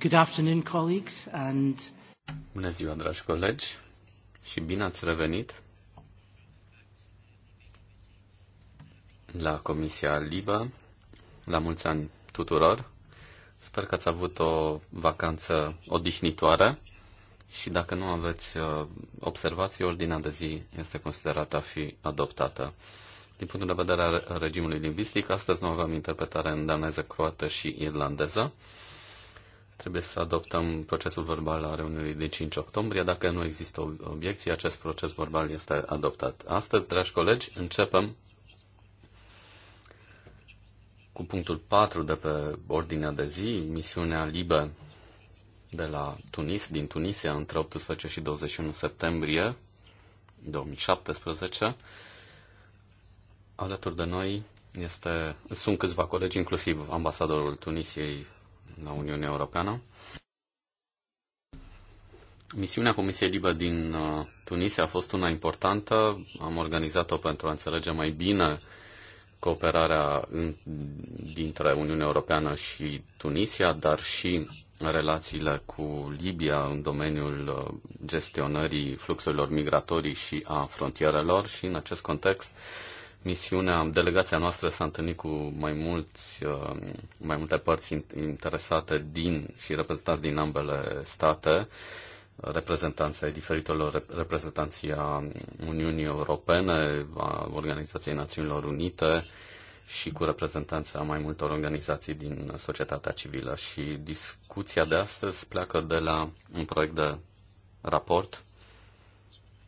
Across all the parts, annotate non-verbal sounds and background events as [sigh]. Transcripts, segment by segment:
Good afternoon, colleagues, and... Bună ziua, dragi colegi, și bine ați revenit la Comisia Liba. La mulți ani tuturor. Sper că ați avut o vacanță odihnitoare și dacă nu aveți uh, observații, ordinea de zi este considerată a fi adoptată. Din punctul de vedere al regimului lingvistic, astăzi nu avem interpretare în daneză, croată și irlandeză. Trebuie să adoptăm procesul verbal la reuniunii din 5 octombrie. Dacă nu există obiecții, acest proces verbal este adoptat. Astăzi, dragi colegi, începem cu punctul 4 de pe ordinea de zi, misiunea LIBE de la Tunis, din Tunisia, între 18 și 21 septembrie 2017. Alături de noi este, sunt câțiva colegi, inclusiv ambasadorul Tunisiei la Uniunea Europeană. Misiunea Comisiei Libă din uh, Tunisia a fost una importantă. Am organizat-o pentru a înțelege mai bine cooperarea în, dintre Uniunea Europeană și Tunisia, dar și relațiile cu Libia în domeniul uh, gestionării fluxurilor migratorii și a frontierelor și în acest context misiunea, delegația noastră s-a întâlnit cu mai, mulți, uh, mai multe părți interesate din și reprezentanți din ambele state, reprezentanții ai diferitelor reprezentanții a Uniunii Europene, a Organizației Națiunilor Unite și cu reprezentanța mai multor organizații din societatea civilă. Și discuția de astăzi pleacă de la un proiect de raport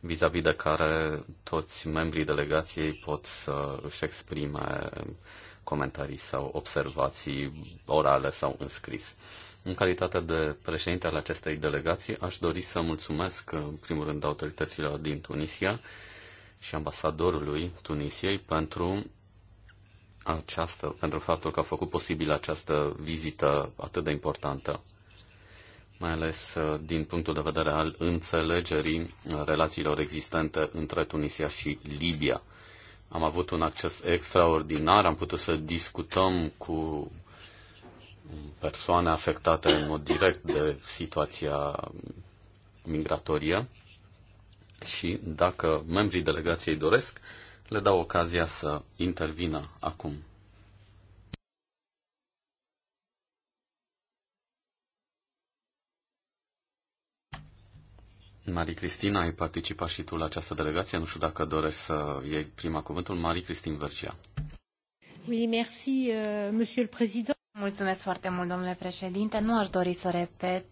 vis-a-vis -vis de care toți membrii delegației pot să își exprime comentarii sau observații orale sau înscris. În calitate de președinte al acestei delegații, aș dori să mulțumesc, în primul rând, autorităților din Tunisia și ambasadorului Tunisiei pentru, această, pentru faptul că a făcut posibil această vizită atât de importantă mai ales uh, din punctul de vedere al înțelegerii uh, relațiilor existente între Tunisia și Libia. Am avut un acces extraordinar, am putut să discutăm cu persoane afectate în mod direct de situația migratorie și dacă membrii delegației doresc, le dau ocazia să intervină acum. Marie Cristina, ai participat și tu la această delegație. Nu știu dacă dorești să iei prima cuvântul. Marie Cristin Vergia. Oui, merci, uh, monsieur le président. Mulțumesc foarte mult, domnule președinte. Nu aș dori să repet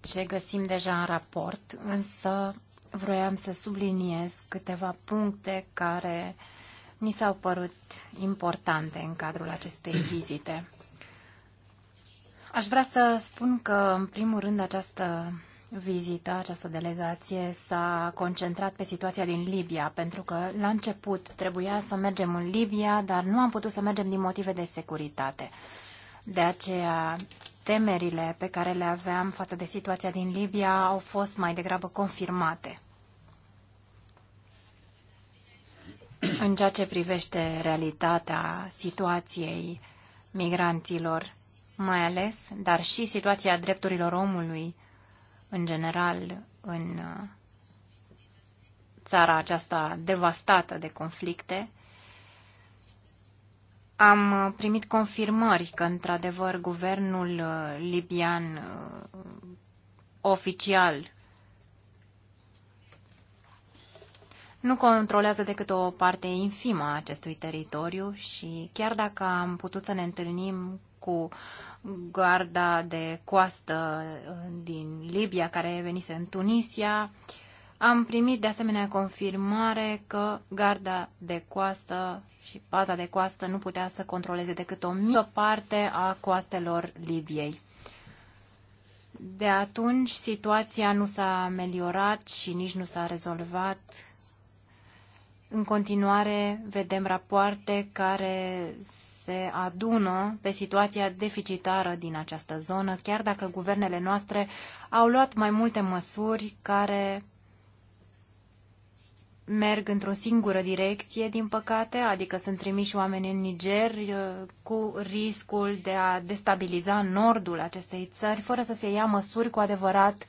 ce găsim deja în raport, însă vroiam să subliniez câteva puncte care mi s-au părut importante în cadrul acestei vizite. Aș vrea să spun că, în primul rând, această vizita, această delegație s-a concentrat pe situația din Libia, pentru că la început trebuia să mergem în Libia, dar nu am putut să mergem din motive de securitate. De aceea, temerile pe care le aveam față de situația din Libia au fost mai degrabă confirmate. În ceea ce privește realitatea situației migranților, mai ales, dar și situația drepturilor omului în general în uh, țara aceasta devastată de conflicte, am uh, primit confirmări că, într-adevăr, guvernul uh, libian oficial nu controlează decât o parte infimă a acestui teritoriu și chiar dacă am putut să ne întâlnim cu garda de coastă uh, din Libia care venise în Tunisia. Am primit de asemenea confirmare că garda de coastă și paza de coastă nu putea să controleze decât o mică parte a coastelor Libiei. De atunci situația nu s-a ameliorat și nici nu s-a rezolvat. În continuare vedem rapoarte care se adună pe situația deficitară din această zonă, chiar dacă guvernele noastre au luat mai multe măsuri care merg într-o singură direcție, din păcate, adică sunt trimiși oameni în Niger uh, cu riscul de a destabiliza nordul acestei țări, fără să se ia măsuri cu adevărat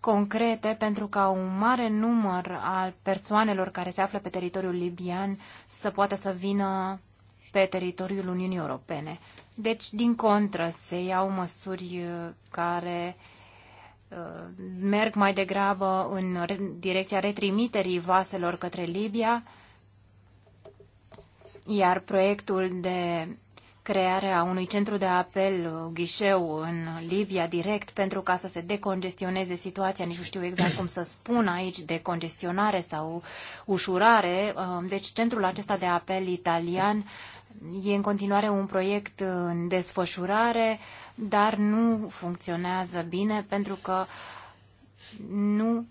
concrete pentru ca un mare număr al persoanelor care se află pe teritoriul libian să poată să vină pe teritoriul Uniunii Europene. Deci, din contră, se iau măsuri uh, care uh, merg mai degrabă în direcția retrimiterii vaselor către Libia, iar proiectul de crearea unui centru de apel uh, ghișeu în Libia direct pentru ca să se decongestioneze situația, nici nu știu exact cum să spun aici, decongestionare sau ușurare. Deci centrul acesta de apel italian E în continuare un proiect în desfășurare, dar nu funcționează bine pentru că nu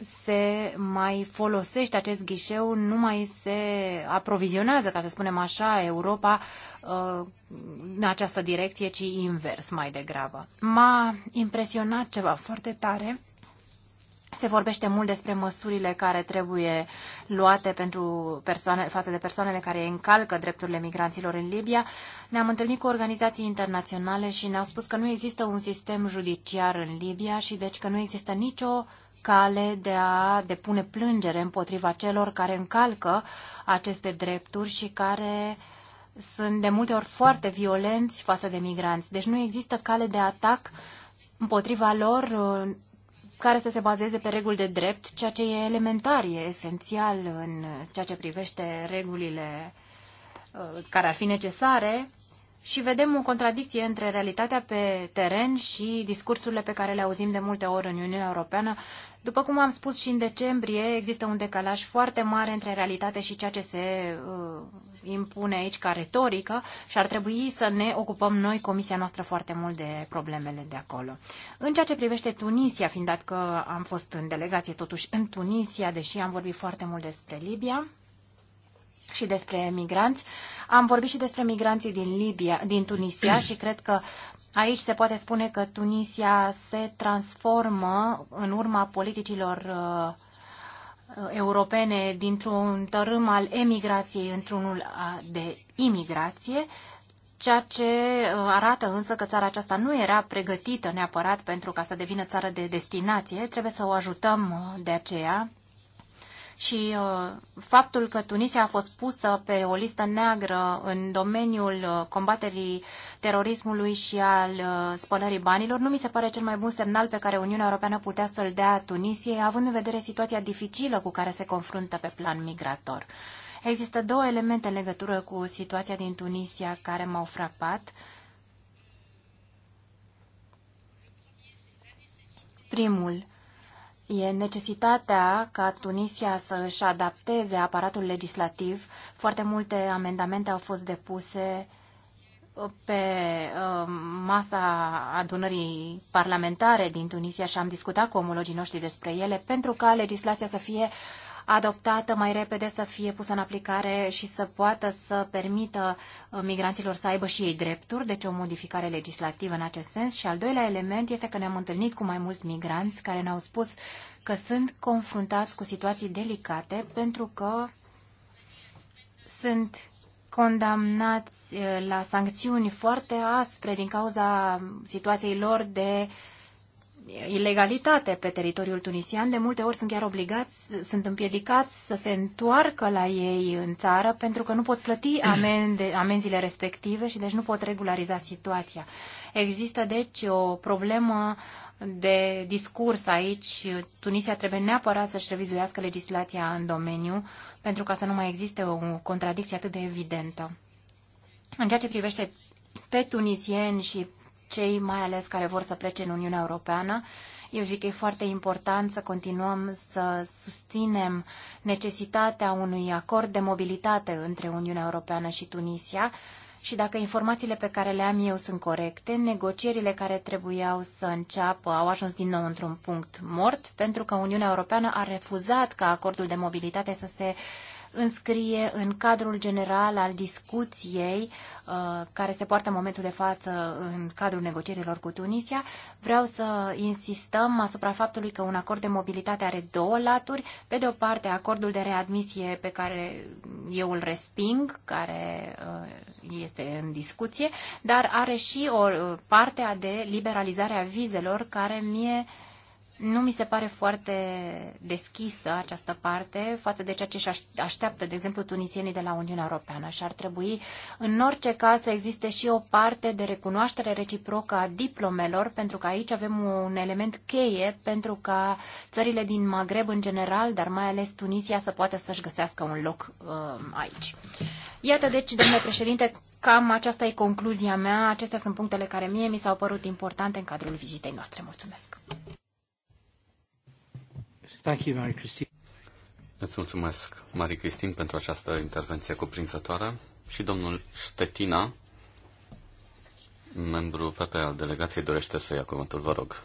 se mai folosește acest ghișeu, nu mai se aprovizionează, ca să spunem așa, Europa uh, în această direcție, ci invers mai degrabă. M-a impresionat ceva foarte tare se vorbește mult despre măsurile care trebuie luate pentru persoane, față de persoanele care încalcă drepturile migranților în Libia. Ne-am întâlnit cu organizații internaționale și ne-au spus că nu există un sistem judiciar în Libia și deci că nu există nicio cale de a depune plângere împotriva celor care încalcă aceste drepturi și care sunt de multe ori foarte violenți față de migranți. Deci nu există cale de atac împotriva lor care să se bazeze pe reguli de drept, ceea ce e elementar, e esențial în ceea ce privește regulile uh, care ar fi necesare și vedem o contradicție între realitatea pe teren și discursurile pe care le auzim de multe ori în Uniunea Europeană. După cum am spus și în decembrie, există un decalaj foarte mare între realitate și ceea ce se uh, impune aici ca retorică și ar trebui să ne ocupăm noi, comisia noastră, foarte mult de problemele de acolo. În ceea ce privește Tunisia, fiind dat că am fost în delegație totuși în Tunisia, deși am vorbit foarte mult despre Libia, și despre migranți. Am vorbit și despre migranții din Libia, din Tunisia și cred că aici se poate spune că Tunisia se transformă în urma politicilor uh, europene dintr-un tărâm al emigrației într-unul de imigrație, ceea ce uh, arată însă că țara aceasta nu era pregătită neapărat pentru ca să devină țară de destinație. Trebuie să o ajutăm uh, de aceea și uh, faptul că Tunisia a fost pusă pe o listă neagră în domeniul uh, combaterii terorismului și al uh, spălării banilor nu mi se pare cel mai bun semnal pe care Uniunea Europeană putea să-l dea Tunisiei, având în vedere situația dificilă cu care se confruntă pe plan migrator. Există două elemente în legătură cu situația din Tunisia care m-au frapat. Primul, e necesitatea ca Tunisia să își adapteze aparatul legislativ. Foarte multe amendamente au fost depuse uh, pe uh, masa adunării parlamentare din Tunisia și am discutat cu omologii noștri despre ele pentru ca legislația să fie adoptată mai repede să fie pusă în aplicare și să poată să permită uh, migranților să aibă și ei drepturi, deci o modificare legislativă în acest sens. Și al doilea element este că ne-am întâlnit cu mai mulți migranți care ne-au spus că sunt confruntați cu situații delicate pentru că sunt condamnați uh, la sancțiuni foarte aspre din cauza situației lor de uh, ilegalitate pe teritoriul tunisian. De multe ori sunt chiar obligați, sunt împiedicați să se întoarcă la ei în țară pentru că nu pot plăti [clears throat] amende, amenzile respective și deci nu pot regulariza situația. Există deci o problemă de discurs aici. Tunisia trebuie neapărat să-și revizuiască legislația în domeniu pentru ca să nu mai existe o contradicție atât de evidentă. În ceea ce privește pe tunisieni și cei mai ales care vor să plece în Uniunea Europeană. Eu zic că e foarte important să continuăm să susținem necesitatea unui acord de mobilitate între Uniunea Europeană și Tunisia și dacă informațiile pe care le am eu sunt corecte, negocierile care trebuiau să înceapă au ajuns din nou într-un punct mort pentru că Uniunea Europeană a refuzat ca acordul de mobilitate să se înscrie în cadrul general al discuției uh, care se poartă în momentul de față în cadrul negocierilor cu Tunisia. Vreau să insistăm asupra faptului că un acord de mobilitate are două laturi. Pe de o parte, acordul de readmisie pe care eu îl resping, care uh, este în discuție, dar are și o uh, parte de liberalizare a vizelor care mie nu mi se pare foarte deschisă această parte față de ceea ce așteaptă, de exemplu, tunisienii de la Uniunea Europeană și ar trebui, în orice caz, să existe și o parte de recunoaștere reciprocă a diplomelor, pentru că aici avem un element cheie pentru ca țările din Maghreb în general, dar mai ales Tunisia, să poată să-și găsească un loc uh, aici. Iată, deci, domnule președinte, cam aceasta e concluzia mea. Acestea sunt punctele care mie mi s-au părut importante în cadrul vizitei noastre. Mulțumesc! Thank you, Christine. Îți mulțumesc, Marie Cristin, pentru această intervenție cuprinzătoare și domnul Ștetina, membru PP al delegației, dorește să ia cuvântul, vă rog.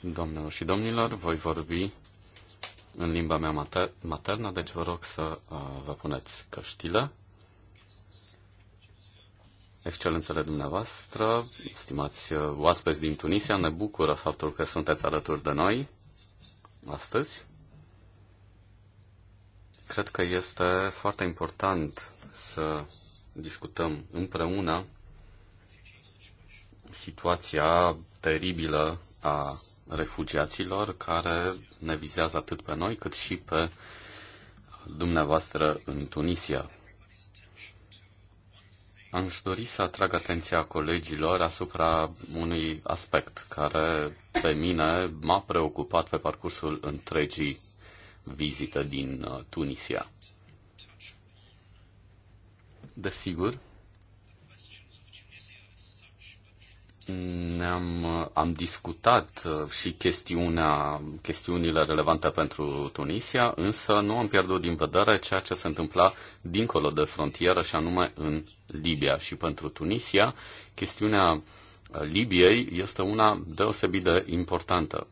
Domnilor și domnilor, voi vorbi în limba mea mater- maternă, deci vă rog să uh, vă puneți căștile. Excelențele dumneavoastră, stimați uh, oaspeți din Tunisia, ne bucură faptul că sunteți alături de noi astăzi. Cred că este foarte important să discutăm împreună situația teribilă a refugiaților care ne vizează atât pe noi cât și pe dumneavoastră în Tunisia. Am dori să atrag atenția colegilor asupra unui aspect care pe mine m-a preocupat pe parcursul întregii vizite din uh, Tunisia. Desigur, Ne-am am discutat uh, și chestiunea, chestiunile relevante pentru Tunisia, însă nu am pierdut din vedere ceea ce se întâmpla dincolo de frontieră și anume în Libia. Și pentru Tunisia, chestiunea uh, Libiei este una deosebit de importantă.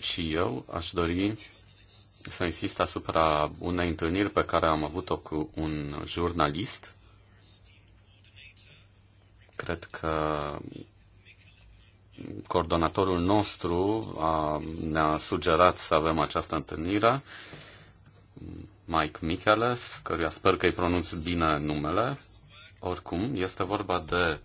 Și eu aș dori să insist asupra unei întâlniri pe care am avut-o cu un jurnalist Cred că coordonatorul nostru a, ne-a sugerat să avem această întâlnire, Mike Micheles, căruia sper că îi pronunț bine numele. Oricum, este vorba de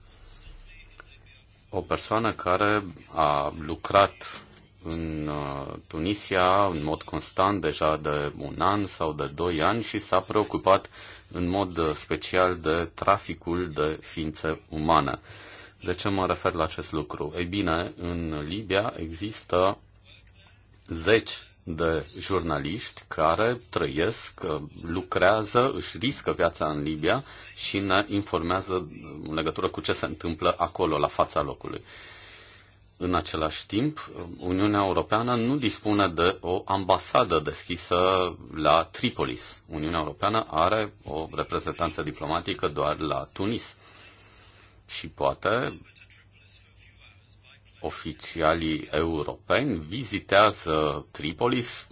o persoană care a lucrat în uh, Tunisia în mod constant deja de un an sau de doi ani și s-a preocupat în mod uh, special de traficul de ființe umane. De ce mă refer la acest lucru? Ei bine, în Libia există zeci de jurnaliști care trăiesc, uh, lucrează, își riscă viața în Libia și ne informează în legătură cu ce se întâmplă acolo, la fața locului. În același timp, Uniunea Europeană nu dispune de o ambasadă deschisă la Tripolis. Uniunea Europeană are o reprezentanță diplomatică doar la Tunis. Și poate oficialii europeni vizitează Tripolis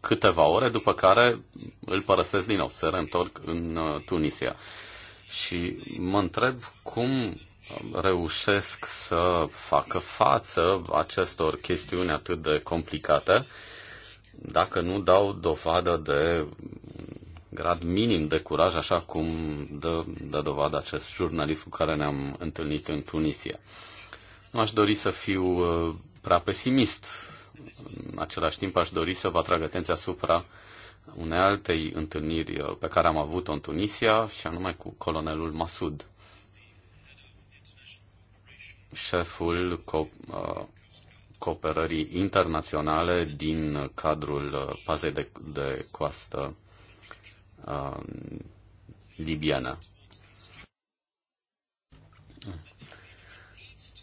câteva ore, după care îl părăsesc din nou, se reîntorc în uh, Tunisia. Și mă întreb cum reușesc să facă față acestor chestiuni atât de complicate dacă nu dau dovadă de grad minim de curaj, așa cum dă, dă dovadă acest jurnalist cu care ne-am întâlnit în Tunisia. Nu aș dori să fiu uh, prea pesimist. În același timp aș dori să vă atrag atenția asupra unei altei întâlniri uh, pe care am avut-o în Tunisia, și anume cu colonelul Masud șeful uh, cooperării internaționale din cadrul uh, pazei de, de coastă uh, libiană.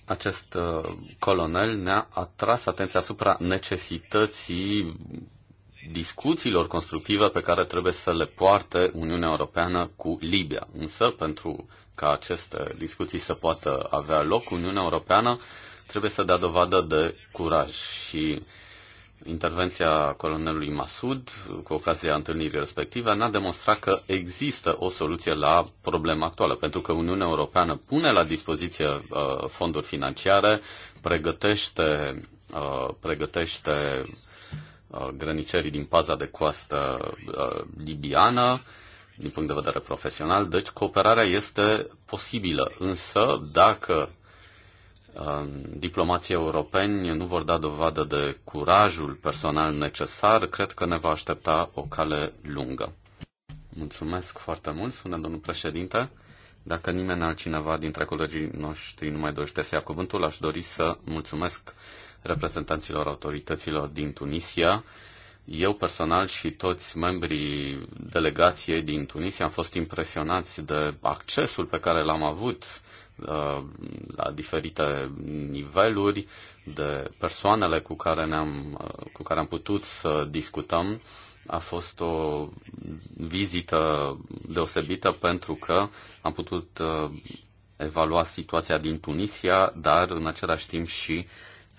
Acest uh, colonel ne-a atras atenția asupra necesității discuțiilor constructive pe care trebuie să le poarte Uniunea Europeană cu Libia. Însă, pentru ca aceste discuții să poată avea loc, Uniunea Europeană trebuie să dea dovadă de curaj și intervenția colonelului Masud, cu ocazia întâlnirii respective, n-a demonstrat că există o soluție la problema actuală, pentru că Uniunea Europeană pune la dispoziție uh, fonduri financiare, pregătește, uh, pregătește grănicerii din paza de coastă libiană, din punct de vedere profesional, deci cooperarea este posibilă, însă dacă diplomații europeni nu vor da dovadă de curajul personal necesar, cred că ne va aștepta o cale lungă. Mulțumesc foarte mult, spune domnul președinte. Dacă nimeni altcineva dintre colegii noștri nu mai dorește să ia cuvântul, aș dori să mulțumesc reprezentanților autorităților din Tunisia. Eu personal și toți membrii delegației din Tunisia am fost impresionați de accesul pe care l-am avut uh, la diferite niveluri, de persoanele cu care, ne-am, uh, cu care am putut să discutăm. A fost o vizită deosebită pentru că am putut uh, evalua situația din Tunisia, dar în același timp și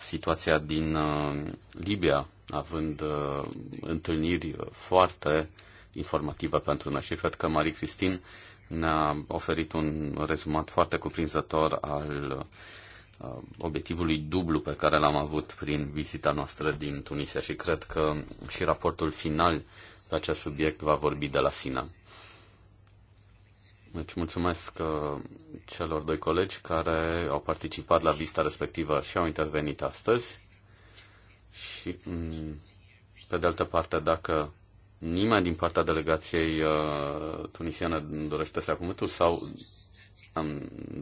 situația din uh, Libia, având uh, întâlniri foarte informative pentru noi și cred că Marie Cristin ne-a oferit un rezumat foarte cuprinzător al uh, obiectivului dublu pe care l-am avut prin vizita noastră din Tunisia și cred că și raportul final pe acest subiect va vorbi de la sine. Deci mulțumesc uh, celor doi colegi care au participat la vista respectivă și au intervenit astăzi. Și, mm, pe de altă parte, dacă nimeni din partea delegației uh, tunisiană dorește să ia cuvântul sau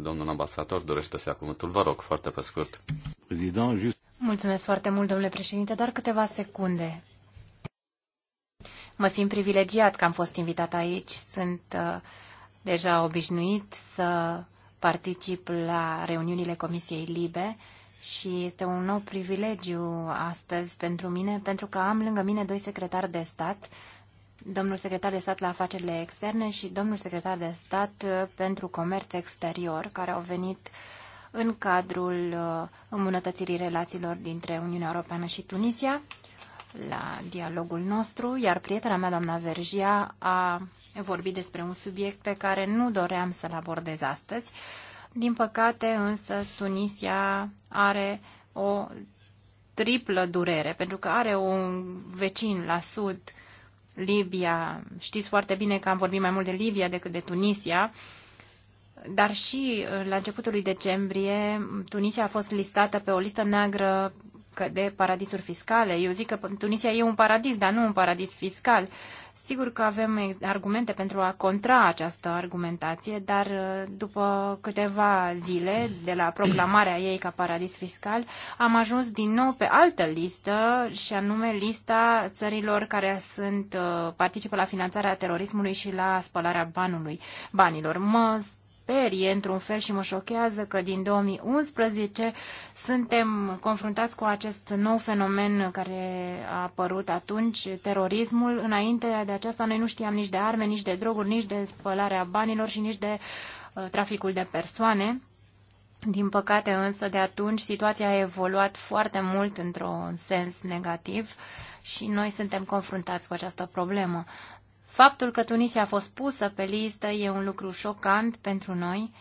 domnul ambasador dorește să ia cuvântul, vă rog, foarte pe scurt. Mulțumesc foarte mult, domnule președinte, doar câteva secunde. Mă simt privilegiat că am fost invitat aici. Sunt uh, deja obișnuit să particip la reuniunile Comisiei Libe și este un nou privilegiu astăzi pentru mine, pentru că am lângă mine doi secretari de stat, domnul secretar de stat la afacerile externe și domnul secretar de stat uh, pentru comerț exterior, care au venit în cadrul uh, îmbunătățirii relațiilor dintre Uniunea Europeană și Tunisia la dialogul nostru, iar prietena mea, doamna Vergia, a vorbi despre un subiect pe care nu doream să-l abordez astăzi. Din păcate, însă, Tunisia are o triplă durere, pentru că are un vecin la sud, Libia. Știți foarte bine că am vorbit mai mult de Libia decât de Tunisia. Dar și la începutul lui decembrie, Tunisia a fost listată pe o listă neagră de paradisuri fiscale. Eu zic că Tunisia e un paradis, dar nu un paradis fiscal. Sigur că avem argumente pentru a contra această argumentație, dar uh, după câteva zile de la proclamarea ei ca paradis fiscal, am ajuns din nou pe altă listă și anume lista țărilor care sunt uh, participă la finanțarea terorismului și la spălarea banului, banilor. Mă sperie într-un fel și mă șochează că din 2011 suntem confruntați cu acest nou fenomen care a apărut atunci, terorismul. Înainte de aceasta noi nu știam nici de arme, nici de droguri, nici de spălarea banilor și nici de uh, traficul de persoane. Din păcate însă de atunci situația a evoluat foarte mult într-un sens negativ și noi suntem confruntați cu această problemă. Faptul că Tunisia a fost pusă pe listă e un lucru șocant pentru noi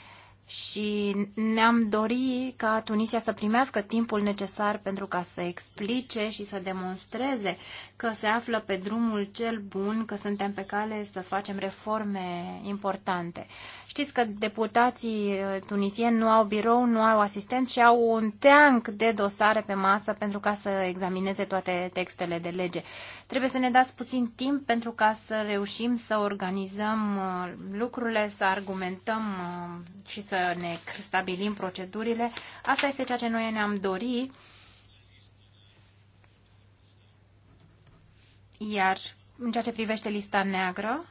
și ne-am dori ca Tunisia să primească timpul necesar pentru ca să explice și să demonstreze că se află pe drumul cel bun, că suntem pe cale să facem reforme importante. Știți că deputații uh, tunisieni nu au birou, nu au asistenți și au un teanc de dosare pe masă pentru ca să examineze toate textele de lege. Trebuie să ne dați puțin timp pentru ca să reușim să organizăm uh, lucrurile, să argumentăm uh, și să ne stabilim procedurile. Asta este ceea ce noi ne-am dorit Iar în ceea ce privește lista neagră,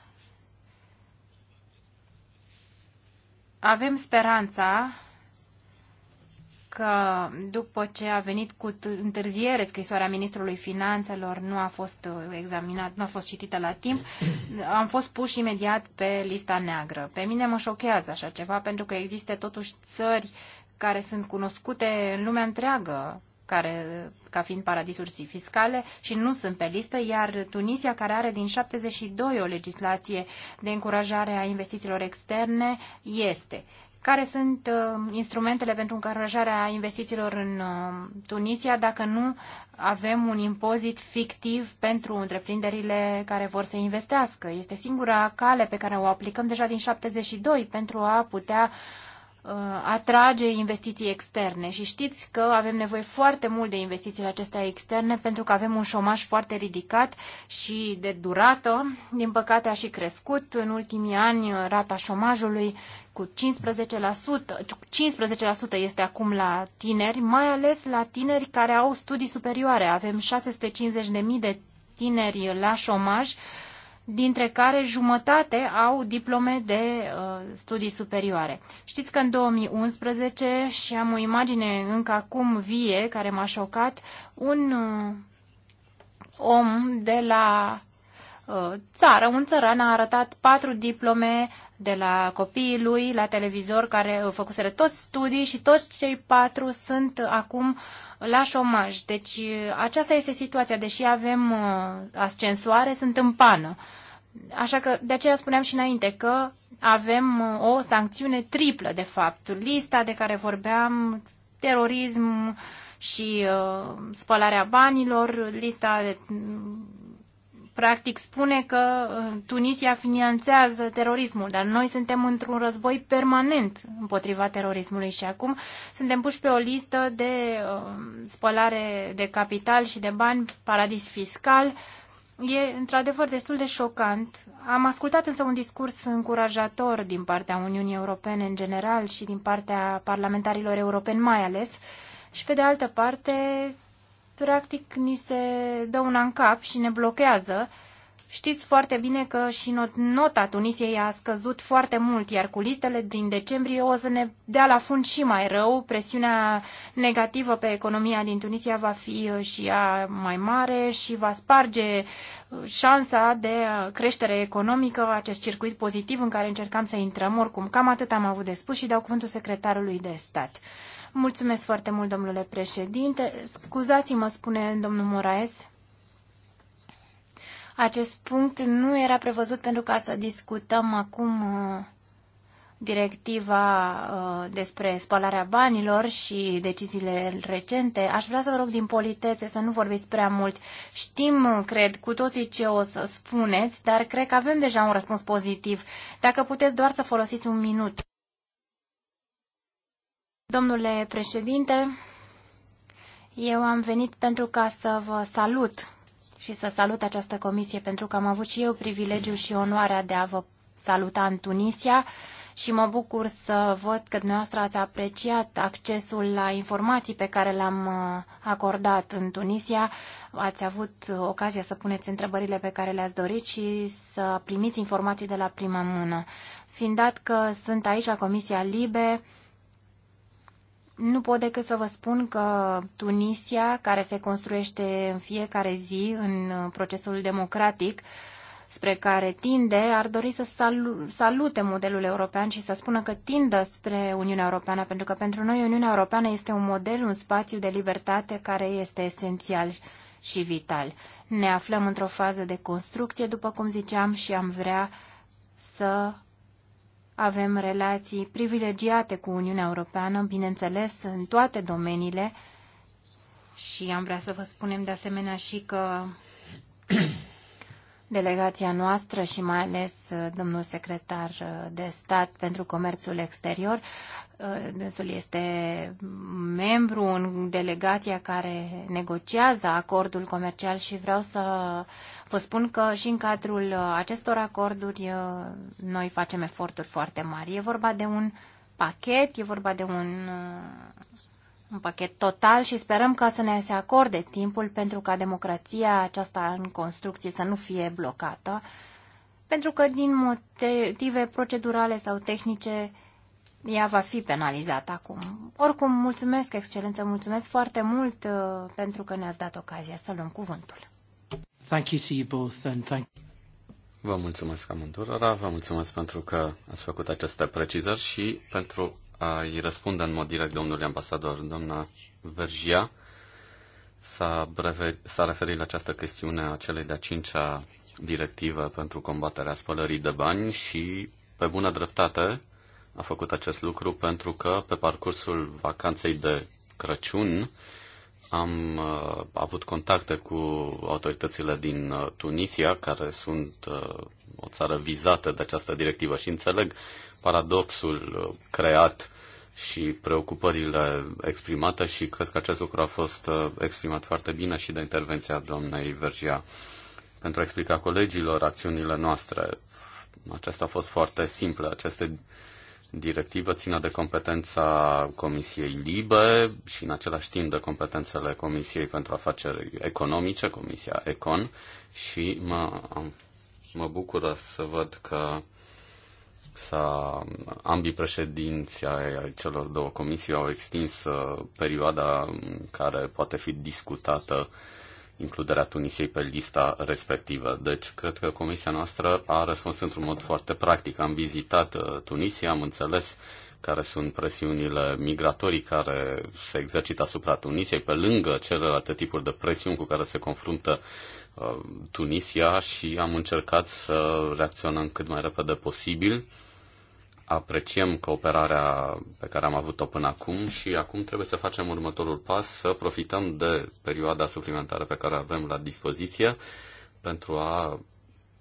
avem speranța că după ce a venit cu întârziere scrisoarea Ministrului Finanțelor, nu a fost uh, examinat, nu a fost citită la timp, am fost puși imediat pe lista neagră. Pe mine mă șochează așa ceva, pentru că există totuși țări care sunt cunoscute în lumea întreagă care, ca fiind paradisuri fiscale și nu sunt pe listă, iar Tunisia, care are din 72 o legislație de încurajare a investițiilor externe, este. Care sunt uh, instrumentele pentru încurajarea investițiilor în uh, Tunisia dacă nu avem un impozit fictiv pentru întreprinderile care vor să investească? Este singura cale pe care o aplicăm deja din 72 pentru a putea uh, Uh, atrage investiții externe și știți că avem nevoie foarte mult de investițiile acestea externe pentru că avem un șomaj foarte ridicat și de durată. Din păcate a și crescut în ultimii ani uh, rata șomajului cu 15%, 15% este acum la tineri, mai ales la tineri care au studii superioare. Avem 650.000 de tineri la șomaj dintre care jumătate au diplome de uh, studii superioare. Știți că în 2011, și am o imagine încă acum vie care m-a șocat, un uh, om de la uh, țară, un țăran a arătat patru diplome de la copiii lui la televizor care făcuseră toți studii și toți cei patru sunt acum uh, la șomaj. Deci aceasta este situația, deși avem uh, ascensoare, sunt în pană. Așa că de aceea spuneam și înainte că avem uh, o sancțiune triplă, de fapt. Lista de care vorbeam, terorism și uh, spălarea banilor, lista practic spune că uh, Tunisia finanțează terorismul, dar noi suntem într-un război permanent împotriva terorismului și acum suntem puși pe o listă de uh, spălare de capital și de bani, paradis fiscal. E într-adevăr destul de șocant. Am ascultat însă un discurs încurajator din partea Uniunii Europene în general și din partea parlamentarilor europeni mai ales. Și pe de altă parte, practic ni se dă una în cap și ne blochează. Știți foarte bine că și nota Tunisiei a scăzut foarte mult, iar cu listele din decembrie o să ne dea la fund și mai rău. Presiunea negativă pe economia din Tunisia va fi uh, și ea mai mare și va sparge uh, șansa de uh, creștere economică, acest circuit pozitiv în care încercam să intrăm. Oricum, cam atât am avut de spus și dau cuvântul secretarului de stat. Mulțumesc foarte mult, domnule președinte. Scuzați-mă, spune domnul Moraes. Acest punct nu era prevăzut pentru ca să discutăm acum uh, directiva uh, despre spălarea banilor și deciziile recente. Aș vrea să vă rog din politețe să nu vorbiți prea mult. Știm, uh, cred, cu toții ce o să spuneți, dar cred că avem deja un răspuns pozitiv. Dacă puteți doar să folosiți un minut. Domnule președinte, eu am venit pentru ca să vă salut și să salut această comisie pentru că am avut și eu privilegiul și onoarea de a vă saluta în Tunisia și mă bucur să văd că dumneavoastră ați apreciat accesul la informații pe care le-am uh, acordat în Tunisia. Ați avut ocazia să puneți întrebările pe care le-ați dorit și să primiți informații de la prima mână. Fiind dat că sunt aici la Comisia Libe, nu pot decât să vă spun că Tunisia, care se construiește în fiecare zi în uh, procesul democratic, spre care tinde, ar dori să salute modelul european și să spună că tindă spre Uniunea Europeană, pentru că pentru noi Uniunea Europeană este un model, un spațiu de libertate care este esențial și vital. Ne aflăm într-o fază de construcție, după cum ziceam, și am vrea să avem relații privilegiate cu Uniunea Europeană, bineînțeles, în toate domeniile și am vrea să vă spunem de asemenea și că delegația noastră și mai ales uh, domnul secretar uh, de stat pentru comerțul exterior. Uh, dânsul este membru în delegația care negociază acordul comercial și vreau să vă spun că și în cadrul acestor acorduri noi facem eforturi foarte mari. E vorba de un pachet, e vorba de un un pachet total și sperăm ca să ne se acorde timpul pentru ca democrația aceasta în construcție să nu fie blocată, pentru că din motive procedurale sau tehnice ea va fi penalizată acum. Oricum, mulțumesc, excelență, mulțumesc foarte mult uh, pentru că ne-ați dat ocazia să luăm cuvântul. Thank you to you both and thank Vă mulțumesc amândurora, vă mulțumesc pentru că ați făcut aceste precizări și pentru a-i răspunde în mod direct domnului ambasador. Doamna Vergia s-a, breve- s-a referit la această chestiune a celei de-a cincea directivă pentru combaterea spălării de bani și, pe bună dreptate, a făcut acest lucru pentru că pe parcursul vacanței de Crăciun am uh, avut contacte cu autoritățile din uh, Tunisia, care sunt uh, o țară vizată de această directivă și înțeleg uh, paradoxul uh, creat și preocupările exprimate și cred că acest lucru a fost uh, exprimat foarte bine și de intervenția doamnei Vergia pentru a explica colegilor acțiunile noastre. acesta a fost foarte simplă. Aceste directivă ține de competența Comisiei Libe și în același timp de competențele Comisiei pentru Afaceri Economice, Comisia Econ și mă, mă bucură să văd că s-a, ambii președinți ai celor două comisii au extins uh, perioada în care poate fi discutată includerea Tunisiei pe lista respectivă. Deci, cred că comisia noastră a răspuns într-un mod foarte practic. Am vizitat uh, Tunisia, am înțeles care sunt presiunile migratorii care se exercită asupra Tunisiei, pe lângă celelalte tipuri de presiuni cu care se confruntă uh, Tunisia și am încercat să reacționăm cât mai repede posibil apreciem cooperarea pe care am avut-o până acum și acum trebuie să facem următorul pas, să profităm de perioada suplimentară pe care avem la dispoziție pentru a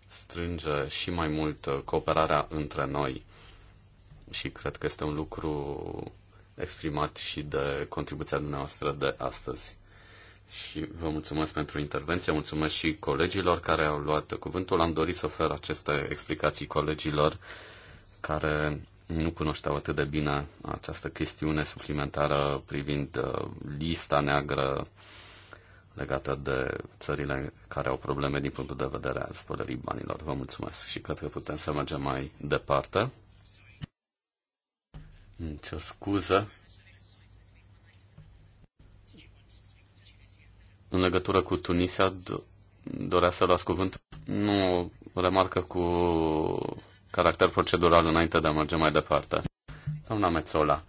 strânge și mai mult cooperarea între noi. Și cred că este un lucru exprimat și de contribuția dumneavoastră de astăzi. Și vă mulțumesc pentru intervenție, mulțumesc și colegilor care au luat cuvântul. Am dorit să ofer aceste explicații colegilor care nu cunoșteau atât de bine această chestiune suplimentară privind uh, lista neagră legată de țările care au probleme din punctul de vedere al spălării banilor. Vă mulțumesc și cred că putem să mergem mai departe. Ce scuză. În legătură cu Tunisia, dorea să luați cuvânt. Nu, o remarcă cu caracter procedural înainte de a merge mai departe. Doamna Mețola,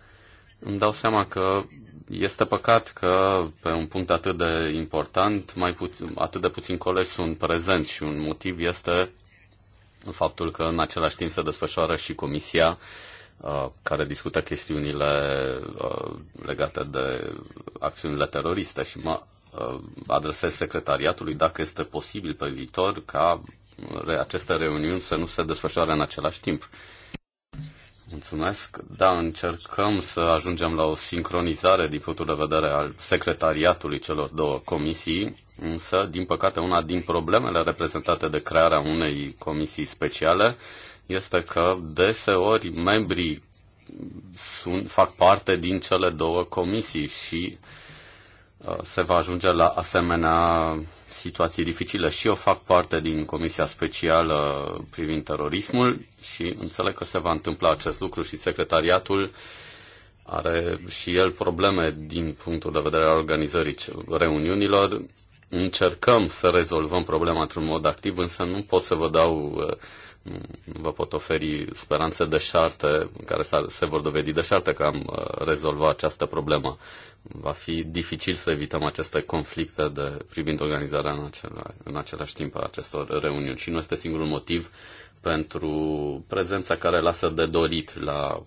îmi dau seama că este păcat că pe un punct atât de important, mai pu- atât de puțin colegi sunt prezenți și un motiv este faptul că în același timp se desfășoară și comisia uh, care discută chestiunile uh, legate de acțiunile teroriste și mă uh, adresez secretariatului dacă este posibil pe viitor ca aceste reuniuni să nu se desfășoare în același timp. Mulțumesc. Da, încercăm să ajungem la o sincronizare din punctul de vedere al secretariatului celor două comisii, însă, din păcate, una din problemele reprezentate de crearea unei comisii speciale este că deseori membrii sunt, fac parte din cele două comisii și uh, se va ajunge la asemenea situații dificile și eu fac parte din Comisia Specială privind terorismul și înțeleg că se va întâmpla acest lucru și secretariatul are și el probleme din punctul de vedere al organizării reuniunilor. Încercăm să rezolvăm problema într-un mod activ, însă nu pot să vă dau uh, vă pot oferi speranțe șarte care se vor dovedi șarte că am uh, rezolvat această problemă. Va fi dificil să evităm aceste conflicte de, privind organizarea în, acela, în același timp a acestor reuniuni și nu este singurul motiv pentru prezența care lasă de dorit la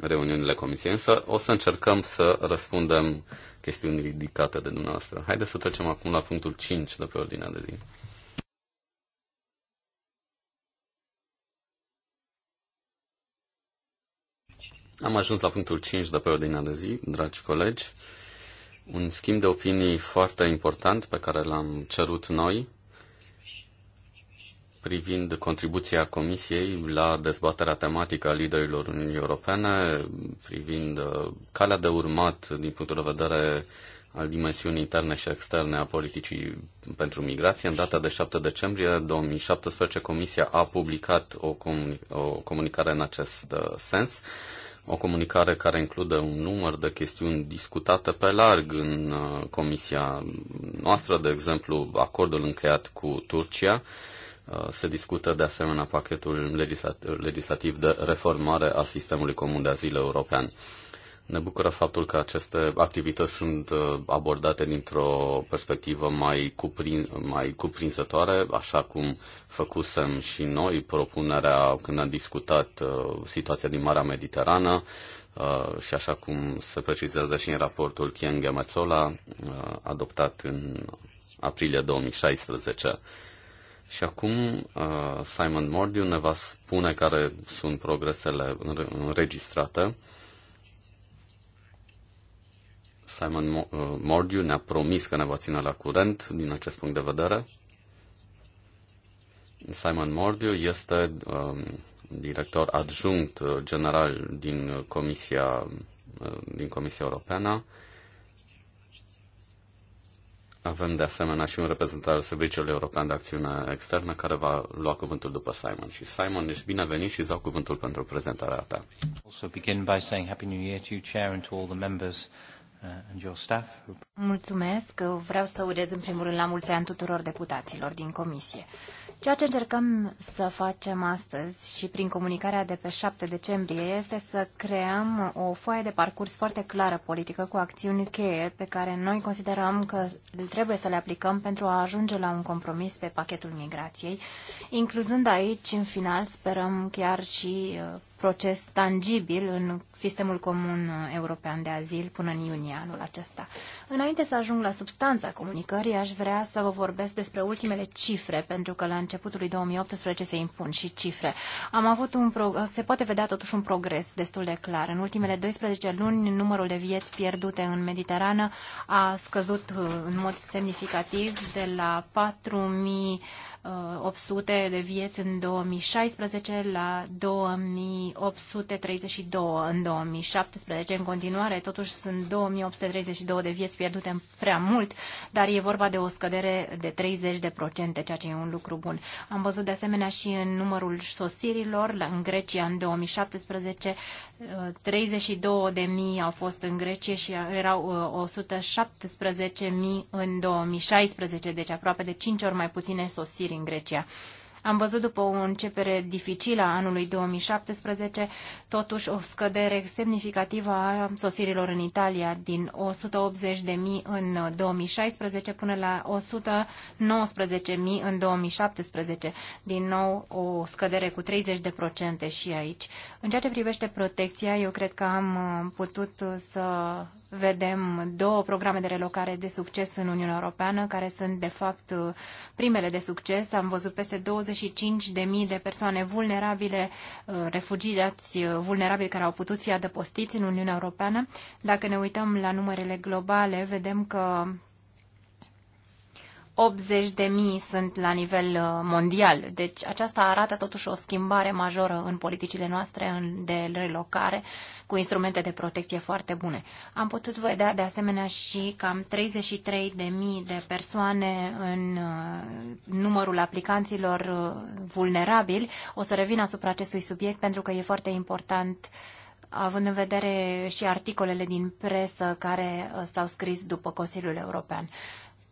reuniunile comisiei, însă o să încercăm să răspundem chestiuni ridicate de dumneavoastră. Haideți să trecem acum la punctul 5 de pe ordinea de zi. Am ajuns la punctul 5 de pe ordinea de zi, dragi colegi. Un schimb de opinii foarte important pe care l-am cerut noi privind contribuția Comisiei la dezbaterea tematică a liderilor Uniunii Europene, privind uh, calea de urmat din punctul de vedere al dimensiunii interne și externe a politicii pentru migrație. În data de 7 decembrie 2017, Comisia a publicat o, comuni- o comunicare în acest uh, sens o comunicare care include un număr de chestiuni discutate pe larg în uh, comisia noastră, de exemplu, acordul încheiat cu Turcia. Uh, se discută de asemenea pachetul legislativ de reformare a sistemului comun de azil european. Ne bucură faptul că aceste activități sunt uh, abordate dintr-o perspectivă mai, cuprin, mai cuprinzătoare, așa cum făcusem și noi propunerea când am discutat uh, situația din Marea Mediterană uh, și așa cum se precizează și în raportul Chienghe Metzola, adoptat în aprilie 2016. Și acum Simon Mordiu ne va spune care sunt progresele înregistrate Simon uh, Mordiu ne-a promis că ne va ține la curent din acest punct de vedere. Simon Mordiu este um, director adjunct uh, general din Comisia, uh, din Comisia Europeană. Avem de asemenea și un reprezentant al Serviciului European de Acțiune Externă care va lua cuvântul după Simon. Și Simon, ești binevenit și îți dau cuvântul pentru prezentarea ta. Also begin by saying Happy New Year to you, Chair, and to all the members Uh, and your staff. Mulțumesc. Vreau să urez în primul rând la mulți ani tuturor deputaților din comisie. Ceea ce încercăm să facem astăzi și prin comunicarea de pe 7 decembrie este să creăm o foaie de parcurs foarte clară politică cu acțiuni cheie pe care noi considerăm că trebuie să le aplicăm pentru a ajunge la un compromis pe pachetul migrației, incluzând aici, în final, sperăm chiar și uh, proces tangibil în sistemul comun uh, european de azil până în iunie anul acesta. Înainte să ajung la substanța comunicării, aș vrea să vă vorbesc despre ultimele cifre, pentru că la începutul lui 2018 se impun și cifre. Am avut un uh, se poate vedea totuși un progres destul de clar. În ultimele 12 luni, numărul de vieți pierdute în Mediterană a scăzut uh, în mod semnificativ de la 4000 800 uh, de vieți în 2016 la 2832 în 2017. În continuare, totuși, sunt 2832 de vieți pierdute prea mult, dar e vorba de o scădere de 30 de procente, ceea ce e un lucru bun. Am văzut de asemenea și în numărul sosirilor în Grecia în 2017 32.000 uh, au fost în Grecia și erau 117.000 uh, în 2016, deci aproape de 5 ori mai puține sosiri creșterii în Grecia. Am văzut după o începere dificilă a anului 2017, totuși o scădere semnificativă a sosirilor în Italia, din 180.000 în 2016 până la 119.000 în 2017. Din nou o scădere cu 30% și aici. În ceea ce privește protecția, eu cred că am uh, putut uh, să vedem două programe de relocare de succes în Uniunea Europeană, care sunt, de fapt, uh, primele de succes. Am văzut peste 25.000 de persoane vulnerabile, refugiați vulnerabili care au putut fi adăpostiți în Uniunea Europeană. Dacă ne uităm la numerele globale, vedem că 80.000 sunt la nivel uh, mondial. Deci aceasta arată totuși o schimbare majoră în politicile noastre de relocare cu instrumente de protecție foarte bune. Am putut vedea de asemenea și cam 33.000 de persoane în uh, numărul aplicanților uh, vulnerabili. O să revin asupra acestui subiect pentru că e foarte important având în vedere și articolele din presă care s-au scris după Consiliul European.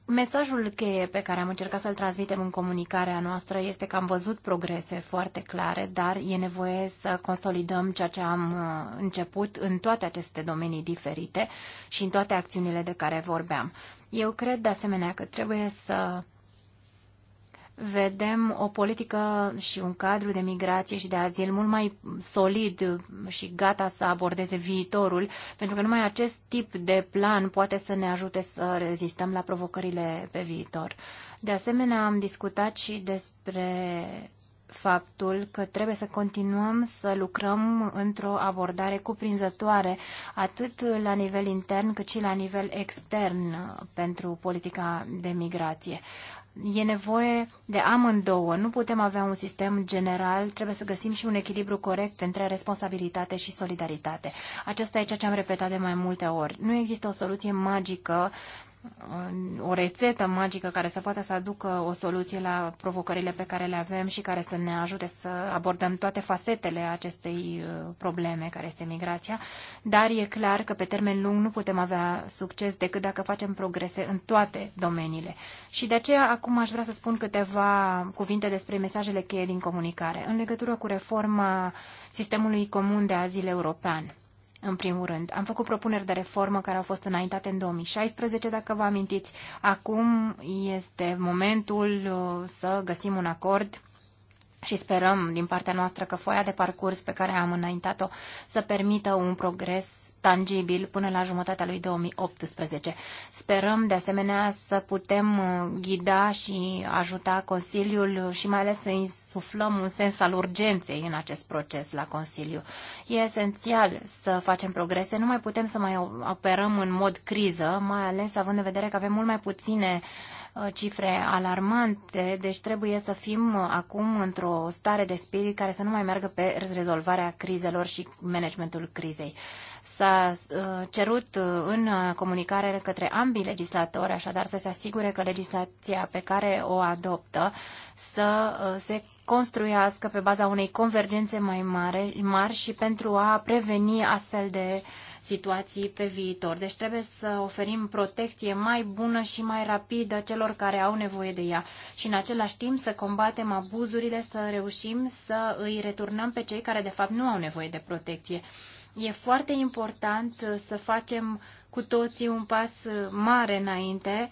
Mesajul cheie pe care am încercat să-l transmitem în comunicarea noastră este că am văzut progrese foarte clare, dar e nevoie să consolidăm ceea ce am uh, început în toate aceste domenii diferite și în toate acțiunile de care vorbeam. Eu cred de asemenea că trebuie să vedem o politică și un cadru de migrație și de azil mult mai solid și gata să abordeze viitorul, pentru că numai acest tip de plan poate să ne ajute să rezistăm la provocările pe viitor. De asemenea, am discutat și despre faptul că trebuie să continuăm să lucrăm într-o abordare cuprinzătoare, atât la nivel intern cât și la nivel extern pentru politica de migrație. E nevoie de amândouă. Nu putem avea un sistem general, trebuie să găsim și un echilibru corect între responsabilitate și solidaritate. Aceasta e ceea ce am repetat de mai multe ori. Nu există o soluție magică o rețetă magică care să poată să aducă o soluție la provocările pe care le avem și care să ne ajute să abordăm toate fasetele acestei uh, probleme care este migrația, dar e clar că pe termen lung nu putem avea succes decât dacă facem progrese în toate domeniile. Și de aceea acum aș vrea să spun câteva cuvinte despre mesajele cheie din comunicare în legătură cu reforma sistemului comun de azil european în primul rând. Am făcut propuneri de reformă care au fost înaintate în 2016, dacă vă amintiți. Acum este momentul uh, să găsim un acord și sperăm din partea noastră că foaia de parcurs pe care am înaintat-o să permită un progres tangibil până la jumătatea lui 2018. Sperăm de asemenea să putem uh, ghida și ajuta Consiliul și mai ales să insuflăm un sens al urgenței în acest proces la Consiliu. E esențial să facem progrese, nu mai putem să mai operăm în mod criză, mai ales având în vedere că avem mult mai puține uh, cifre alarmante, deci trebuie să fim uh, acum într-o stare de spirit care să nu mai meargă pe rezolvarea crizelor și managementul crizei. S-a uh, cerut uh, în uh, comunicare către ambii legislatori, așadar să se asigure că legislația pe care o adoptă să se construiască pe baza unei convergențe mai mare, mari și pentru a preveni astfel de situații pe viitor. Deci trebuie să oferim protecție mai bună și mai rapidă celor care au nevoie de ea și în același timp să combatem abuzurile, să reușim să îi returnăm pe cei care de fapt nu au nevoie de protecție. E foarte important uh, să facem cu toții un pas uh, mare înainte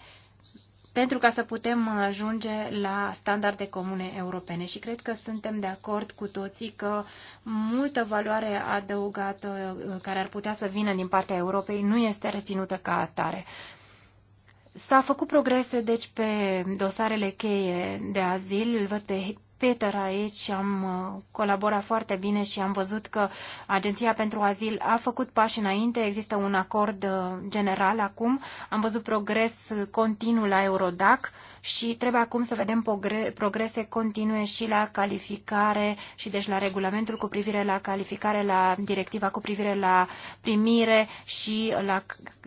pentru ca să putem uh, ajunge la standarde comune europene. Și cred că suntem de acord cu toții că multă valoare adăugată care ar putea să vină din partea Europei nu este reținută ca atare. S-a făcut progrese, deci, pe dosarele cheie de azil. Îl văd pe Peter aici și am uh, colaborat foarte bine și am văzut că Agenția pentru Azil a făcut pași înainte, există un acord uh, general acum, am văzut progres uh, continuu la Eurodac și trebuie acum să vedem progrese continue și la calificare și deci la regulamentul cu privire la calificare, la directiva cu privire la primire și la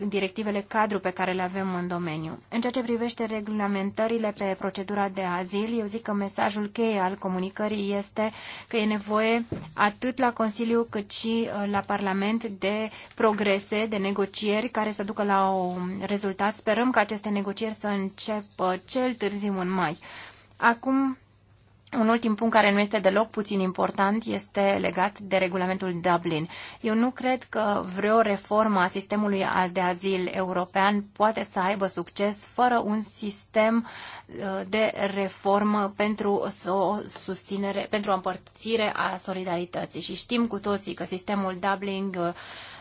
directivele cadru pe care le avem în domeniu. În ceea ce privește reglementările pe procedura de azil, eu zic că mesajul cheie al comunicării este că e nevoie atât la Consiliu cât și uh, la Parlament de progrese, de negocieri care să ducă la un rezultat. Sperăm că aceste negocieri să înceapă cel cel târziu în mai. Acum, un ultim punct care nu este deloc puțin important este legat de regulamentul Dublin. Eu nu cred că vreo reformă a sistemului de azil european poate să aibă succes fără un sistem uh, de reformă pentru o susținere, pentru o împărțire a solidarității. Și știm cu toții că sistemul Dublin uh,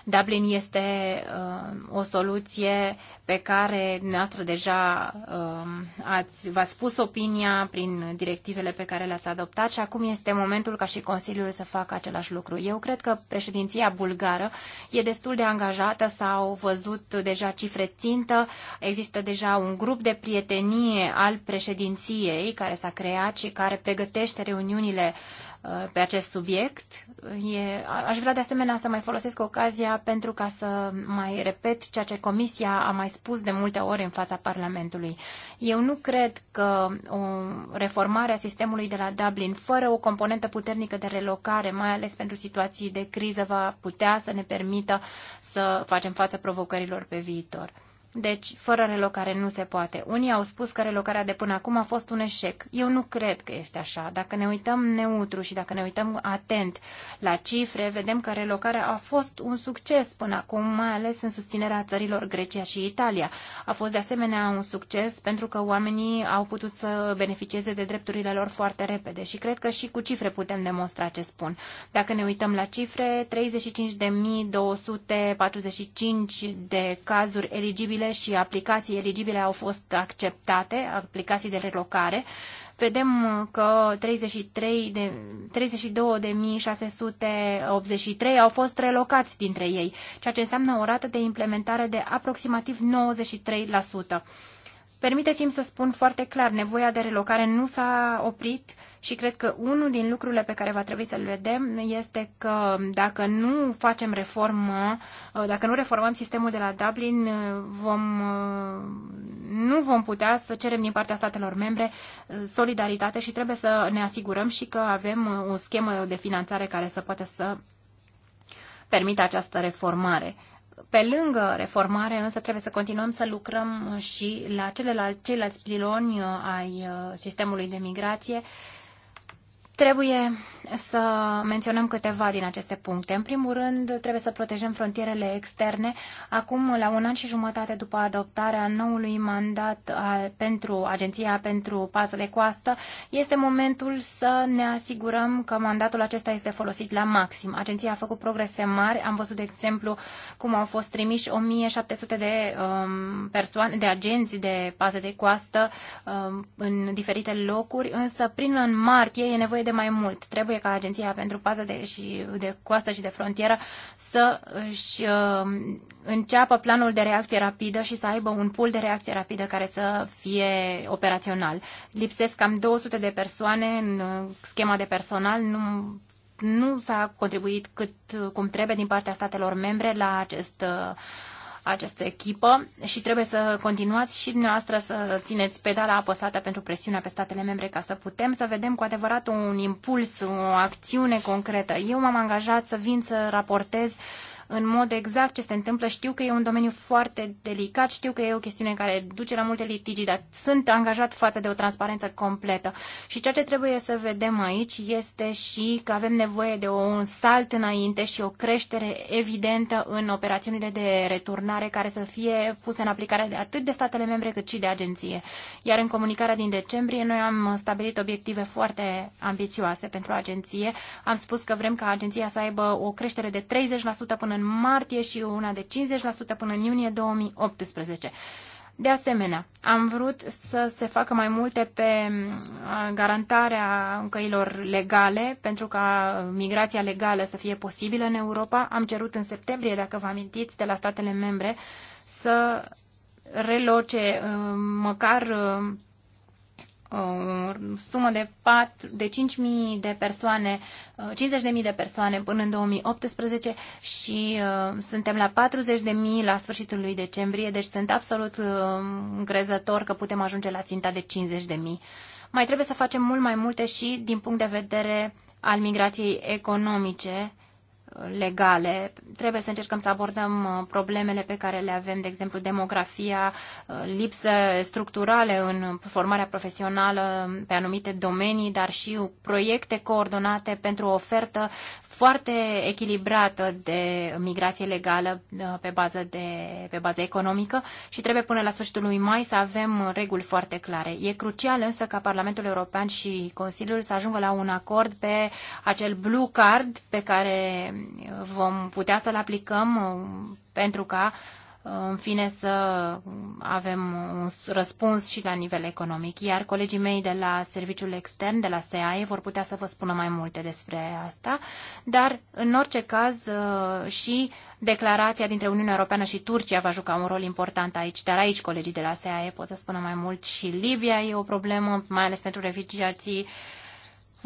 Dublin este uh, o soluție pe care dumneavoastră deja uh, ați, v-ați spus opinia prin directivele pe care le-ați adoptat și acum este momentul ca și Consiliul să facă același lucru. Eu cred că președinția bulgară e destul de angajată, s-au văzut deja cifre țintă, există deja un grup de prietenie al președinției care s-a creat și care pregătește reuniunile uh, Uh, pe acest subiect. E, aș vrea de asemenea să mai folosesc ocazia pentru ca să mai repet ceea ce Comisia a mai spus de multe ori în fața Parlamentului. Eu nu cred că o reformare a sistemului de la Dublin fără o componentă puternică de relocare, mai ales pentru situații de criză, va putea să ne permită să facem față provocărilor pe viitor. Deci, fără relocare nu se poate. Unii au spus că relocarea de până acum a fost un eșec. Eu nu cred că este așa. Dacă ne uităm neutru și dacă ne uităm atent la cifre, vedem că relocarea a fost un succes până acum, mai ales în susținerea țărilor Grecia și Italia. A fost de asemenea un succes pentru că oamenii au putut să beneficieze de drepturile lor foarte repede și cred că și cu cifre putem demonstra ce spun. Dacă ne uităm la cifre, 35.245 de cazuri eligibile eligibile și aplicații eligibile au fost acceptate, aplicații de relocare. Vedem că 32.683 de, 32 au fost relocați dintre ei, ceea ce înseamnă o rată de implementare de aproximativ 93%. Permiteți-mi să spun foarte clar, nevoia de relocare nu s-a oprit și cred că unul din lucrurile pe care va trebui să le vedem este că dacă nu facem reformă, uh, dacă nu reformăm sistemul de la Dublin, uh, vom, uh, nu vom putea să cerem din partea statelor membre solidaritate și trebuie să ne asigurăm și că avem o schemă de finanțare care să poată să permită această reformare. Pe lângă reformare, însă, trebuie să continuăm să lucrăm și la celelalte, ceilalți piloni uh, ai uh, sistemului de migrație, Trebuie să menționăm câteva din aceste puncte. În primul rând, trebuie să protejăm frontierele externe. Acum, la un an și jumătate după adoptarea noului mandat pentru Agenția pentru Pază de Coastă, este momentul să ne asigurăm că mandatul acesta este folosit la maxim. Agenția a făcut progrese mari. Am văzut, de exemplu, cum au fost trimiși 1700 de um, persoane, de agenți de pază de coastă um, în diferite locuri, însă prin în martie e nevoie de mai mult. Trebuie ca Agenția pentru Pază de, și, de Coastă și de Frontieră să își uh, înceapă planul de reacție rapidă și să aibă un pool de reacție rapidă care să fie operațional. Lipsesc cam 200 de persoane în uh, schema de personal, nu nu s-a contribuit cât uh, cum trebuie din partea statelor membre la acest uh, această echipă și trebuie să continuați și dumneavoastră să țineți pedala apăsată pentru presiunea pe statele membre ca să putem să vedem cu adevărat un impuls, o acțiune concretă. Eu m-am angajat să vin să raportez uh, în mod exact ce se întâmplă. Știu că e un domeniu foarte delicat, știu că e o chestiune care duce la multe litigi, dar sunt angajat față de o transparență completă. Și ceea ce trebuie să vedem aici este și că avem nevoie de un salt înainte și o creștere evidentă în operațiunile de returnare care să fie puse în aplicare de atât de statele membre cât și de agenție. Iar în comunicarea din decembrie noi am stabilit obiective foarte ambițioase pentru agenție. Am spus că vrem ca agenția să aibă o creștere de 30% până în martie și una de 50% până în iunie 2018. De asemenea, am vrut să se facă mai multe pe garantarea căilor legale, pentru ca migrația legală să fie posibilă în Europa. Am cerut în septembrie, dacă vă amintiți, de la statele membre să reloce măcar Uh, sumă de, 4, de 5.000 de persoane, 50.000 uh, de persoane până în 2018 și uh, suntem la 40.000 la sfârșitul lui decembrie, deci sunt absolut încrezător că putem ajunge la ținta de 50.000. Mai trebuie să facem mult mai multe și din punct de vedere al migrației economice, legale. Trebuie să încercăm să abordăm uh, problemele pe care le avem, de exemplu, demografia, uh, lipsă structurale în formarea profesională pe anumite domenii, dar și proiecte coordonate pentru o ofertă foarte echilibrată de migrație legală uh, pe bază, de, pe bază economică și trebuie până la sfârșitul lui mai să avem reguli foarte clare. E crucial însă ca Parlamentul European și Consiliul să ajungă la un acord pe acel blue card pe care uh, vom putea să-l aplicăm uh, pentru ca în fine să avem un răspuns și la nivel economic. Iar colegii mei de la Serviciul Extern, de la SEAE, vor putea să vă spună mai multe despre asta, dar în orice caz uh, și declarația dintre Uniunea Europeană și Turcia va juca un rol important aici, dar aici colegii de la SEAE pot să spună mai mult și Libia e o problemă, mai ales pentru refugiații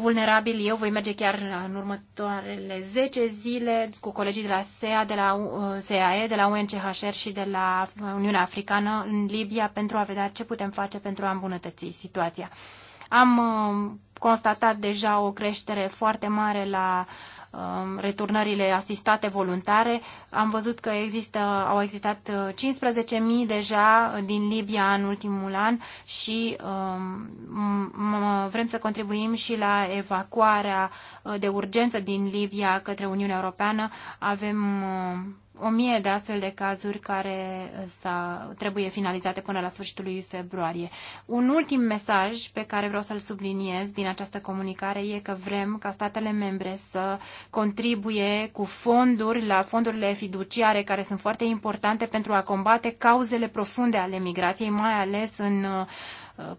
vulnerabil. Eu voi merge chiar în următoarele 10 zile cu colegii de la SEA, de la uh, SEAE, de la UNCHR și de la Uniunea Africană în Libia pentru a vedea ce putem face pentru a îmbunătăți situația. Am uh, constatat deja o creștere foarte mare la uh, Um, returnările asistate voluntare. Am văzut că există, au existat 15.000 uh, deja din Libia în ultimul an și um, vrem să contribuim și la evacuarea uh, de urgență din Libia către Uniunea Europeană. Avem uh, o mie de astfel de cazuri care uh, trebuie finalizate până la sfârșitul lui februarie. Un ultim mesaj pe care vreau să-l subliniez din această comunicare e că vrem ca statele membre să contribuie cu fonduri la fondurile fiduciare care sunt foarte importante pentru a combate cauzele profunde ale migrației, mai ales în uh,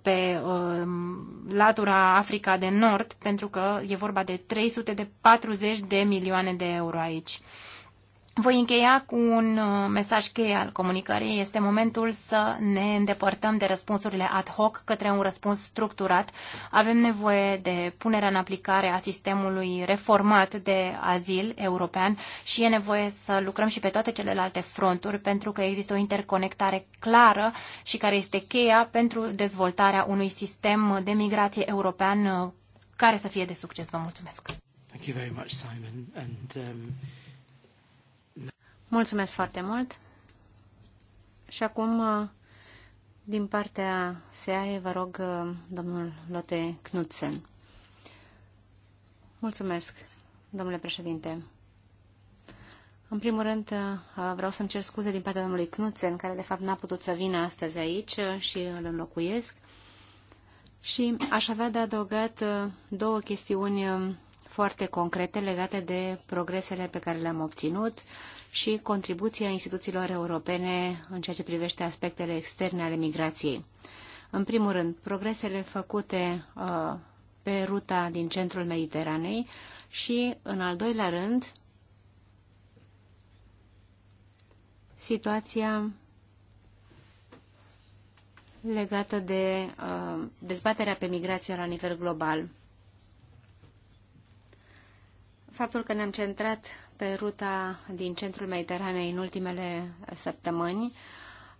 pe uh, latura Africa de Nord, pentru că e vorba de 340 de milioane de euro aici. Voi încheia cu un uh, mesaj cheie al comunicării. Este momentul să ne îndepărtăm de răspunsurile ad hoc către un răspuns structurat. Avem nevoie de punerea în aplicare a sistemului reformat de azil european și e nevoie să lucrăm și pe toate celelalte fronturi pentru că există o interconectare clară și care este cheia pentru dezvoltarea unui sistem de migrație european uh, care să fie de succes. Vă mulțumesc! Thank you very much, Simon. And, um... Mulțumesc foarte mult. Și acum, uh, din partea SEAE, vă rog, uh, domnul Lote Knudsen. Mulțumesc, domnule președinte. În primul rând, uh, vreau să-mi cer scuze din partea domnului Knudsen, care de fapt n-a putut să vină astăzi aici și îl înlocuiesc. Și aș avea de adăugat două chestiuni foarte concrete legate de progresele pe care le-am obținut și contribuția instituțiilor europene în ceea ce privește aspectele externe ale migrației. În primul rând, progresele făcute uh, pe ruta din centrul Mediteranei și, în al doilea rând, situația legată de uh, dezbaterea pe migrație la nivel global. Faptul că ne-am centrat pe ruta din centrul Mediteranei în ultimele săptămâni,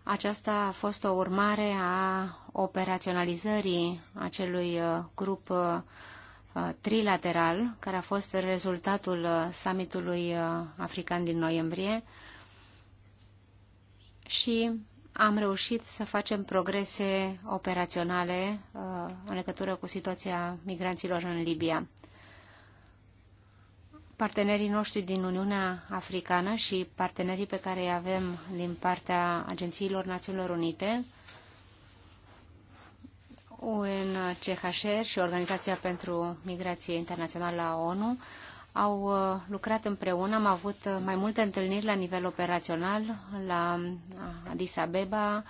aceasta a fost o urmare a operaționalizării acelui uh, grup uh, trilateral, care a fost rezultatul uh, summitului african din noiembrie și am reușit să facem progrese operaționale în legătură cu situația migranților în Libia partenerii noștri din Uniunea Africană și partenerii pe care îi avem din partea agențiilor Națiunilor Unite, UNCHR și Organizația pentru Migrație Internațională a ONU, au uh, lucrat împreună, am avut uh, mai multe întâlniri la nivel operațional, la uh, Addis Abeba,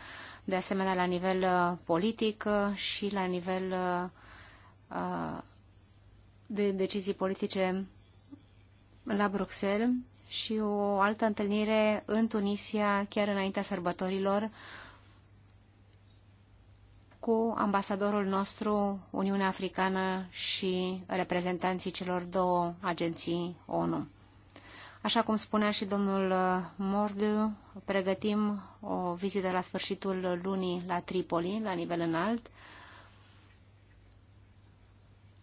de asemenea la nivel politic și la nivel de decizii politice la Bruxelles și o altă întâlnire în Tunisia chiar înaintea sărbătorilor cu ambasadorul nostru, Uniunea Africană și reprezentanții celor două agenții ONU. Așa cum spunea și domnul Mordu, pregătim o vizită la sfârșitul lunii la Tripoli, la nivel înalt,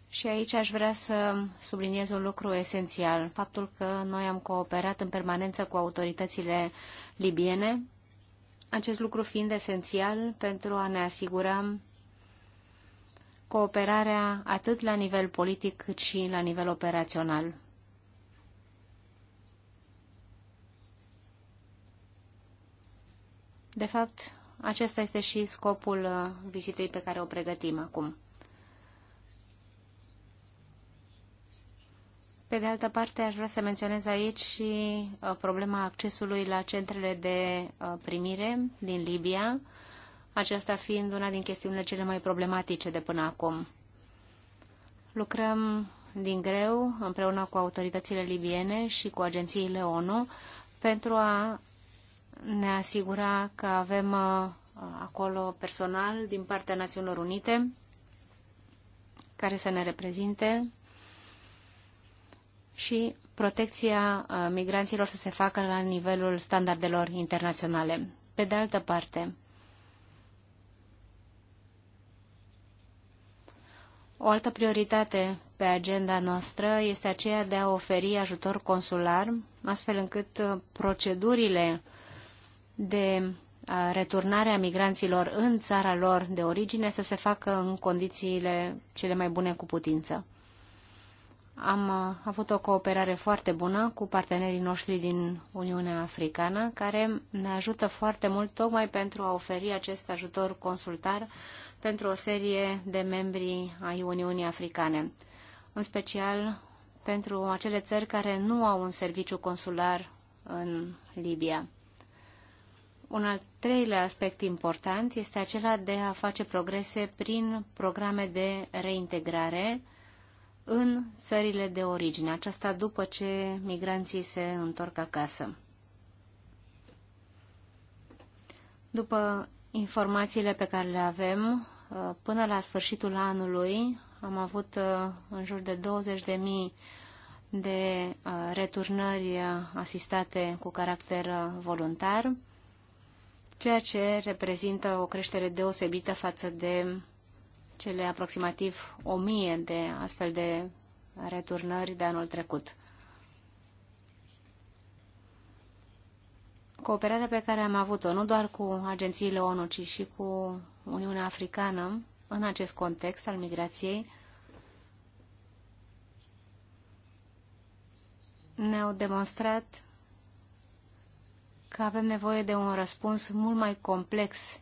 și aici aș vrea să subliniez un lucru esențial, faptul că noi am cooperat în permanență cu autoritățile libiene, acest lucru fiind esențial pentru a ne asigura cooperarea atât la nivel politic cât și la nivel operațional. De fapt, acesta este și scopul uh, vizitei pe care o pregătim acum. Pe de altă parte, aș vrea să menționez aici și uh, problema accesului la centrele de uh, primire din Libia, aceasta fiind una din chestiunile cele mai problematice de până acum. Lucrăm din greu împreună cu autoritățile libiene și cu agențiile ONU pentru a ne asigura că avem uh, acolo personal din partea Națiunilor Unite care să ne reprezinte și protecția uh, migranților să se facă la nivelul standardelor internaționale. Pe de altă parte, O altă prioritate pe agenda noastră este aceea de a oferi ajutor consular, astfel încât uh, procedurile de uh, returnare a migranților în țara lor de origine să se facă în condițiile cele mai bune cu putință. Am uh, avut o cooperare foarte bună cu partenerii noștri din Uniunea Africană, care ne ajută foarte mult tocmai pentru a oferi acest ajutor consultar pentru o serie de membri ai Uniunii Africane, în special pentru acele țări care nu au un serviciu consular în Libia. Un al treilea aspect important este acela de a face progrese prin programe de reintegrare, în țările de origine, aceasta după ce migranții se întorc acasă. După informațiile pe care le avem, până la sfârșitul anului am avut uh, în jur de 20.000 de uh, returnări asistate cu caracter uh, voluntar, ceea ce reprezintă o creștere deosebită față de cele aproximativ 1000 de astfel de returnări de anul trecut. Cooperarea pe care am avut-o nu doar cu agențiile ONU, ci și cu Uniunea Africană în acest context al migrației ne-au demonstrat că avem nevoie de un răspuns mult mai complex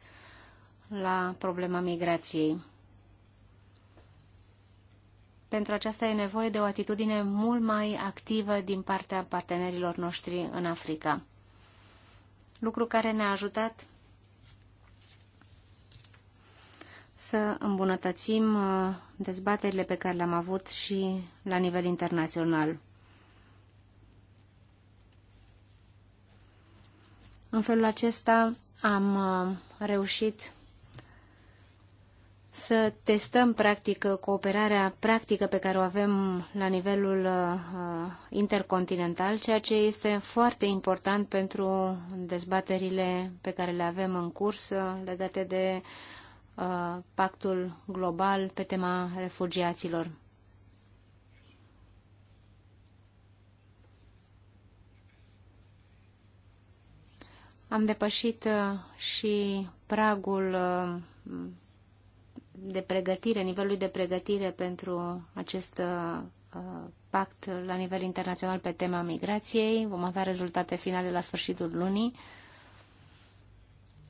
la problema migrației. Pentru aceasta e nevoie de o atitudine mult mai activă din partea partenerilor noștri în Africa. Lucru care ne-a ajutat să îmbunătățim uh, dezbaterile pe care le-am avut și la nivel internațional. În felul acesta am uh, reușit să testăm practic cooperarea practică pe care o avem la nivelul uh, intercontinental, ceea ce este foarte important pentru dezbaterile pe care le avem în curs uh, legate de uh, pactul global pe tema refugiaților. Am depășit uh, și pragul uh, de pregătire, nivelului de pregătire pentru acest uh, pact la nivel internațional pe tema migrației. Vom avea rezultate finale la sfârșitul lunii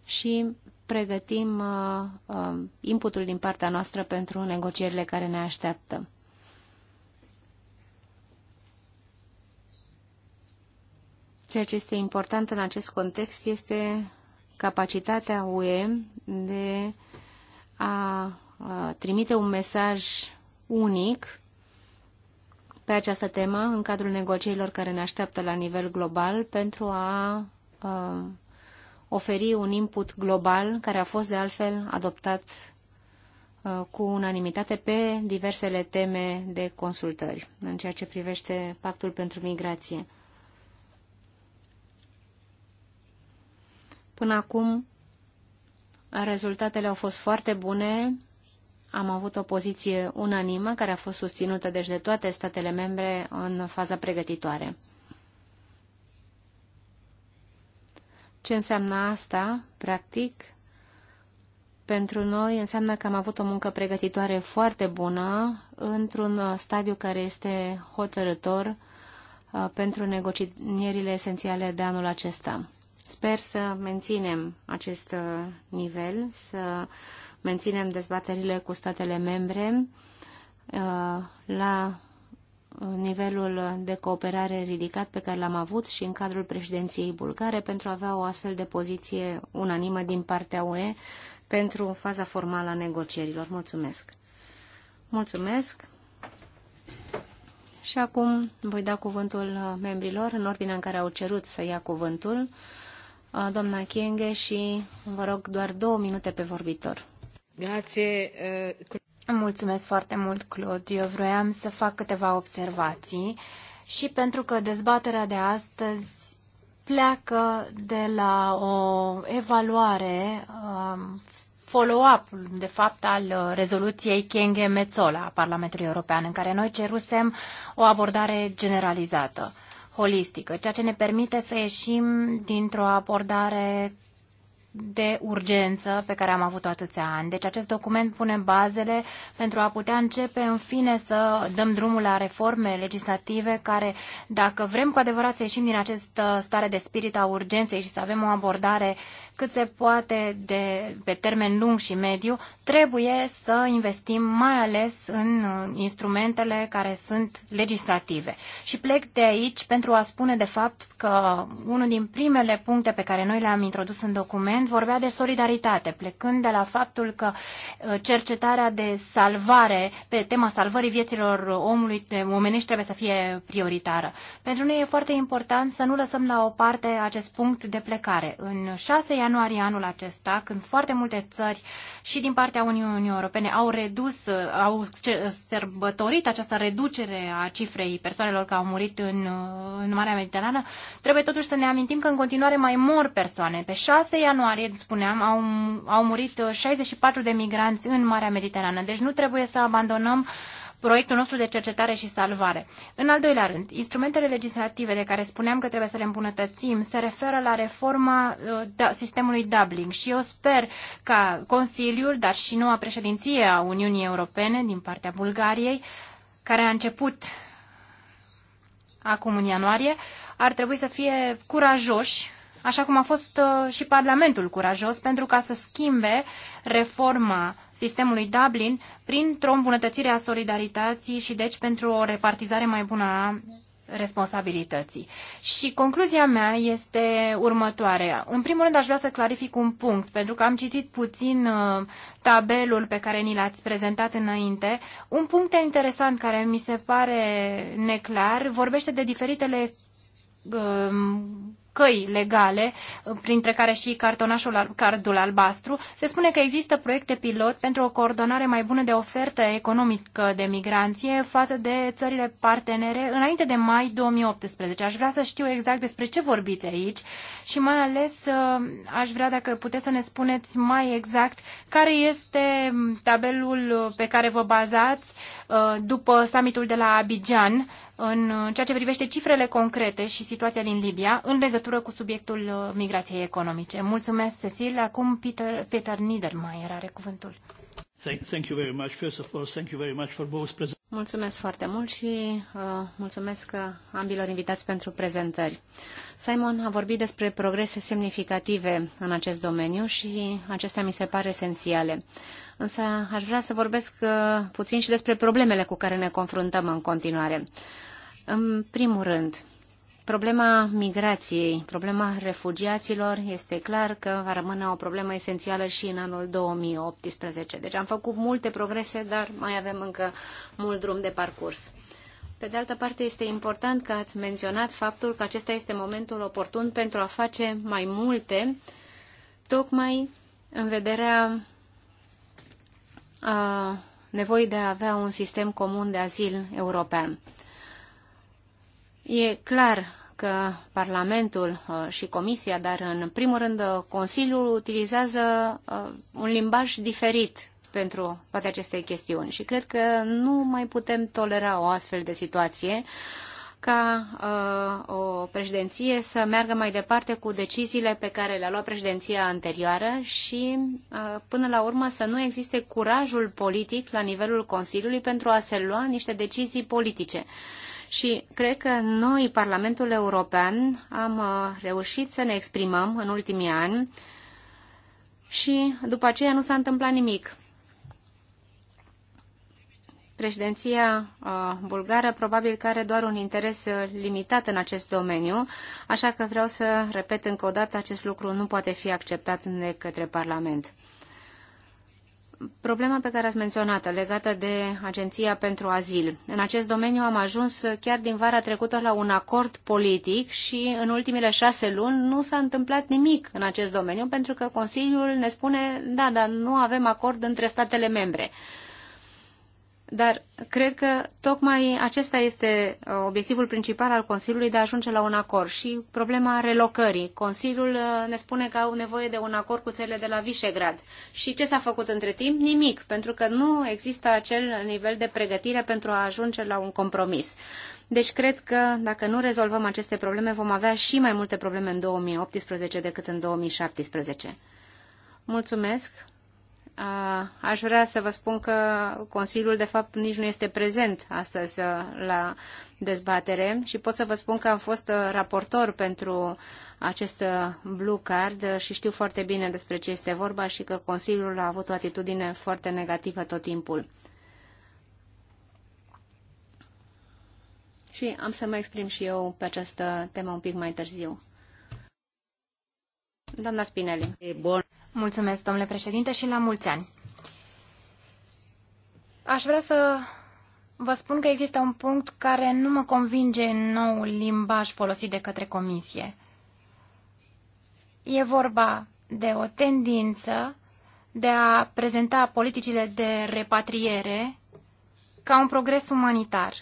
și pregătim uh, um, inputul din partea noastră pentru negocierile care ne așteaptă. Ceea ce este important în acest context este capacitatea UE de a trimite un mesaj unic pe această temă în cadrul negocierilor care ne așteaptă la nivel global pentru a oferi un input global care a fost de altfel adoptat cu unanimitate pe diversele teme de consultări în ceea ce privește pactul pentru migrație. Până acum Rezultatele au fost foarte bune. Am avut o poziție unanimă care a fost susținută deci de toate statele membre în faza pregătitoare. Ce înseamnă asta, practic? Pentru noi înseamnă că am avut o muncă pregătitoare foarte bună într-un stadiu care este hotărător uh, pentru negocierile esențiale de anul acesta. Sper să menținem acest uh, nivel, să menținem dezbaterile cu statele membre uh, la nivelul de cooperare ridicat pe care l-am avut și în cadrul președinției bulgare pentru a avea o astfel de poziție unanimă din partea UE pentru faza formală a negocierilor. Mulțumesc! Mulțumesc! Și acum voi da cuvântul membrilor în ordinea în care au cerut să ia cuvântul doamna Chienghe și vă rog doar două minute pe vorbitor. Grație. Uh, Mulțumesc foarte mult, Claude. Eu vroiam să fac câteva observații și pentru că dezbaterea de astăzi pleacă de la o evaluare um, follow-up, de fapt, al rezoluției Kenge Mezzola a Parlamentului European, în care noi cerusem o abordare generalizată holistică, ceea ce ne permite să ieșim dintr-o abordare de urgență pe care am avut-o atâția ani. Deci acest document pune bazele pentru a putea începe în fine să dăm drumul la reforme legislative care, dacă vrem cu adevărat să ieșim din această stare de spirit a urgenței și să avem o abordare cât se poate de, pe termen lung și mediu, trebuie să investim mai ales în uh, instrumentele care sunt legislative. Și plec de aici pentru a spune de fapt că unul din primele puncte pe care noi le-am introdus în document vorbea de solidaritate, plecând de la faptul că uh, cercetarea de salvare, pe tema salvării vieților omului, omenești trebuie să fie prioritară. Pentru noi e foarte important să nu lăsăm la o parte acest punct de plecare. În 6 ianuarie anul acesta, când foarte multe țări și din partea Uniunii Europene au redus, uh, au sărbătorit această reducere a cifrei persoanelor care au murit în, uh, în Marea Mediterană, trebuie totuși să ne amintim că în continuare mai mor persoane. Pe 6 ianuarie, spuneam, au, au murit 64 uh, de migranți în Marea Mediterană. Deci nu trebuie să abandonăm uh, proiectul nostru de cercetare și salvare. În al doilea rând, instrumentele legislative de care spuneam că trebuie să le îmbunătățim se referă la reforma uh, da, sistemului Dublin și eu sper ca Consiliul, dar și noua președinție a Uniunii Europene din partea Bulgariei, care a început acum în ianuarie, ar trebui să fie curajoși așa cum a fost uh, și Parlamentul curajos pentru ca să schimbe reforma sistemului Dublin printr-o îmbunătățire a solidarității și deci pentru o repartizare mai bună a responsabilității. Și concluzia mea este următoarea. În primul rând aș vrea să clarific un punct, pentru că am citit puțin uh, tabelul pe care ni l-ați prezentat înainte. Un punct interesant care mi se pare neclar vorbește de diferitele uh, căi legale, printre care și cartonașul, cardul albastru, se spune că există proiecte pilot pentru o coordonare mai bună de ofertă economică de migranție față de țările partenere înainte de mai 2018. Aș vrea să știu exact despre ce vorbiți aici și mai ales uh, aș vrea dacă puteți să ne spuneți mai exact care este tabelul pe care vă bazați uh, după summitul de la Abidjan în ceea ce privește cifrele concrete și situația din Libia în legătură cu subiectul uh, migrației economice. Mulțumesc, Cecil. Acum Peter, Peter Niedermayer are cuvântul. Mulțumesc foarte mult și uh, mulțumesc uh, ambilor invitați pentru prezentări. Simon a vorbit despre progrese semnificative în acest domeniu și acestea mi se pare esențiale. Uh, Însă aș vrea să vorbesc uh, puțin și despre problemele cu care ne confruntăm în continuare. În primul rând, Problema migrației, problema refugiaților, este clar că va rămâne o problemă esențială și în anul 2018. Deci am făcut multe progrese, dar mai avem încă mult drum de parcurs. Pe de altă parte, este important că ați menționat faptul că acesta este momentul oportun pentru a face mai multe, tocmai în vederea nevoii de a avea un sistem comun de azil european. E clar că Parlamentul uh, și Comisia, dar în primul rând uh, Consiliul, utilizează uh, un limbaj diferit pentru toate aceste chestiuni și cred că nu mai putem tolera o astfel de situație ca uh, o președinție să meargă mai departe cu deciziile pe care le-a luat președinția anterioară și, uh, până la urmă, să nu existe curajul politic la nivelul Consiliului pentru a se lua niște decizii politice. Și cred că noi, Parlamentul European, am uh, reușit să ne exprimăm în ultimii ani și după aceea nu s-a întâmplat nimic. Președinția uh, bulgară probabil că are doar un interes uh, limitat în acest domeniu, așa că vreau să repet încă o dată, acest lucru nu poate fi acceptat de către Parlament. Problema pe care ați menționat-o, legată de Agenția pentru Azil. În acest domeniu am ajuns chiar din vara trecută la un acord politic și în ultimele șase luni nu s-a întâmplat nimic în acest domeniu pentru că Consiliul ne spune, da, dar nu avem acord între statele membre. Dar cred că tocmai acesta este uh, obiectivul principal al Consiliului de a ajunge la un acord și problema relocării. Consiliul uh, ne spune că au nevoie de un acord cu țările de la Visegrad. Și ce s-a făcut între timp? Nimic, pentru că nu există acel nivel de pregătire pentru a ajunge la un compromis. Deci cred că dacă nu rezolvăm aceste probleme, vom avea și mai multe probleme în 2018 decât în 2017. Mulțumesc! aș vrea să vă spun că Consiliul, de fapt, nici nu este prezent astăzi uh, la dezbatere și pot să vă spun că am fost uh, raportor pentru acest uh, blue card și știu foarte bine despre ce este vorba și că Consiliul a avut o atitudine foarte negativă tot timpul. Și am să mă exprim și eu pe această temă un pic mai târziu. Doamna Spinelli. E Mulțumesc, domnule președinte, și la mulți ani. Aș vrea să vă spun că există un punct care nu mă convinge în nou limbaj folosit de către comisie. E vorba de o tendință de a prezenta politicile de repatriere ca un progres umanitar.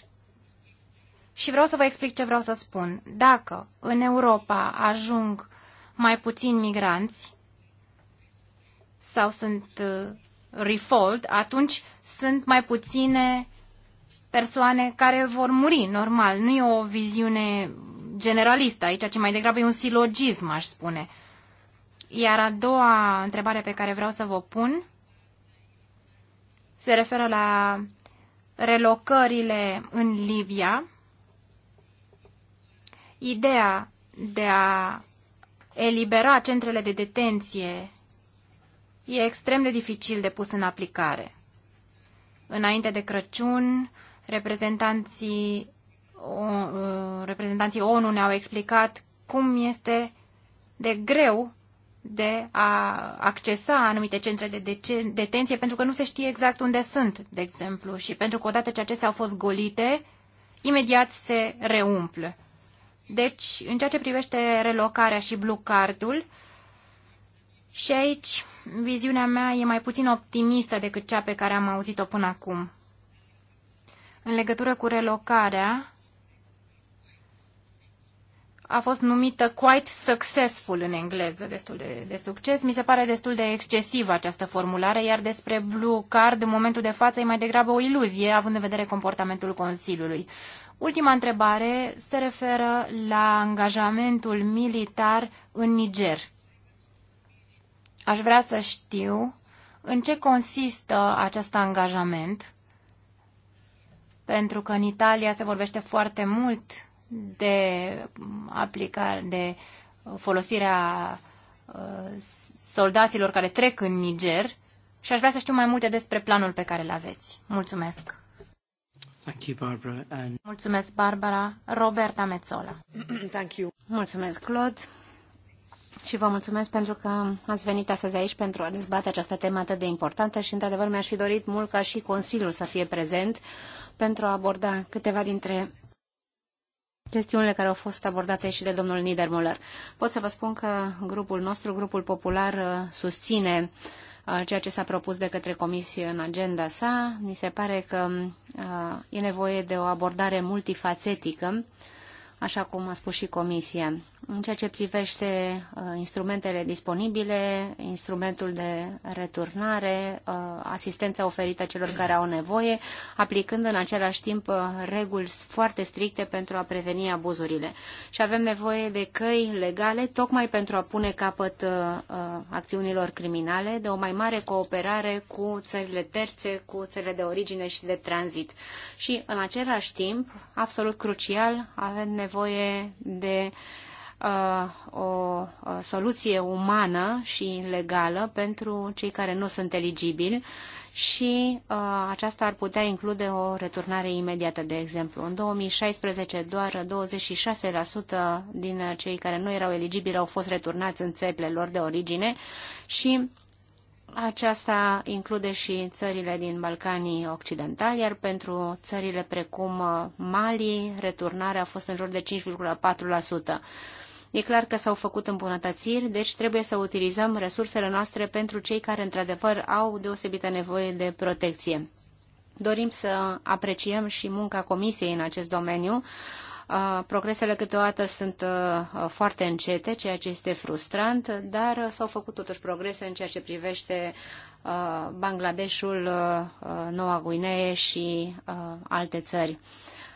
Și vreau să vă explic ce vreau să spun. Dacă în Europa ajung mai puțini migranți, sau sunt uh, refold, atunci sunt mai puține persoane care vor muri, normal. Nu e o viziune generalistă aici, ci mai degrabă e un silogism, aș spune. Iar a doua întrebare pe care vreau să vă pun se referă la relocările în Libia. Ideea de a elibera centrele de detenție e extrem de dificil de pus în aplicare. Înainte de Crăciun, reprezentanții, o, uh, reprezentanții ONU ne-au explicat cum este de greu de a accesa anumite centre de detenție pentru că nu se știe exact unde sunt, de exemplu, și pentru că odată ce acestea au fost golite, imediat se reumplă. Deci, în ceea ce privește relocarea și blue card-ul, și aici viziunea mea e mai puțin optimistă decât cea pe care am auzit-o până acum. În legătură cu relocarea, a fost numită quite successful în engleză, destul de, de succes. Mi se pare destul de excesivă această formulare, iar despre Blue Card, în momentul de față, e mai degrabă o iluzie, având în vedere comportamentul Consiliului. Ultima întrebare se referă la angajamentul militar în Niger. Aș vrea să știu în ce consistă acest angajament, pentru că în Italia se vorbește foarte mult de aplicare, de folosirea uh, soldaților care trec în Niger și aș vrea să știu mai multe despre planul pe care îl aveți. Mulțumesc! Thank you, Barbara. And... Mulțumesc, Barbara. Roberta Mezzola. Thank you. Mulțumesc, Claude și vă mulțumesc pentru că ați venit astăzi aici pentru a dezbate această temă atât de importantă și, într-adevăr, mi-aș fi dorit mult ca și Consiliul să fie prezent pentru a aborda câteva dintre chestiunile care au fost abordate și de domnul Niedermüller. Pot să vă spun că grupul nostru, grupul popular, uh, susține uh, ceea ce s-a propus de către Comisie în agenda sa. Ni se pare că uh, e nevoie de o abordare multifacetică, așa cum a spus și Comisia în ceea ce privește uh, instrumentele disponibile, instrumentul de returnare, uh, asistența oferită celor care au nevoie, aplicând în același timp uh, reguli foarte stricte pentru a preveni abuzurile. Și avem nevoie de căi legale tocmai pentru a pune capăt acțiunilor criminale, de o mai mare cooperare cu țările terțe, cu țările de origine și de tranzit. Și în același timp, absolut crucial, avem nevoie de Uh, o uh, soluție umană și legală pentru cei care nu sunt eligibili și uh, aceasta ar putea include o returnare imediată, de exemplu. În 2016, doar 26% din cei care nu erau eligibili au fost returnați în țările lor de origine și aceasta include și țările din Balcanii Occidentali, iar pentru țările precum uh, Mali, returnarea a fost în jur de 5,4%. E clar că s-au făcut îmbunătățiri, deci trebuie să utilizăm resursele noastre pentru cei care într-adevăr au deosebită nevoie de protecție. Dorim să apreciem și munca Comisiei în acest domeniu. Uh, progresele câteodată sunt uh, foarte încete, ceea ce este frustrant, dar s-au făcut totuși progrese în ceea ce privește uh, Bangladeshul, Noua Guinee și alte țări.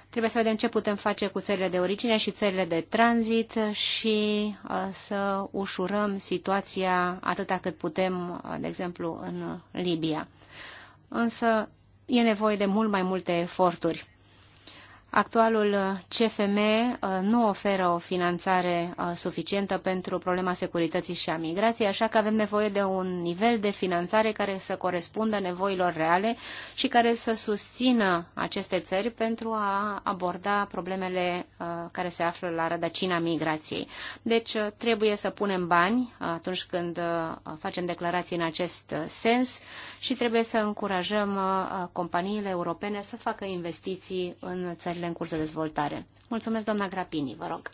Trebuie să vedem ce putem face cu țările de origine și țările de tranzit și uh, să ușurăm situația atâta cât putem, uh, de exemplu, în Libia. Însă e nevoie de mult mai multe eforturi. Actualul uh, CFM uh, nu oferă o finanțare uh, suficientă pentru problema securității și a migrației, așa că avem nevoie de un nivel de finanțare care să corespundă nevoilor reale și care să susțină aceste țări pentru a aborda problemele care se află la rădăcina migrației. Deci trebuie să punem bani atunci când facem declarații în acest sens și trebuie să încurajăm companiile europene să facă investiții în țări țările în curs de dezvoltare. Mulțumesc, doamna Grapini, vă rog.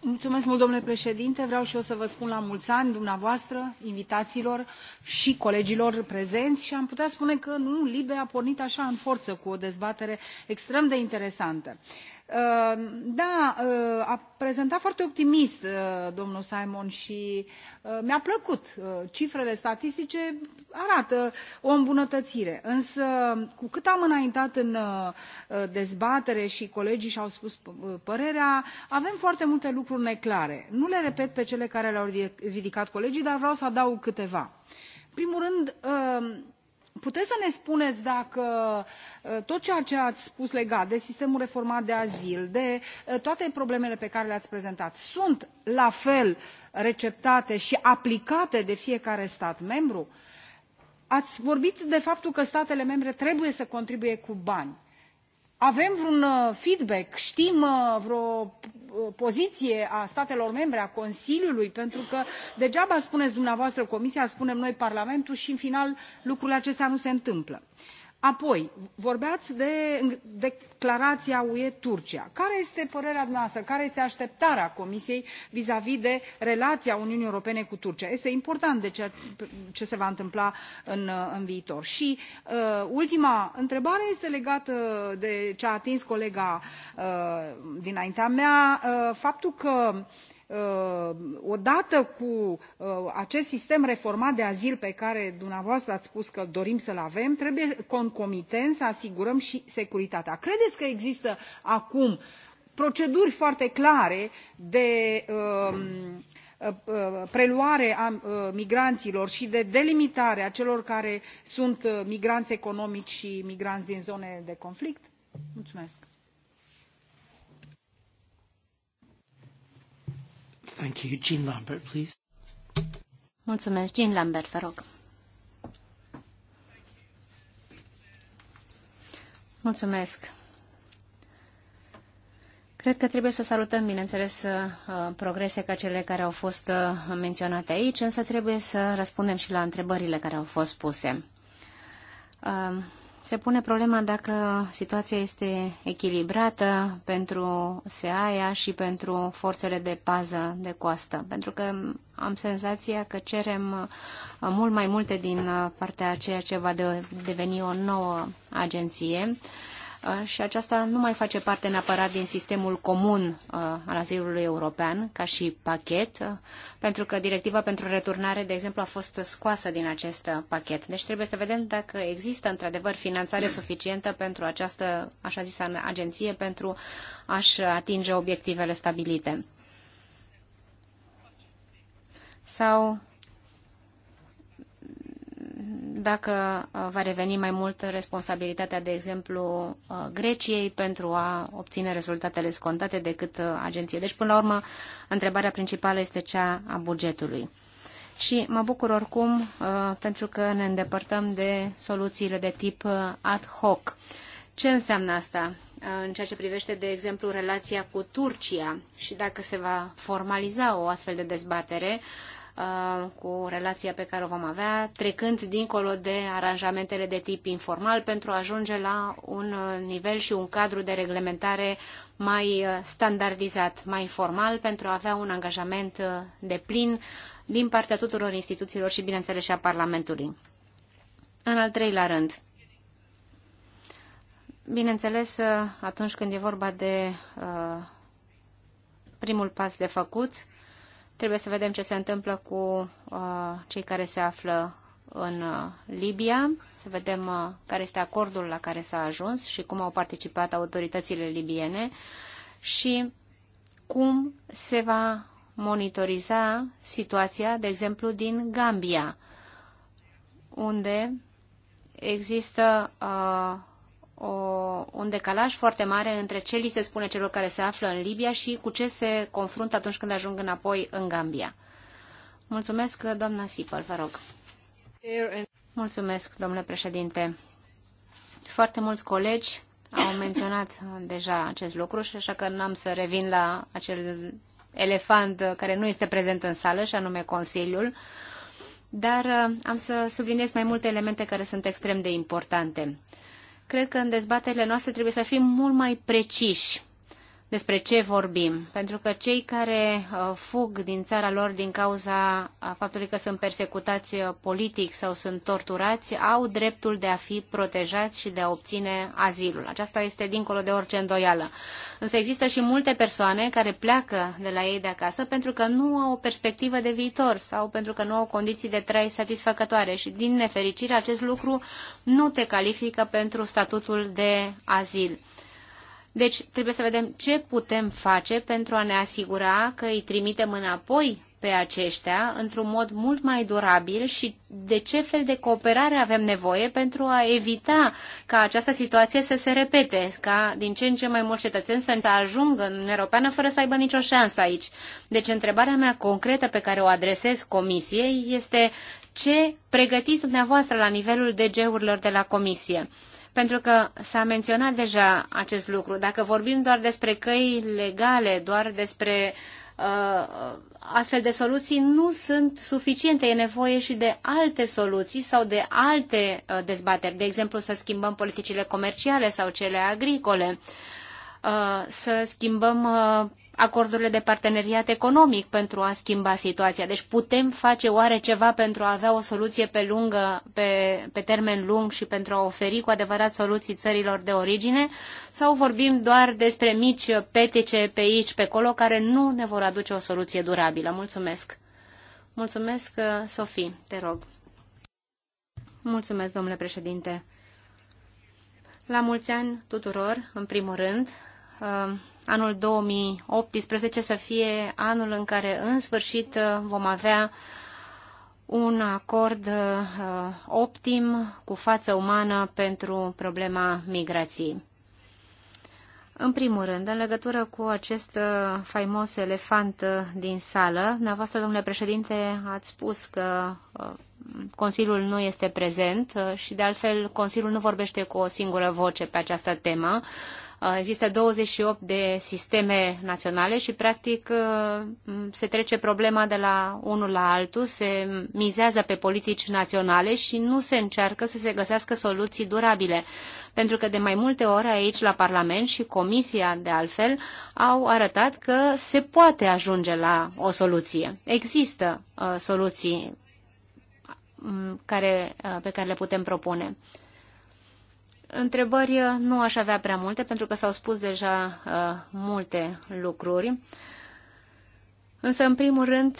Mulțumesc mult, domnule președinte. Vreau și eu să vă spun la mulți ani dumneavoastră, invitațiilor și colegilor prezenți și am putea spune că nu, Libe a pornit așa în forță cu o dezbatere extrem de interesantă Ehm, da, ehm, a prezentat foarte optimist ehm, domnul Simon și mi-a plăcut. Cifrele statistice arată o îmbunătățire. Însă, cu cât am înaintat în dezbatere și colegii și-au spus părerea, avem foarte multe lucruri neclare. Nu le repet pe cele care le-au ridicat colegii, dar vreau să adaug câteva. În primul rând, puteți să ne spuneți dacă uh, tot ceea ce ați spus legat de sistemul reformat de azil de uh, toate problemele pe care le ați prezentat sunt la fel receptate și aplicate de fiecare stat membru? ați vorbit de faptul că statele membre trebuie să contribuie cu bani avem vreun uh, feedback știm uh, vreo uh, poziție a statelor membre a consiliului pentru că degeaba spuneți dumneavoastră comisia spunem noi parlamentul și în final lucrurile acestea nu se întâmplă apoi vorbeați de declarația ue turcia care este părerea dumneavoastră care este așteptarea comisiei vizavi de relația uniunii europene cu turcia? este important de ce se va întâmpla în, în viitor. și uh, ultima întrebare este legată de ce a atins colega uh, dinaintea mea uh, faptul că Uh, odată cu uh, acest sistem reformat de azil pe care dumneavoastră ați spus că dorim să l avem trebuie concomitent să asigurăm și securitatea. credeți că există acum proceduri foarte clare de um, uh, preluare a migranților și de delimitare a celor care sunt migranți economici și migranți din zone de conflict? mulțumesc. Thank you. Jean Lambert, please. Mulțumesc. Jean Lambert, vă rog. Mulțumesc. Cred că trebuie să salutăm, bineînțeles, uh, progrese ca cele care au fost uh, menționate aici, însă trebuie să răspundem și la întrebările care au fost puse. Uh, se pune problema dacă situația este echilibrată pentru SEAIA și pentru forțele de pază de coastă, pentru că am senzația că cerem uh, mult mai multe din uh, partea ceea ce va deveni o nouă agenție și aceasta nu mai face parte neapărat din sistemul comun al azilului european ca și pachet, pentru că directiva pentru returnare, de exemplu, a fost scoasă din acest pachet. Deci trebuie să vedem dacă există într-adevăr finanțare suficientă pentru această, așa zisă, agenție pentru a-și atinge obiectivele stabilite. Sau dacă uh, va reveni mai mult responsabilitatea, de exemplu, uh, Greciei pentru a obține rezultatele scontate decât uh, agenției. Deci, până la urmă, întrebarea principală este cea a bugetului. Și mă bucur oricum pentru că ne îndepărtăm de soluțiile de tip ad hoc. Ce înseamnă asta în ceea ce privește, de exemplu, relația cu Turcia și dacă se va formaliza o astfel de dezbatere Uh, cu relația pe care o vom avea, trecând dincolo de aranjamentele de tip informal pentru a ajunge la un uh, nivel și un cadru de reglementare mai uh, standardizat, mai formal, pentru a avea un angajament de plin din partea tuturor instituțiilor și, bineînțeles, și a Parlamentului. În al treilea rând, bineînțeles, atunci când e vorba de primul pas de făcut, Trebuie să vedem ce se întâmplă cu uh, cei care se află în uh, Libia, să vedem uh, care este acordul la care s-a ajuns și cum au participat autoritățile libiene și cum se va monitoriza situația, de exemplu, din Gambia, unde există uh, o, un decalaj foarte mare între ce li se spune celor care se află în Libia și cu ce se confruntă atunci când ajung înapoi în Gambia. Mulțumesc, doamna Sipăl, vă rog. Mulțumesc, domnule președinte. Foarte mulți colegi au menționat deja acest lucru și așa că n-am să revin la acel elefant care nu este prezent în sală, și anume Consiliul, dar am să subliniez mai multe elemente care sunt extrem de importante cred că în dezbaterile noastre trebuie să fim mult mai preciși despre ce vorbim. Pentru că cei care uh, fug din țara lor din cauza uh, faptului că sunt persecutați uh, politic sau sunt torturați, au dreptul de a fi protejați și de a obține azilul. Aceasta este dincolo de orice îndoială. Însă există și multe persoane care pleacă de la ei de acasă pentru că nu au o perspectivă de viitor sau pentru că nu au condiții de trai satisfăcătoare și, din nefericire, acest lucru nu te califică pentru statutul de azil. Deci trebuie să vedem ce putem face pentru a ne asigura că îi trimitem înapoi pe aceștia într-un mod mult mai durabil și de ce fel de cooperare avem nevoie pentru a evita ca această situație să se repete, ca din ce în ce mai mulți cetățeni să ajungă în Europeană fără să aibă nicio șansă aici. Deci întrebarea mea concretă pe care o adresez Comisiei este ce pregătiți dumneavoastră la nivelul DG-urilor de la Comisie pentru că s-a menționat deja acest lucru. Dacă vorbim doar despre căi legale, doar despre uh, astfel de soluții, nu sunt suficiente. E nevoie și de alte soluții sau de alte uh, dezbateri. De exemplu, să schimbăm politicile comerciale sau cele agricole, uh, să schimbăm uh, acordurile de parteneriat economic pentru a schimba situația. Deci putem face oare ceva pentru a avea o soluție pe, lungă, pe, pe termen lung și pentru a oferi cu adevărat soluții țărilor de origine sau vorbim doar despre mici petice pe aici, pe acolo, care nu ne vor aduce o soluție durabilă. Mulțumesc! Mulțumesc, Sofie, te rog. Mulțumesc, domnule președinte. La mulți ani tuturor, în primul rând, Uh, anul 2018 să fie anul în care în sfârșit uh, vom avea un acord uh, optim cu față umană pentru problema migrației. În primul rând, în legătură cu acest faimos elefant din sală, dumneavoastră, domnule președinte, ați spus că Consiliul nu este prezent și, de altfel, Consiliul nu vorbește cu o singură voce pe această temă Uh, există 28 de sisteme naționale și, practic, uh, se trece problema de la unul la altul, se mizează pe politici naționale și nu se încearcă să se găsească soluții durabile. Pentru că de mai multe ori aici la Parlament și Comisia, de altfel, au arătat că se poate ajunge la o soluție. Există uh, soluții care, uh, pe care le putem propune. Întrebări uh, nu aș avea prea multe, pentru că s-au spus deja uh, multe lucruri. Însă, în primul rând,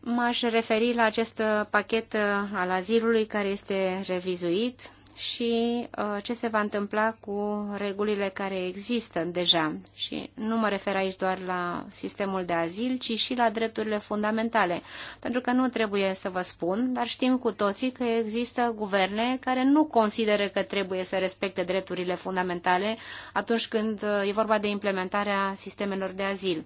m-aș referi la acest uh, pachet uh, al azilului care este revizuit și uh, ce se va întâmpla cu regulile care există deja. Și nu mă refer aici doar la sistemul de azil, ci și la drepturile fundamentale. Pentru că nu trebuie să vă spun, dar știm cu toții că există guverne care nu consideră că trebuie să respecte drepturile fundamentale atunci când uh, e vorba de implementarea sistemelor de azil.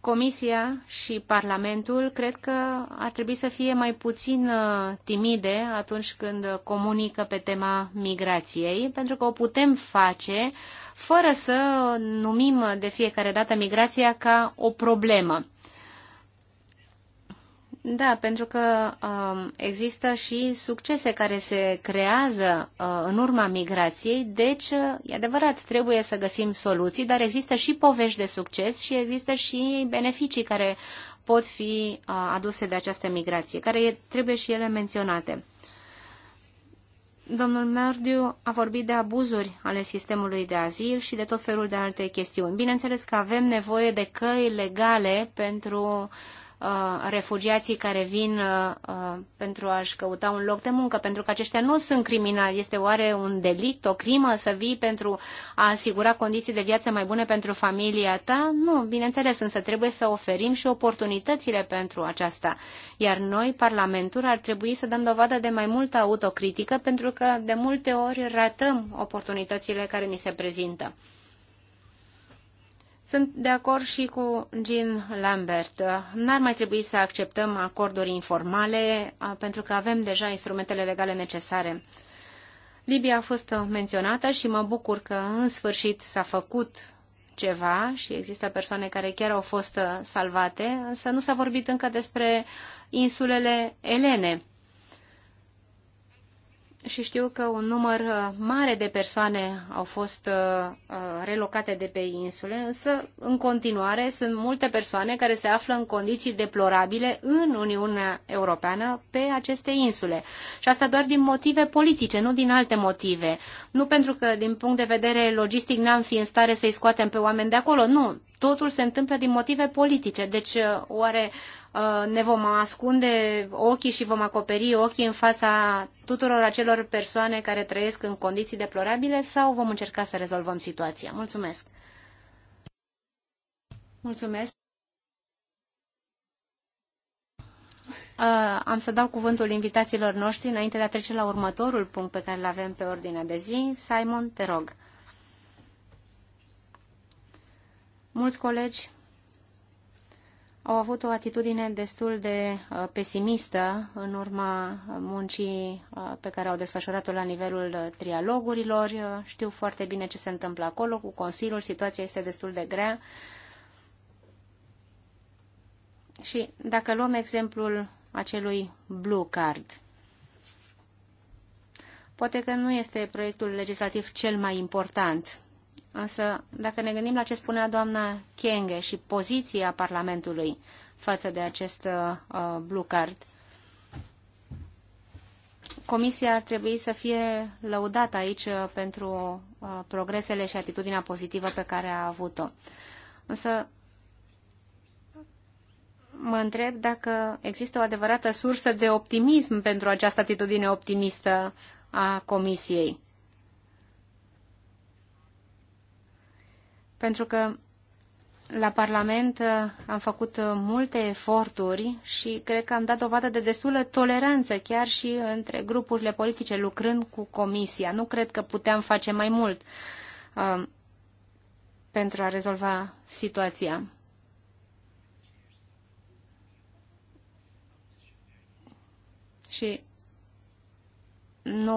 Comisia și Parlamentul cred că ar trebui să fie mai puțin uh, timide atunci când comunică pe tema migrației, pentru că o putem face fără să numim de fiecare dată migrația ca o problemă. Da, pentru că um, există și succese care se creează uh, în urma migrației, deci, uh, e adevărat, trebuie să găsim soluții, dar există și povești de succes și există și beneficii care pot fi uh, aduse de această migrație, care e, trebuie și ele menționate. Domnul Merdiu a vorbit de abuzuri ale sistemului de azil și de tot felul de alte chestiuni. Bineînțeles că avem nevoie de căi legale pentru uh, Uh, refugiații care vin uh, uh, pentru a-și căuta un loc de muncă, pentru că aceștia nu sunt criminali. Este oare un delict, o crimă să vii pentru a asigura condiții de viață mai bune pentru familia ta? Nu, bineînțeles, însă trebuie să oferim și oportunitățile pentru aceasta. Iar noi, Parlamentul, ar trebui să dăm dovadă de mai multă autocritică, pentru că de multe ori ratăm oportunitățile care ni se prezintă. Sunt de acord și cu Jean Lambert. N-ar mai trebui să acceptăm acorduri informale pentru că avem deja instrumentele legale necesare. Libia a fost menționată și mă bucur că în sfârșit s-a făcut ceva și există persoane care chiar au fost salvate, însă nu s-a vorbit încă despre insulele Elene și știu că un număr uh, mare de persoane au fost uh, uh, relocate de pe insule, însă în continuare sunt multe persoane care se află în condiții deplorabile în Uniunea Europeană pe aceste insule. Și asta doar din motive politice, nu din alte motive. Nu pentru că din punct de vedere logistic n-am fi în stare să-i scoatem pe oameni de acolo, nu totul se întâmplă din motive politice. Deci, uh, oare uh, ne vom ascunde ochii și vom acoperi ochii în fața tuturor acelor persoane care trăiesc în condiții deplorabile sau vom încerca să rezolvăm situația? Mulțumesc! Mulțumesc! Uh, am să dau cuvântul invitațiilor noștri înainte de a trece la următorul punct pe care îl avem pe ordinea de zi. Simon, te rog. Mulți colegi au avut o atitudine destul de uh, pesimistă în urma muncii uh, pe care au desfășurat-o la nivelul uh, trialogurilor. Știu foarte bine ce se întâmplă acolo cu Consiliul, situația este destul de grea. Și dacă luăm exemplul acelui blue card, poate că nu este proiectul legislativ cel mai important Însă, dacă ne gândim la ce spunea doamna Kienge și poziția Parlamentului față de acest uh, uh blue card, Comisia ar trebui să fie lăudată aici uh, pentru uh, progresele și atitudinea pozitivă pe care a avut-o. Însă, mă întreb dacă există o adevărată sursă de optimism pentru această atitudine optimistă a Comisiei. pentru că la Parlament uh, am făcut uh, multe eforturi și cred că am dat dovadă de destulă toleranță chiar și între grupurile politice lucrând cu Comisia. Nu cred că puteam face mai mult uh, pentru a rezolva situația. Și nu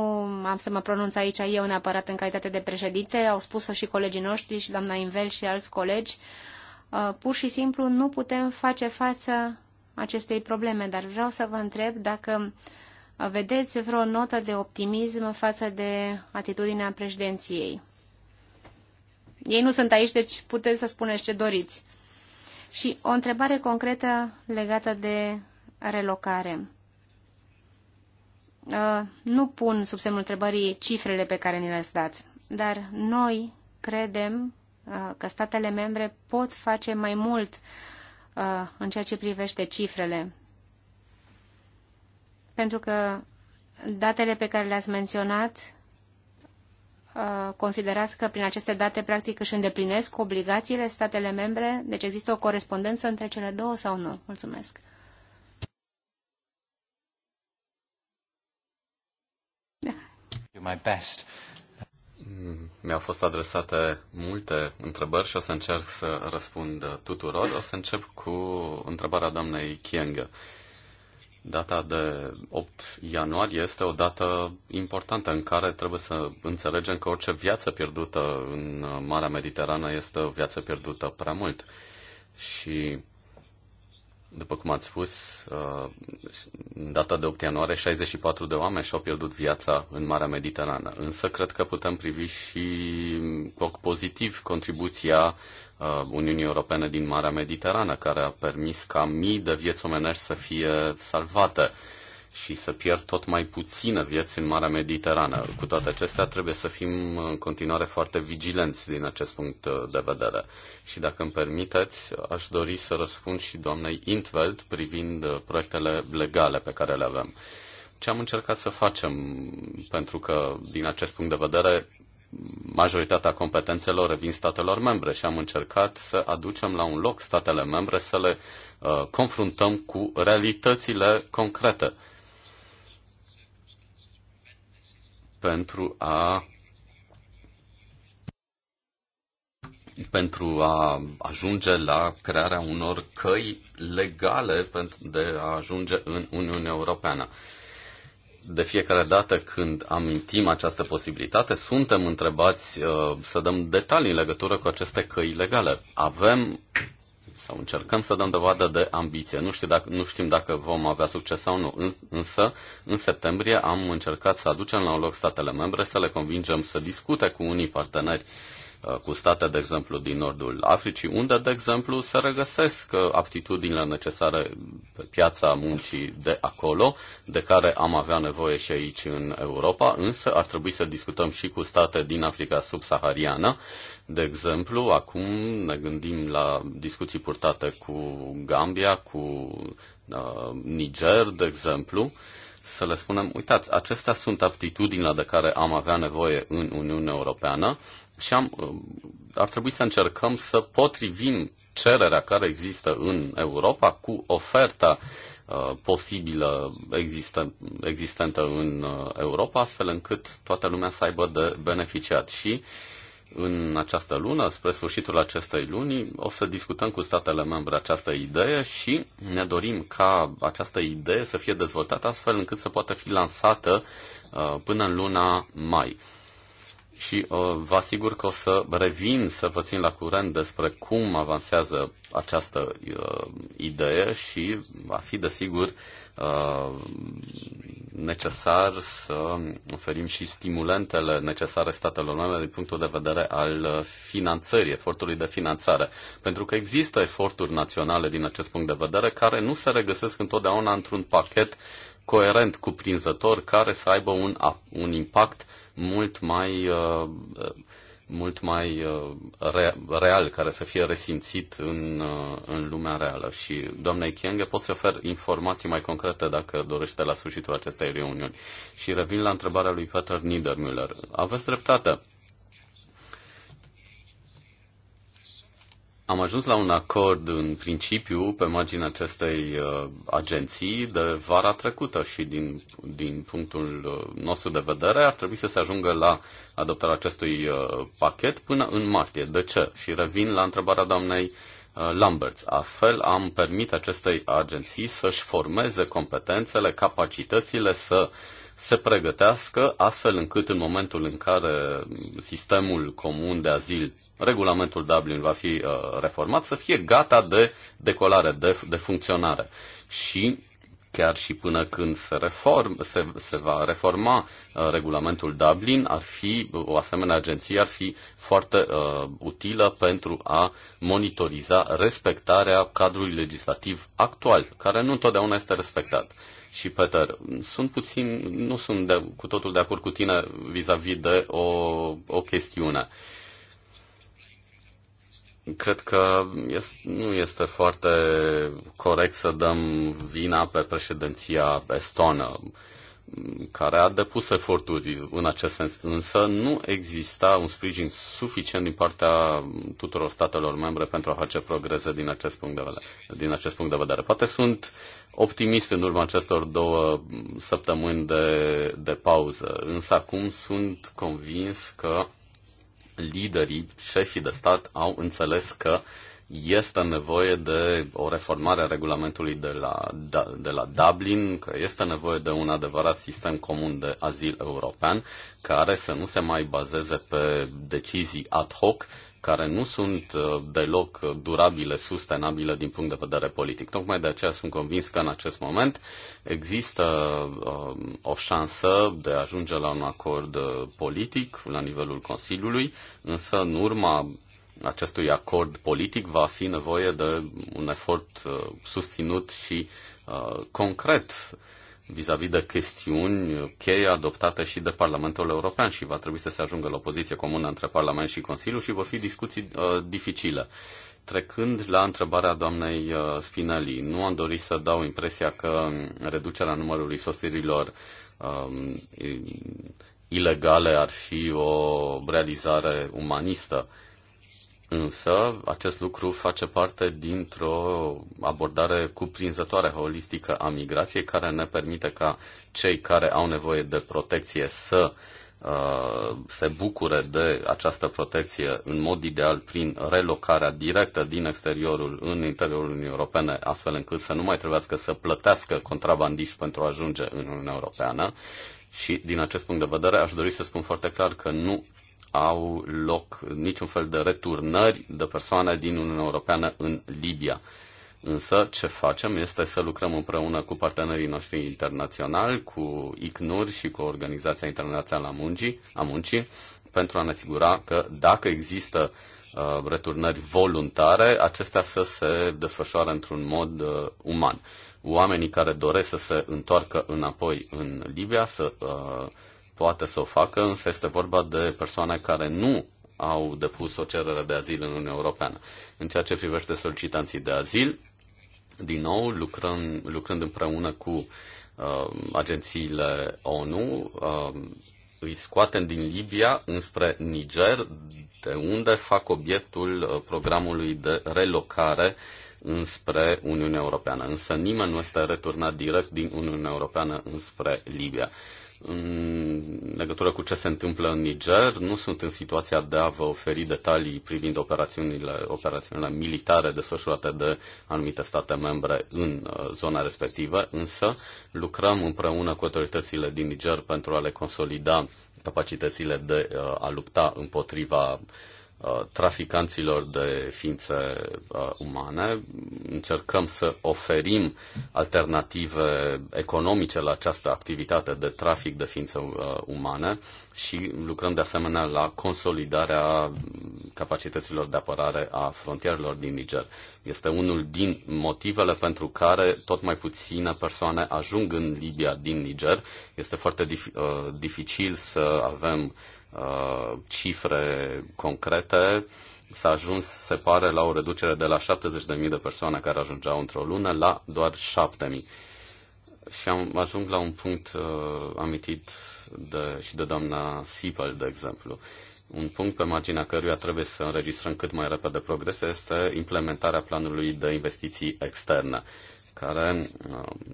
am să mă pronunț aici eu neapărat în calitate de președinte, au spus-o și colegii noștri și doamna Invel și alți colegi, uh, pur și simplu nu putem face față acestei probleme, dar vreau să vă întreb dacă vedeți vreo notă de optimism față de atitudinea președinției. Ei nu sunt aici, deci puteți să spuneți ce doriți. Și o întrebare concretă legată de relocare. Uh, nu pun sub semnul întrebării cifrele pe care ni le-ați dat, dar noi credem uh, că statele membre pot face mai mult uh, în ceea ce privește cifrele. Pentru că datele pe care le-ați menționat considerați că prin aceste date practic își îndeplinesc obligațiile statele membre? Deci există o corespondență între cele două sau nu? Mulțumesc. my best. Mi-au fost adresate multe întrebări și o să încerc să răspund tuturor. O să încep cu întrebarea doamnei Chiengă. Data de 8 ianuarie este o dată importantă în care trebuie să înțelegem că orice viață pierdută în Marea Mediterană este o viață pierdută prea mult. Și după cum ați spus, uh, în data de 8 ianuarie, 64 de oameni și-au pierdut viața în Marea Mediterană. Însă cred că putem privi și cu ochi pozitiv contribuția uh, Uniunii Europene din Marea Mediterană, care a permis ca mii de vieți omenești să fie salvate și să pierd tot mai puțină vieți în Marea Mediterană. Cu toate acestea, trebuie să fim în continuare foarte vigilenți din acest punct uh, de vedere. Și dacă îmi permiteți, aș dori să răspund și doamnei Intveld privind uh, proiectele legale pe care le avem. Ce am încercat să facem, pentru că din acest punct de vedere majoritatea competențelor revin statelor membre și am încercat să aducem la un loc statele membre să le uh, confruntăm cu realitățile concrete pentru a pentru a ajunge la crearea unor căi legale pentru de a ajunge în Uniunea Europeană. De fiecare dată când amintim această posibilitate, suntem întrebați uh, să dăm detalii în legătură cu aceste căi legale. Avem sau încercăm să dăm dovadă de ambiție. Nu, știu dacă, nu știm dacă vom avea succes sau nu, însă în septembrie am încercat să aducem la un loc statele membre, să le convingem să discute cu unii parteneri uh, cu state, de exemplu, din nordul Africii, unde, de exemplu, se regăsesc uh, aptitudinile necesare pe piața muncii de acolo, de care am avea nevoie și aici în Europa, însă ar trebui să discutăm și cu state din Africa subsahariană, de exemplu, acum ne gândim la discuții purtate cu Gambia, cu uh, Niger, de exemplu, să le spunem, uitați, acestea sunt aptitudinile de care am avea nevoie în Uniunea Europeană și am, uh, ar trebui să încercăm să potrivim cererea care există în Europa cu oferta uh, posibilă există, existentă în uh, Europa, astfel încât toată lumea să aibă de beneficiat. Și uh, în această lună, spre sfârșitul acestei luni, o să discutăm cu statele membre această idee și ne dorim ca această idee să fie dezvoltată astfel încât să poată fi lansată uh, până în luna mai și uh, vă asigur că o să revin să vă țin la curent despre cum avansează această uh, idee și va fi desigur uh, necesar să oferim și stimulentele necesare statelor noastre din punctul de vedere al finanțării, efortului de finanțare. Pentru că există eforturi naționale din acest punct de vedere care nu se regăsesc întotdeauna într-un pachet coerent, cuprinzător, care să aibă un, un impact mult mai, uh, mult mai uh, real, care să fie resimțit în, uh, în lumea reală. Și, doamnei Chienghe, pot să ofer informații mai concrete dacă dorește la sfârșitul acestei reuniuni. Și revin la întrebarea lui Peter Niedermüller. Aveți dreptate Am ajuns la un acord în principiu pe marginea acestei uh, agenții de vara trecută și din, din punctul uh, nostru de vedere ar trebui să se ajungă la adoptarea acestui uh, pachet până în martie. De ce? Și revin la întrebarea doamnei uh, Lamberts. Astfel am permit acestei agenții să-și formeze competențele, capacitățile să uh, se pregătească astfel încât în momentul în care sistemul comun de azil, regulamentul Dublin va fi uh, reformat, să fie gata de decolare, de, de funcționare. Și chiar și până când se, reform, se, se va reforma uh, regulamentul Dublin, ar fi o asemenea agenție ar fi foarte uh, utilă pentru a monitoriza respectarea cadrului legislativ actual, care nu întotdeauna este respectat. Uh, și Peter. Sunt puțin, nu sunt de, cu totul de acord cu tine vis-a-vis -vis de o, o chestiune. Cred că este, nu este foarte corect să dăm vina pe președinția estonă care a depus eforturi în acest sens, însă nu exista un sprijin suficient din partea tuturor statelor membre pentru a face progrese din acest punct de vedere. Din acest punct de vedere. Poate sunt optimist în urma acestor două săptămâni de, de pauză, însă acum sunt convins că liderii, șefii de stat au înțeles că este nevoie de o reformare a regulamentului de la, da, de la Dublin, că este nevoie de un adevărat sistem comun de azil european, care să nu se mai bazeze pe decizii ad hoc, care nu sunt uh, deloc durabile, sustenabile din punct de vedere politic. Tocmai de aceea sunt convins că în acest moment există uh, o șansă de a ajunge la un acord uh, politic la nivelul Consiliului, însă în urma acestui acord politic va fi nevoie de un efort susținut și concret vis-a-vis -vis de chestiuni cheie adoptate și de Parlamentul European și va trebui să se ajungă la o poziție comună între Parlament și Consiliu și vor fi discuții uh, dificile. Trecând la întrebarea doamnei uh, Spinelli, nu am dorit să dau impresia că reducerea numărului sosirilor uh, ilegale ar fi o realizare umanistă. Uh, Însă, acest lucru face parte dintr-o abordare cuprinzătoare, holistică a migrației, care ne permite ca cei care au nevoie de protecție să uh, se bucure de această protecție în mod ideal prin relocarea directă din exteriorul în interiorul Uniunii Europene, astfel încât să nu mai trebuiască să plătească contrabandiști pentru a ajunge în Uniunea Europeană. Și din acest punct de vedere aș dori să spun foarte clar că nu au loc niciun fel de returnări de persoane din Uniunea Europeană în Libia. Însă ce facem este să lucrăm împreună cu partenerii noștri internaționali, cu ICNUR și cu Organizația Internațională a Mungii, a Muncii pentru a ne asigura că dacă există uh, returnări voluntare, acestea să se desfășoare într-un mod uh, uman. Oamenii care doresc să se întoarcă înapoi în Libia să uh, poate să o facă, însă este vorba de persoane care nu au depus o cerere de azil în Uniunea Europeană. În ceea ce privește solicitanții de azil, din nou, lucrăm, lucrând împreună cu uh, agențiile ONU, uh, îi scoatem din Libia înspre Niger, de unde fac obiectul uh, programului de relocare înspre Uniunea Europeană. Însă nimeni nu este returnat direct din Uniunea Europeană înspre Libia în legătură cu ce se întâmplă în Niger. Nu sunt în situația de a vă oferi detalii privind operațiunile, operațiunile militare desfășurate de anumite state membre în uh, zona respectivă, însă lucrăm împreună cu autoritățile din Niger pentru a le consolida capacitățile de uh, a lupta împotriva Uh, traficanților de ființe uh, umane. Încercăm să oferim alternative economice la această activitate de trafic de ființe uh, umane și lucrăm de asemenea la consolidarea capacităților de apărare a frontierelor din Niger. Este unul din motivele pentru care tot mai puține persoane ajung în Libia din Niger. Este foarte dif- dificil să avem Uh, cifre concrete, s-a ajuns, se pare, la o reducere de la 70.000 de persoane care ajungeau într-o lună la doar 7.000. Și am ajung la un punct uh, amintit de, și de doamna Sipel, de exemplu. Un punct pe marginea căruia trebuie să înregistrăm cât mai repede progrese este implementarea planului de investiții externe, care uh,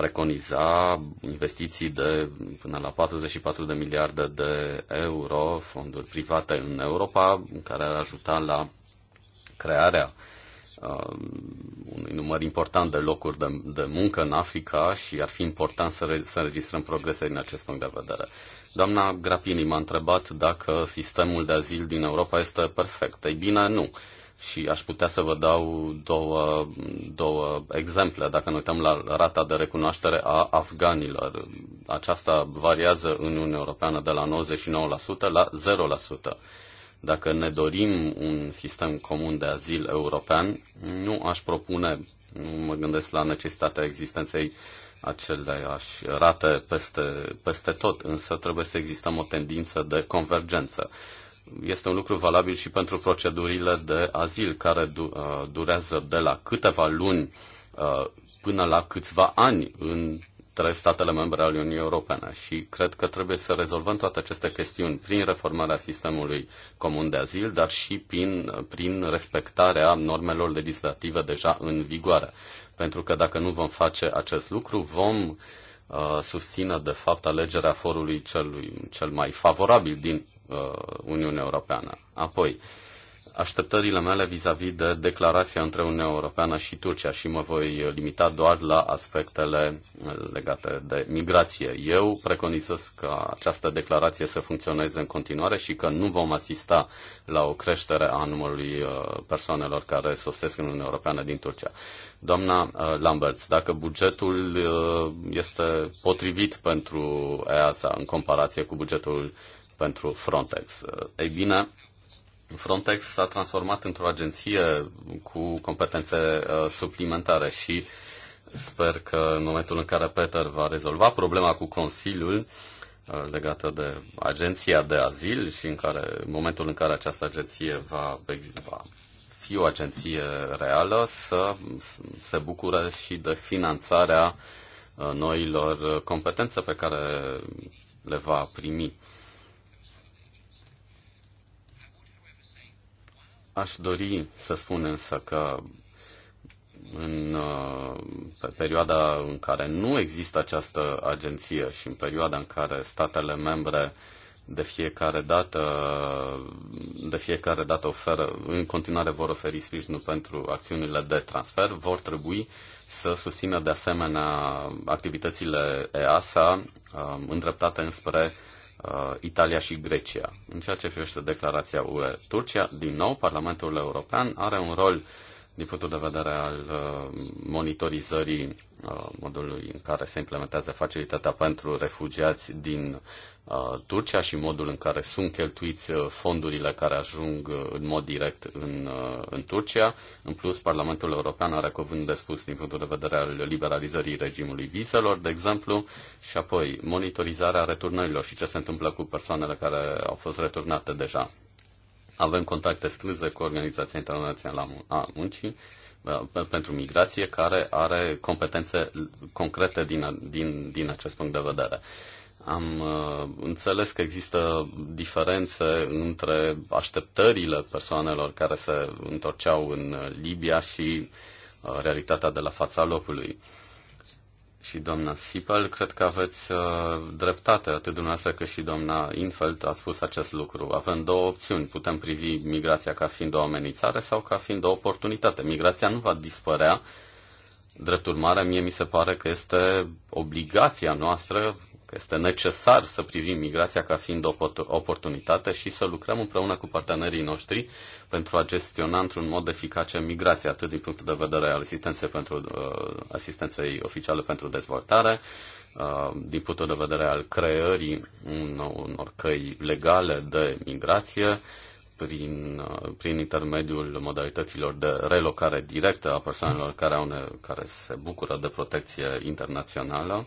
preconiza investiții de până la 44 de miliarde de euro, fonduri private în Europa, care ar ajuta la crearea uh, unui număr important de locuri de, de muncă în Africa și ar fi important să, re, să înregistrăm progrese din acest punct de vedere. Doamna Grapini m-a întrebat dacă sistemul de azil din Europa este perfect. Ei bine, nu. Uh, și aș putea să vă dau două, două exemple. Dacă ne uităm la rata de recunoaștere a afganilor, aceasta variază în Uniunea Europeană de la 99% la 0%. Dacă ne dorim un sistem comun de azil european, nu aș propune, nu mă gândesc la necesitatea existenței aceleași rate peste, peste tot, însă trebuie să existăm o tendință de convergență este un lucru valabil și pentru procedurile de azil, care du- uh, durează de la câteva luni uh, până la câțiva ani între statele membre ale Uniunii Europene. Și cred că trebuie să rezolvăm toate aceste chestiuni prin reformarea sistemului comun de azil, dar și prin, prin respectarea normelor legislative deja în vigoare. Pentru că dacă nu vom face acest lucru, vom uh, susțină de fapt alegerea forului celui, cel mai favorabil din Uh, Uniunea Europeană. Apoi, așteptările mele vis-a-vis -vis de declarația între Uniunea Europeană și Turcia și mă voi limita doar la aspectele legate de migrație. Eu preconizez că această declarație să funcționeze în continuare și că nu vom asista la o creștere a numărului uh, persoanelor care sosesc în Uniunea Europeană din Turcia. Doamna uh, Lamberts, dacă bugetul este potrivit pentru EASA în comparație cu bugetul pentru Frontex. Ei bine, Frontex s-a transformat într-o agenție cu competențe uh, suplimentare și sper că în momentul în care Peter va rezolva problema cu Consiliul uh, legată de agenția de azil și în care, în momentul în care această agenție va, va fi o agenție reală, să se bucure și de finanțarea uh, noilor competențe pe care le va primi Aș dori să spun însă că în uh, pe perioada în care nu există această agenție și în perioada în care statele membre de fiecare dată, de fiecare dată oferă, în continuare vor oferi sprijinul pentru acțiunile de transfer, vor trebui să susțină de asemenea activitățile EASA uh, îndreptate înspre uh, Italia și Grecia. În ceea ce privește declarația UE Turcia, din nou, Parlamentul European are un rol uh, din punctul de vedere al uh, monitorizării uh, modului în care se implementează facilitatea pentru refugiați din uh, Turcia și modul în care sunt cheltuiți fondurile care ajung în mod direct în, în Turcia. În plus, Parlamentul European are cuvânt de spus din punctul de vedere al liberalizării regimului vizelor, de exemplu, și apoi monitorizarea returnărilor și ce se întâmplă cu persoanele care au fost returnate deja. Avem contacte strânse cu Organizația Internațională a Muncii uh, pentru migrație, care are competențe concrete din, din, din acest punct de vedere. Am uh, înțeles că există diferențe între așteptările persoanelor care se întorceau în Libia și uh, realitatea de la fața locului. Uh, și doamna Sipel, cred că aveți uh, dreptate, atât dumneavoastră cât și doamna Infeld a spus acest lucru. Avem două opțiuni. Putem privi migrația ca fiind o amenințare sau ca fiind o oportunitate. Migrația nu va dispărea. Drept urmare, mie mi se pare că este obligația noastră că este necesar să privim migrația ca fiind o oportunitate și să lucrăm împreună cu partenerii noștri pentru a gestiona într-un mod eficace migrația, atât din punctul de vedere al asistenței, pentru, uh, asistenței oficiale pentru dezvoltare, uh, din punctul de vedere al creării unor căi legale de migrație, prin, uh, prin intermediul modalităților de relocare directă a persoanelor care, au ne, care se bucură de protecție internațională, uh,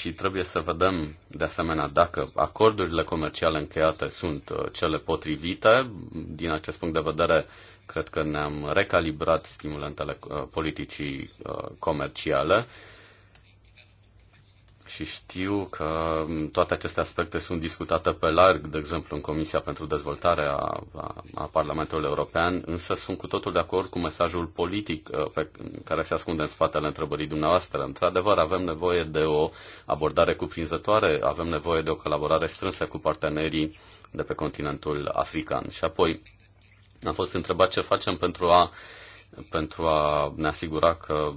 și trebuie să vedem, de asemenea, dacă acordurile comerciale încheiate sunt uh, cele potrivite. Din acest punct de vedere, cred că ne-am recalibrat stimulantele uh, politicii uh, comerciale și știu că mm, toate aceste aspecte sunt discutate pe larg, de exemplu, în Comisia pentru Dezvoltare a, a, a Parlamentului European, însă sunt cu totul de acord cu mesajul politic uh, pe care se ascunde în spatele întrebării dumneavoastră. Într-adevăr, avem nevoie de o abordare cuprinzătoare, avem nevoie de o colaborare strânsă cu partenerii de pe continentul african. Și apoi am fost întrebat ce facem pentru a, pentru a ne asigura că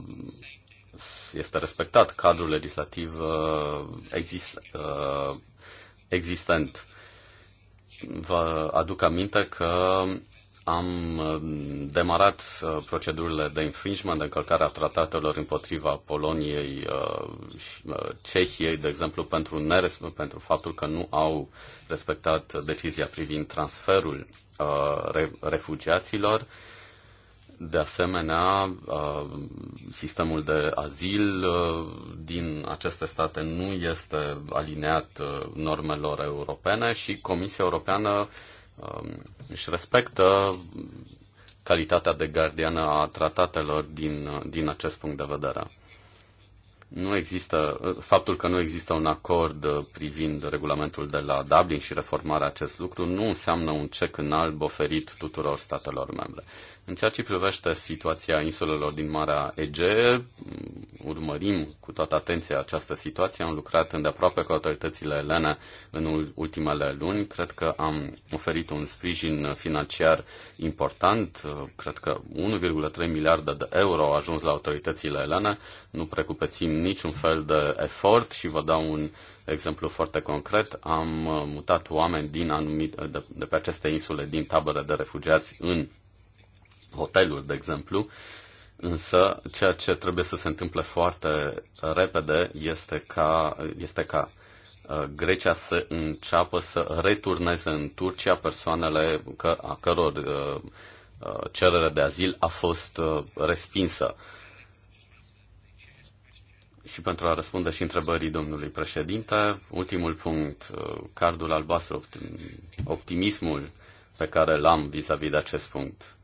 este respectat cadrul legislativ uh, exist, uh, existent. Vă aduc aminte că am uh, demarat procedurile de infringement, de încălcare a tratatelor împotriva Poloniei și Cehiei, de exemplu, pentru, neres- pentru faptul că nu au respectat decizia privind transferul refugiaților de asemenea, sistemul de azil din aceste state nu este alineat normelor europene și Comisia Europeană își respectă calitatea de gardiană a tratatelor din, din acest punct de vedere. Nu există, faptul că nu există un acord privind regulamentul de la Dublin și reformarea acest lucru nu înseamnă un cec în alb oferit tuturor statelor membre. În ceea ce privește situația insulelor din Marea Egee, mm, urmărim cu toată atenția această situație. Am lucrat îndeaproape cu autoritățile elene în ultimele luni. Cred că am oferit un sprijin financiar important. Cred că 1,3 miliarde de euro au ajuns la autoritățile elene. Nu precupețim niciun fel de efort și vă dau un exemplu foarte concret. Am mutat oameni din anumite, de, de pe aceste insule din tabere de refugiați în hoteluri, de exemplu, însă ceea ce trebuie să se întâmple foarte repede este ca, este ca uh, Grecia să înceapă să returneze în Turcia persoanele că, a căror uh, uh, cerere de azil a fost respinsă. Și pentru a răspunde și întrebării domnului președinte, ultimul punct, cardul albastru, optimismul pe care l-am vis-a-vis de acest punct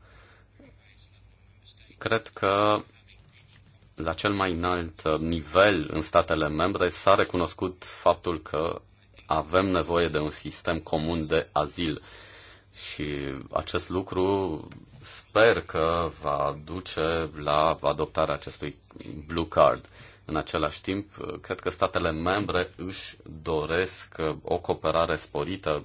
cred că la cel mai înalt uh, nivel în statele membre s-a recunoscut faptul că avem nevoie de un sistem comun de azil. Și acest lucru sper că va duce la adoptarea acestui blue card. În același timp, uh, cred că statele membre își doresc uh, o cooperare sporită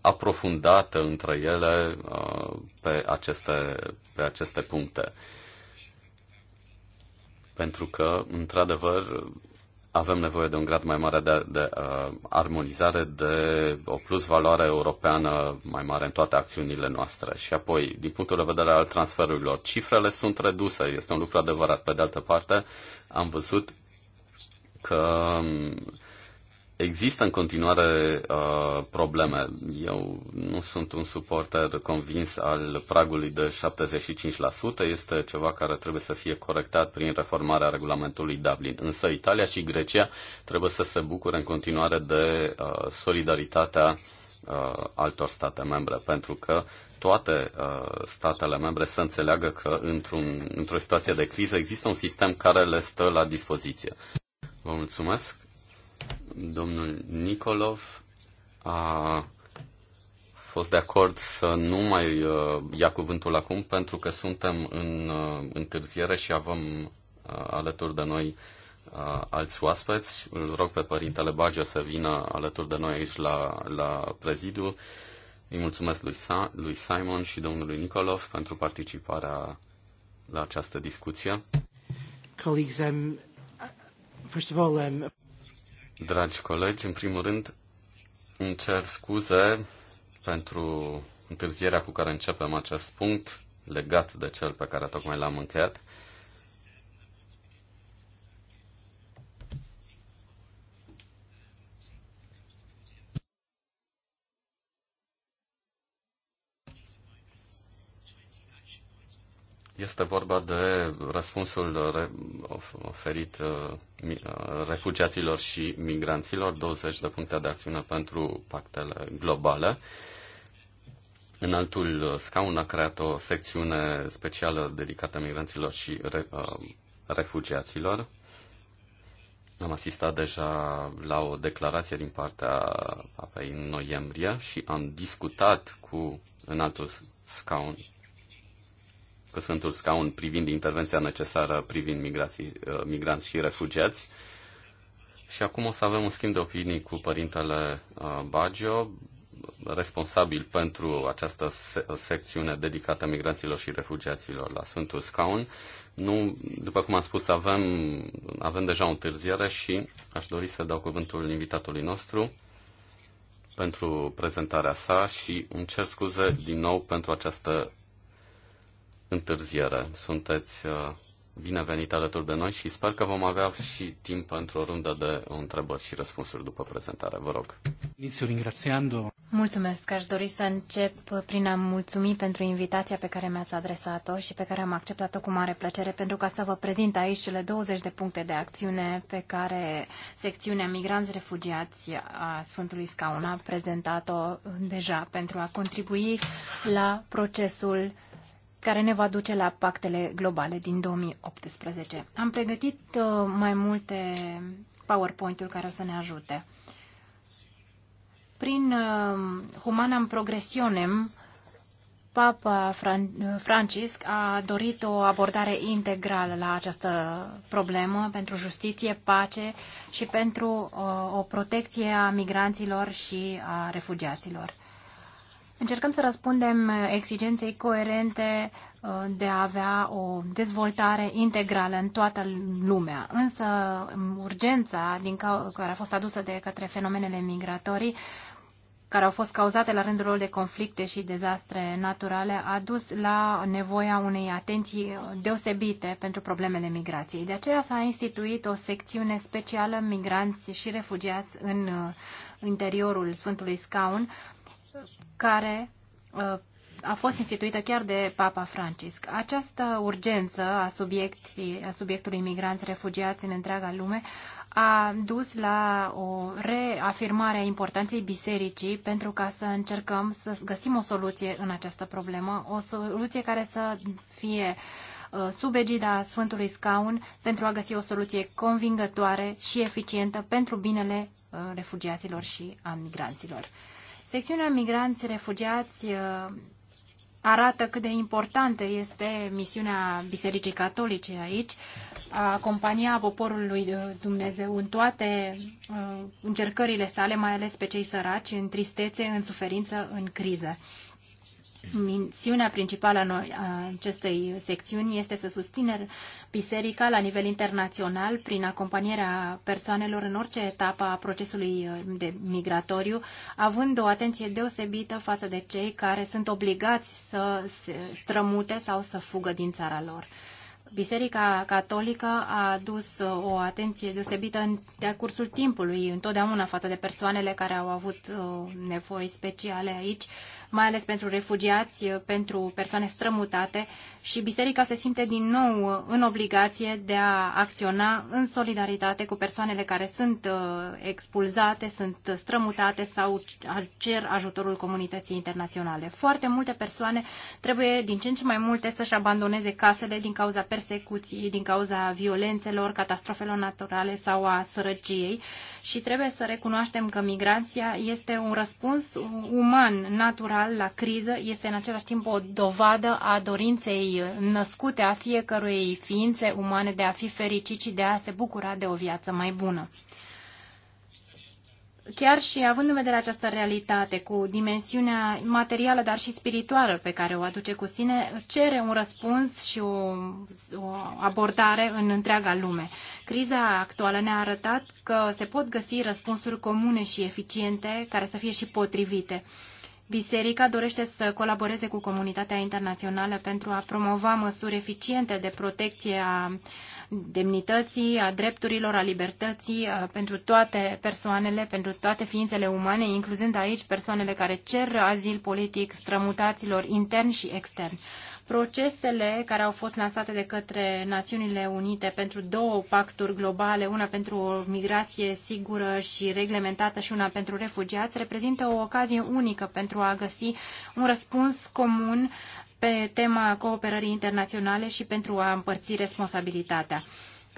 aprofundată între ele uh, pe aceste, pe aceste puncte. Pentru că, într-adevăr, avem nevoie de un grad mai mare de, de uh, armonizare, de o plus valoare europeană mai mare în toate acțiunile noastre. Și apoi, din punctul de vedere al transferurilor, cifrele sunt reduse, este un lucru adevărat. Pe de altă parte, am văzut că um, există în continuare uh, probleme. Eu nu sunt un suporter convins al pragului de 75%, este ceva care trebuie să fie corectat prin reformarea regulamentului Dublin. Însă Italia și Grecia trebuie să se bucure în continuare de uh, solidaritatea uh, altor state membre, pentru că toate uh, statele membre să înțeleagă că într-un, într-o situație de criză există un sistem care le stă la dispoziție. Vă mulțumesc! Domnul Nicolov a fost de acord să nu mai uh, ia cuvântul acum pentru că suntem în uh, întârziere și avem uh, alături de noi alți oaspeți. Îl rog pe părintele Bagea să vină alături de noi aici la, la prezidiu. Îi mulțumesc lui, Sa- lui Simon și domnului Nicolov pentru participarea la această discuție. Colleagues, um, first of all, um... Dragi colegi, în primul rând îmi cer scuze pentru întârzierea cu care începem acest punct legat de cel pe care tocmai l-am încheiat. Este vorba de răspunsul oferit uh, uh, refugiaților și migranților, 20 de puncte de acțiune pentru pactele globale. În altul scaun a creat o secțiune specială dedicată migranților și uh, refugiaților. Am asistat deja la o declarație din partea apei în noiembrie și am discutat cu în altul scaun pe Sfântul Scaun privind intervenția necesară privind migrații, uh, migranți și refugiați. Și acum o să avem un schimb de opinii cu părintele uh, Baggio, responsabil pentru această secțiune dedicată migranților și refugiaților la Sfântul Scaun. Nu, după cum am spus, avem, avem deja o întârziere și aș dori să dau cuvântul invitatului nostru pentru prezentarea sa și îmi cer scuze din nou pentru această întârziere. Sunteți uh, binevenit alături de noi și sper că vom avea și timp pentru o rundă de întrebări și răspunsuri după prezentare. Vă rog. Mulțumesc. Aș dori să încep prin a mulțumi pentru invitația pe care mi-ați adresat-o și pe care am acceptat-o cu mare plăcere pentru ca să vă prezint aici cele 20 de puncte de acțiune pe care secțiunea Migranți Refugiați a Sfântului Scaun a prezentat-o deja pentru a contribui la procesul care ne va duce la pactele globale din 2018. Am pregătit uh, mai multe PowerPoint-uri care o să ne ajute. Prin uh, Humanam Progressionem, Papa Francisc a dorit o abordare integrală la această problemă pentru justiție, pace și pentru uh, o protecție a migranților și a refugiaților. Încercăm să răspundem uh, exigenței coerente uh, de a avea o dezvoltare integrală în toată lumea. Însă um, urgența din care a fost adusă de către fenomenele migratorii care au fost cauzate la rândul lor de conflicte și dezastre naturale, a dus la nevoia unei atenții deosebite pentru problemele migrației. De aceea s-a instituit o secțiune specială migranți și refugiați în uh, interiorul Sfântului Scaun care uh, a fost instituită chiar de Papa Francisc. Această urgență a, a subiectului migranți refugiați în întreaga lume a dus la o reafirmare a importanței bisericii pentru ca să încercăm să găsim o soluție în această problemă, o soluție care să fie uh, sub egida Sfântului Scaun pentru a găsi o soluție convingătoare și eficientă pentru binele uh, refugiaților și a migranților. Secțiunea Migranți Refugiați uh, arată cât de importantă este misiunea Bisericii Catolice aici, a compania poporului uh, Dumnezeu în toate uh, încercările sale, mai ales pe cei săraci, în tristețe, în suferință, în criză. Misiunea principală a acestei secțiuni este să susțină biserica la nivel internațional prin acompanierea persoanelor în orice etapă a procesului uh, de migratoriu, având o atenție deosebită față de cei care sunt obligați să se strămute sau să fugă din țara lor. Biserica Catolică a adus uh, o atenție deosebită în de-a cursul timpului, întotdeauna față de persoanele care au avut uh, nevoi speciale aici, mai ales pentru refugiați, pentru persoane strămutate și biserica se simte din nou în obligație de a acționa în solidaritate cu persoanele care sunt uh, expulzate, sunt strămutate sau cer ajutorul comunității internaționale. Foarte multe persoane trebuie din ce în ce mai multe să-și abandoneze casele din cauza persecuției, din cauza violențelor, catastrofelor naturale sau a sărăciei și trebuie să recunoaștem că migrația este un răspuns uman, natural general la criză este în același timp o dovadă a dorinței născute a fiecărui ființe umane de a fi fericit și de a se bucura de o viață mai bună. Chiar și având în vedere această realitate cu dimensiunea materială, dar și spirituală pe care o aduce cu sine, cere un răspuns și o, o abordare în întreaga lume. Criza actuală ne-a arătat că se pot găsi răspunsuri comune și eficiente care să fie și potrivite. Biserica dorește să colaboreze cu comunitatea internațională pentru a promova măsuri eficiente de protecție a demnității, a drepturilor, a libertății uh, pentru toate persoanele, pentru toate ființele umane, incluzând aici persoanele care cer azil politic strămutaților interni și externi procesele care au fost lansate de către Națiunile Unite pentru două pacturi globale, una pentru o migrație sigură și reglementată și una pentru refugiați, reprezintă o ocazie unică pentru a găsi un răspuns comun pe tema cooperării internaționale și pentru a împărți responsabilitatea.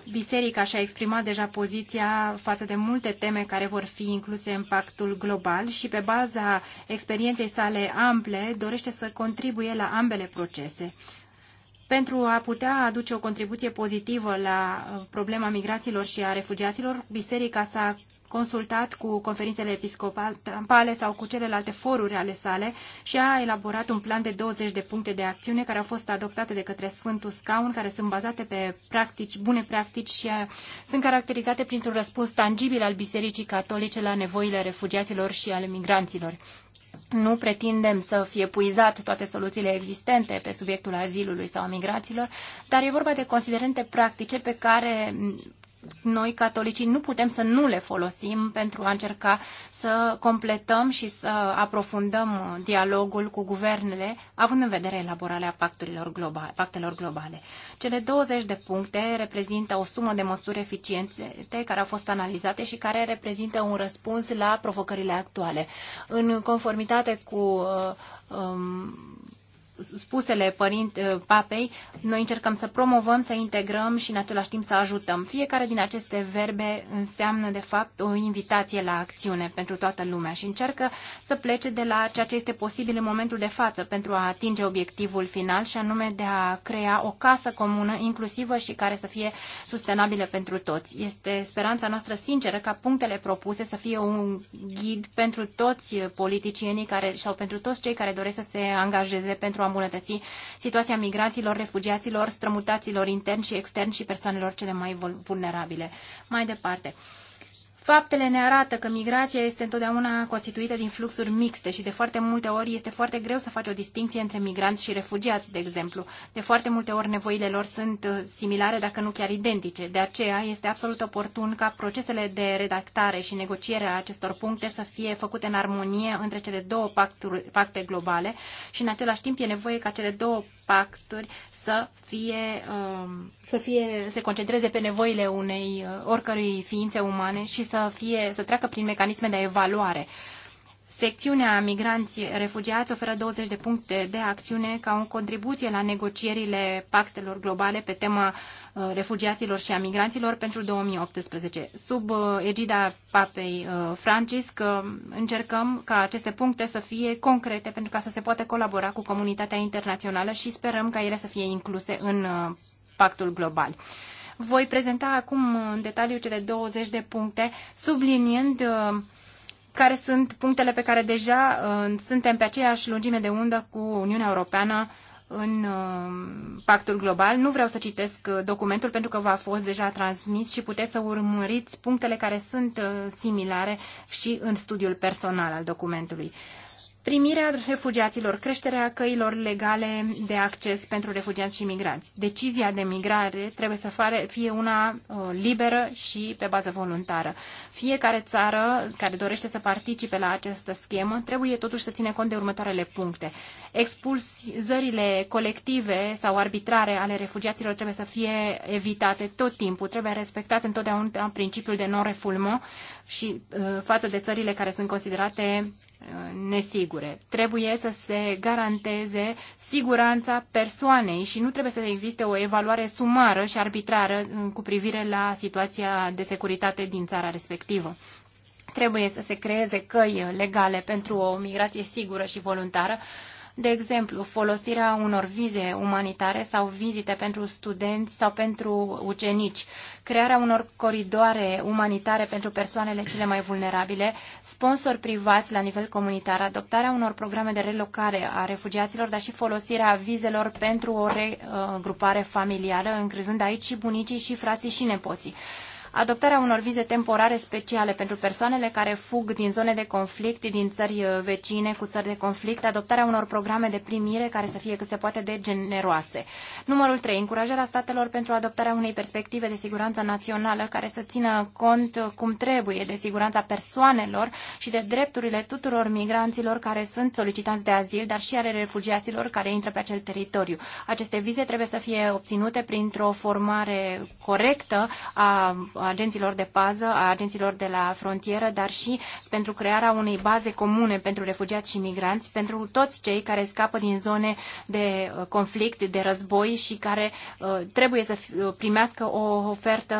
Biserica și-a exprimat deja poziția față de multe teme care vor fi incluse în pactul global și pe baza experienței sale ample dorește să contribuie la ambele procese. Pentru a putea aduce o contribuție pozitivă la uh, problema migrațiilor și a refugiaților, biserica s-a consultat cu conferințele episcopale sau cu celelalte foruri ale sale și a elaborat un plan de 20 de puncte de acțiune care au fost adoptate de către Sfântul Scaun, care sunt bazate pe practici, bune practici și sunt caracterizate printr-un răspuns tangibil al Bisericii Catolice la nevoile refugiaților și ale migranților. Nu pretindem să fie puizat toate soluțiile existente pe subiectul azilului sau a migraților, dar e vorba de considerente practice pe care noi, catolicii, nu putem să nu le folosim pentru a încerca să completăm și să aprofundăm dialogul cu guvernele, având în vedere elaborarea pacturilor globale, pactelor globale. Cele 20 de puncte reprezintă o sumă de măsuri eficiente care au fost analizate și care reprezintă un răspuns la provocările actuale. În conformitate cu uh, um, spusele părinte, eh, papei, noi încercăm să promovăm, să integrăm și în același timp să ajutăm. Fiecare din aceste verbe înseamnă, de fapt, o invitație la acțiune pentru toată lumea și încearcă să plece de la ceea ce este posibil în momentul de față pentru a atinge obiectivul final și anume de a crea o casă comună, inclusivă și care să fie sustenabilă pentru toți. Este speranța noastră sinceră ca punctele propuse să fie un ghid pentru toți politicienii care, sau pentru toți cei care doresc să se angajeze pentru a îmbunătăți situația migraților, refugiaților, strămutaților interni și externi și persoanelor cele mai vulnerabile. Mai departe, Faptele ne arată că migrația este întotdeauna constituită din fluxuri mixte și de foarte multe ori este foarte greu să faci o distinție între migranți și refugiați, de exemplu. De foarte multe ori nevoile lor sunt uh, similare, dacă nu chiar identice. De aceea este absolut oportun ca procesele de redactare și negociere a acestor puncte să fie făcute în armonie între cele două pacturi, pacte globale și în același timp e nevoie ca cele două pacturi să fie um, să, fie, să se concentreze pe nevoile unei uh, oricărui ființe umane și să, fie, să treacă prin mecanisme de evaluare. Secțiunea Migranți Refugiați oferă 20 de puncte de acțiune ca o contribuție la negocierile pactelor globale pe tema uh, refugiaților și a migranților pentru 2018. Sub uh, egida Papei Francisc încercăm ca aceste puncte să fie concrete pentru ca să se poată colabora cu comunitatea internațională și sperăm ca ele să fie incluse în pactul global. Voi prezenta acum în detaliu cele 20 de puncte, subliniind uh, care sunt punctele pe care deja uh, suntem pe aceeași lungime de undă cu Uniunea Europeană în uh, pactul global. Nu vreau să citesc documentul pentru că v-a fost deja transmis și puteți să urmăriți punctele care sunt similare și în studiul personal al documentului. Primirea refugiaților, creșterea căilor legale de acces pentru refugiați și migranți. Decizia de migrare trebuie să fie una uh, liberă și pe bază voluntară. Fiecare țară care dorește să participe la această schemă trebuie totuși să ține cont de următoarele puncte. Expulzările colective sau arbitrare ale refugiaților trebuie să fie evitate tot timpul. Trebuie respectat întotdeauna principiul de non refulmă și uh, față de țările care sunt considerate nesigure. Trebuie să se garanteze siguranța persoanei și nu trebuie să existe o evaluare sumară și arbitrară cu privire la situația de securitate din țara respectivă. Trebuie să se creeze căi legale pentru o migrație sigură și voluntară de exemplu, folosirea unor vize umanitare sau vizite pentru studenți sau pentru ucenici, crearea unor coridoare umanitare pentru persoanele cele mai vulnerabile, sponsori privați la nivel comunitar, adoptarea unor programe de relocare a refugiaților, dar și folosirea vizelor pentru o regrupare familială, încrezând aici și bunicii și frații și nepoții adoptarea unor vize temporare speciale pentru persoanele care fug din zone de conflict, din țări uh, vecine cu țări de conflict, adoptarea unor programe de primire care să fie cât se poate de generoase. Numărul 3. Încurajarea statelor pentru adoptarea unei perspective de siguranță națională care să țină cont uh, cum trebuie de siguranța persoanelor și de drepturile tuturor migranților care sunt solicitanți de azil, dar și ale refugiaților care intră pe acel teritoriu. Aceste vize trebuie să fie obținute printr-o formare corectă a agenților de pază, a agenților de la frontieră, dar și pentru crearea unei baze comune pentru refugiați și migranți, pentru toți cei care scapă din zone de uh, conflict, de război și care uh, trebuie să uh, primească o ofertă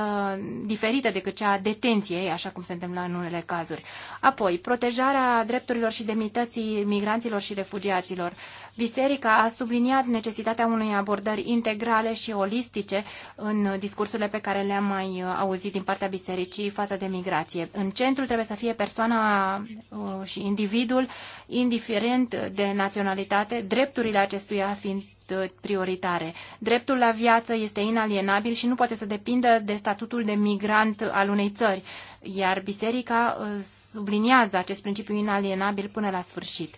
diferită decât cea a detenției, așa cum se întâmplă în unele cazuri. Apoi, protejarea drepturilor și demnității migranților și refugiaților. Biserica a subliniat necesitatea unei abordări integrale și olistice în discursurile pe care le-am mai auzit poziții din partea bisericii față de migrație. În centru trebuie să fie persoana uh, și individul, indiferent de naționalitate, drepturile acestuia fiind uh, prioritare. Dreptul la viață este inalienabil și nu poate să depindă de statutul de migrant al unei țări, iar biserica uh, subliniază acest principiu inalienabil până la sfârșit.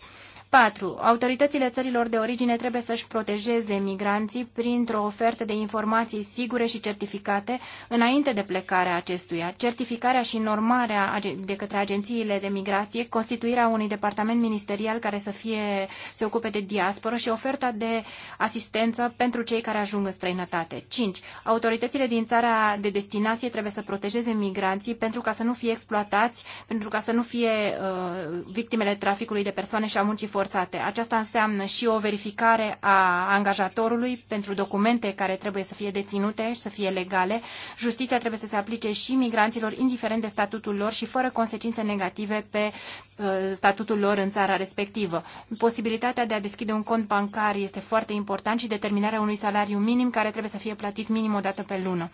4. Autoritățile țărilor de origine trebuie să-și protejeze migranții printr-o ofertă de informații sigure și certificate înainte de plecarea acestuia. Certificarea și normarea de către agențiile de migrație, constituirea unui departament ministerial care să fie, se ocupe de diasporă și oferta de asistență pentru cei care ajung în străinătate. 5. Autoritățile din țara de destinație trebuie să protejeze migranții pentru ca să nu fie exploatați, pentru ca să nu fie uh, victimele traficului de persoane și a muncii forțate. Aceasta înseamnă și o verificare a angajatorului pentru documente care trebuie să fie deținute și să fie legale. Justiția trebuie să se aplice și migranților, indiferent de statutul lor și fără consecințe negative pe uh, statutul lor în țara respectivă. Posibilitatea de a deschide un cont bancar este foarte important și determinarea unui salariu minim care trebuie să fie plătit minim o dată pe lună.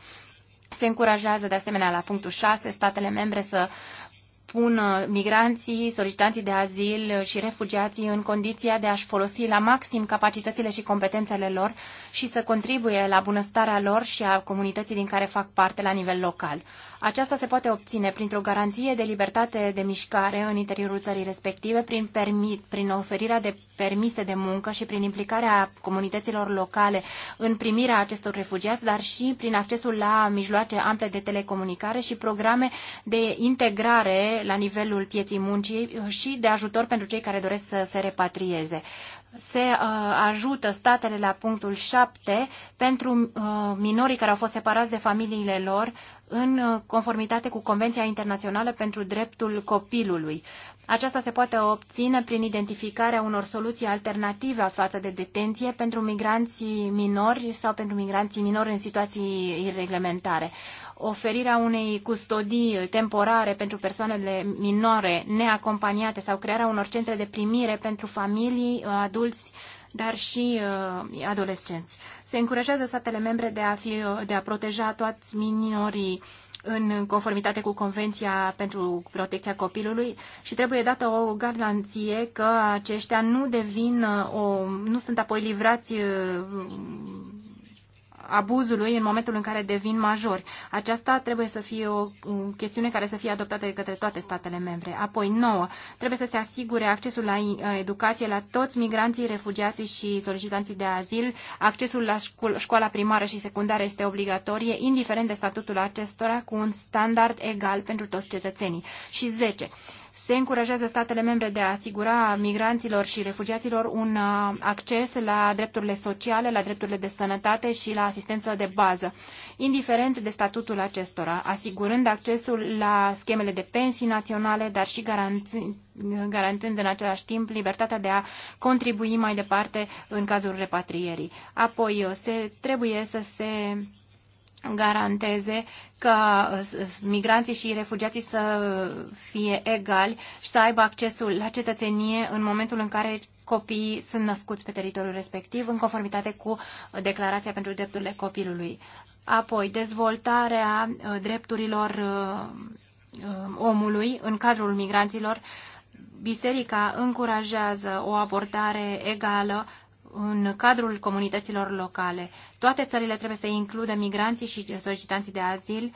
Se încurajează de asemenea la punctul 6 statele membre să pun uh, migranții, solicitanții de azil și refugiații în condiția de a-și folosi la maxim capacitățile și competențele lor și să contribuie la bunăstarea lor și a comunității din care fac parte la nivel local. Aceasta se poate obține printr-o garanție de libertate de mișcare în interiorul țării respective, prin, permit, prin oferirea de permise de muncă și prin implicarea comunităților locale în primirea acestor refugiați, dar și prin accesul la mijloace ample de telecomunicare și programe de integrare la nivelul pieții muncii și de ajutor pentru cei care doresc să se repatrieze se uh, ajută statele la punctul 7 pentru uh, minorii care au fost separați de familiile lor în uh, conformitate cu Convenția Internațională pentru Dreptul Copilului. Aceasta se poate obține prin identificarea unor soluții alternative față de detenție pentru migranții minori sau pentru migranții minori în situații irreglementare. Oferirea unei custodii temporare pentru persoanele minore neacompaniate sau crearea unor centre de primire pentru familii, adulți dar și uh, adolescenți. Se încurajează statele membre de a, fi, uh, de a proteja toți minorii în conformitate cu Convenția pentru Protecția Copilului și trebuie dată o garanție că aceștia nu devin, uh, o, nu sunt apoi livrați uh, abuzului în momentul în care devin majori. Aceasta trebuie să fie o chestiune care să fie adoptată de către toate statele membre. Apoi, nouă, trebuie să se asigure accesul la uh, educație la toți migranții, refugiații și solicitanții de azil. Accesul la școala primară și secundară este obligatorie, indiferent de statutul acestora, cu un standard egal pentru toți cetățenii. Și 10 se încurajează statele membre de a asigura migranților și refugiaților un uh, acces la drepturile sociale, la drepturile de sănătate și la asistență de bază, indiferent de statutul acestora, asigurând accesul la schemele de pensii naționale, dar și garantând în același timp libertatea de a contribui mai departe în cazul repatrierii. Apoi, uh, se, trebuie să se garanteze ca uh, migranții și refugiații să fie egali și să aibă accesul la cetățenie în momentul în care copiii sunt născuți pe teritoriul respectiv, în conformitate cu Declarația pentru Drepturile Copilului. Apoi, dezvoltarea uh, drepturilor uh, omului în cadrul migranților. Biserica încurajează o abordare egală în cadrul comunităților locale. Toate țările trebuie să includă migranții și solicitanții de azil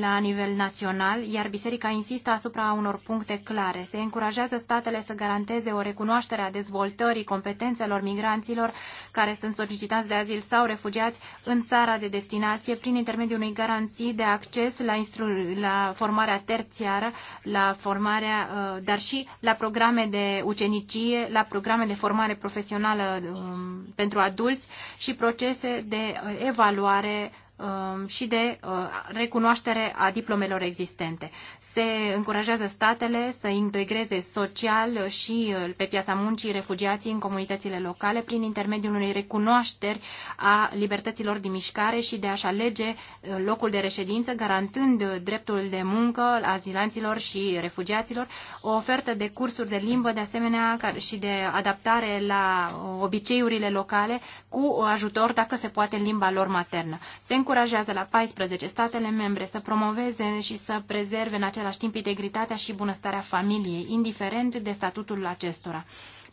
la nivel național, iar biserica insistă asupra unor puncte clare. Se încurajează statele să garanteze o recunoaștere a dezvoltării competențelor migranților care sunt solicitați de azil sau refugiați în țara de destinație prin intermediul unei garanții de acces la, instru- la formarea terțiară, la formarea, uh, dar și la programe de ucenicie, la programe de formare profesională um, pentru adulți și procese de uh, evaluare Um, și de uh, recunoaștere a diplomelor existente. Se încurajează statele să integreze social și uh, pe piața muncii refugiații în comunitățile locale prin intermediul unei recunoașteri a libertăților de mișcare și de a-și alege uh, locul de reședință, garantând dreptul de muncă azilanților și refugiaților, o ofertă de cursuri de limbă, de asemenea, și de adaptare la obiceiurile locale cu ajutor, dacă se poate, în limba lor maternă. Se încurajează la 14 statele membre să promoveze și să prezerve în același timp integritatea și bunăstarea familiei, indiferent de statutul acestora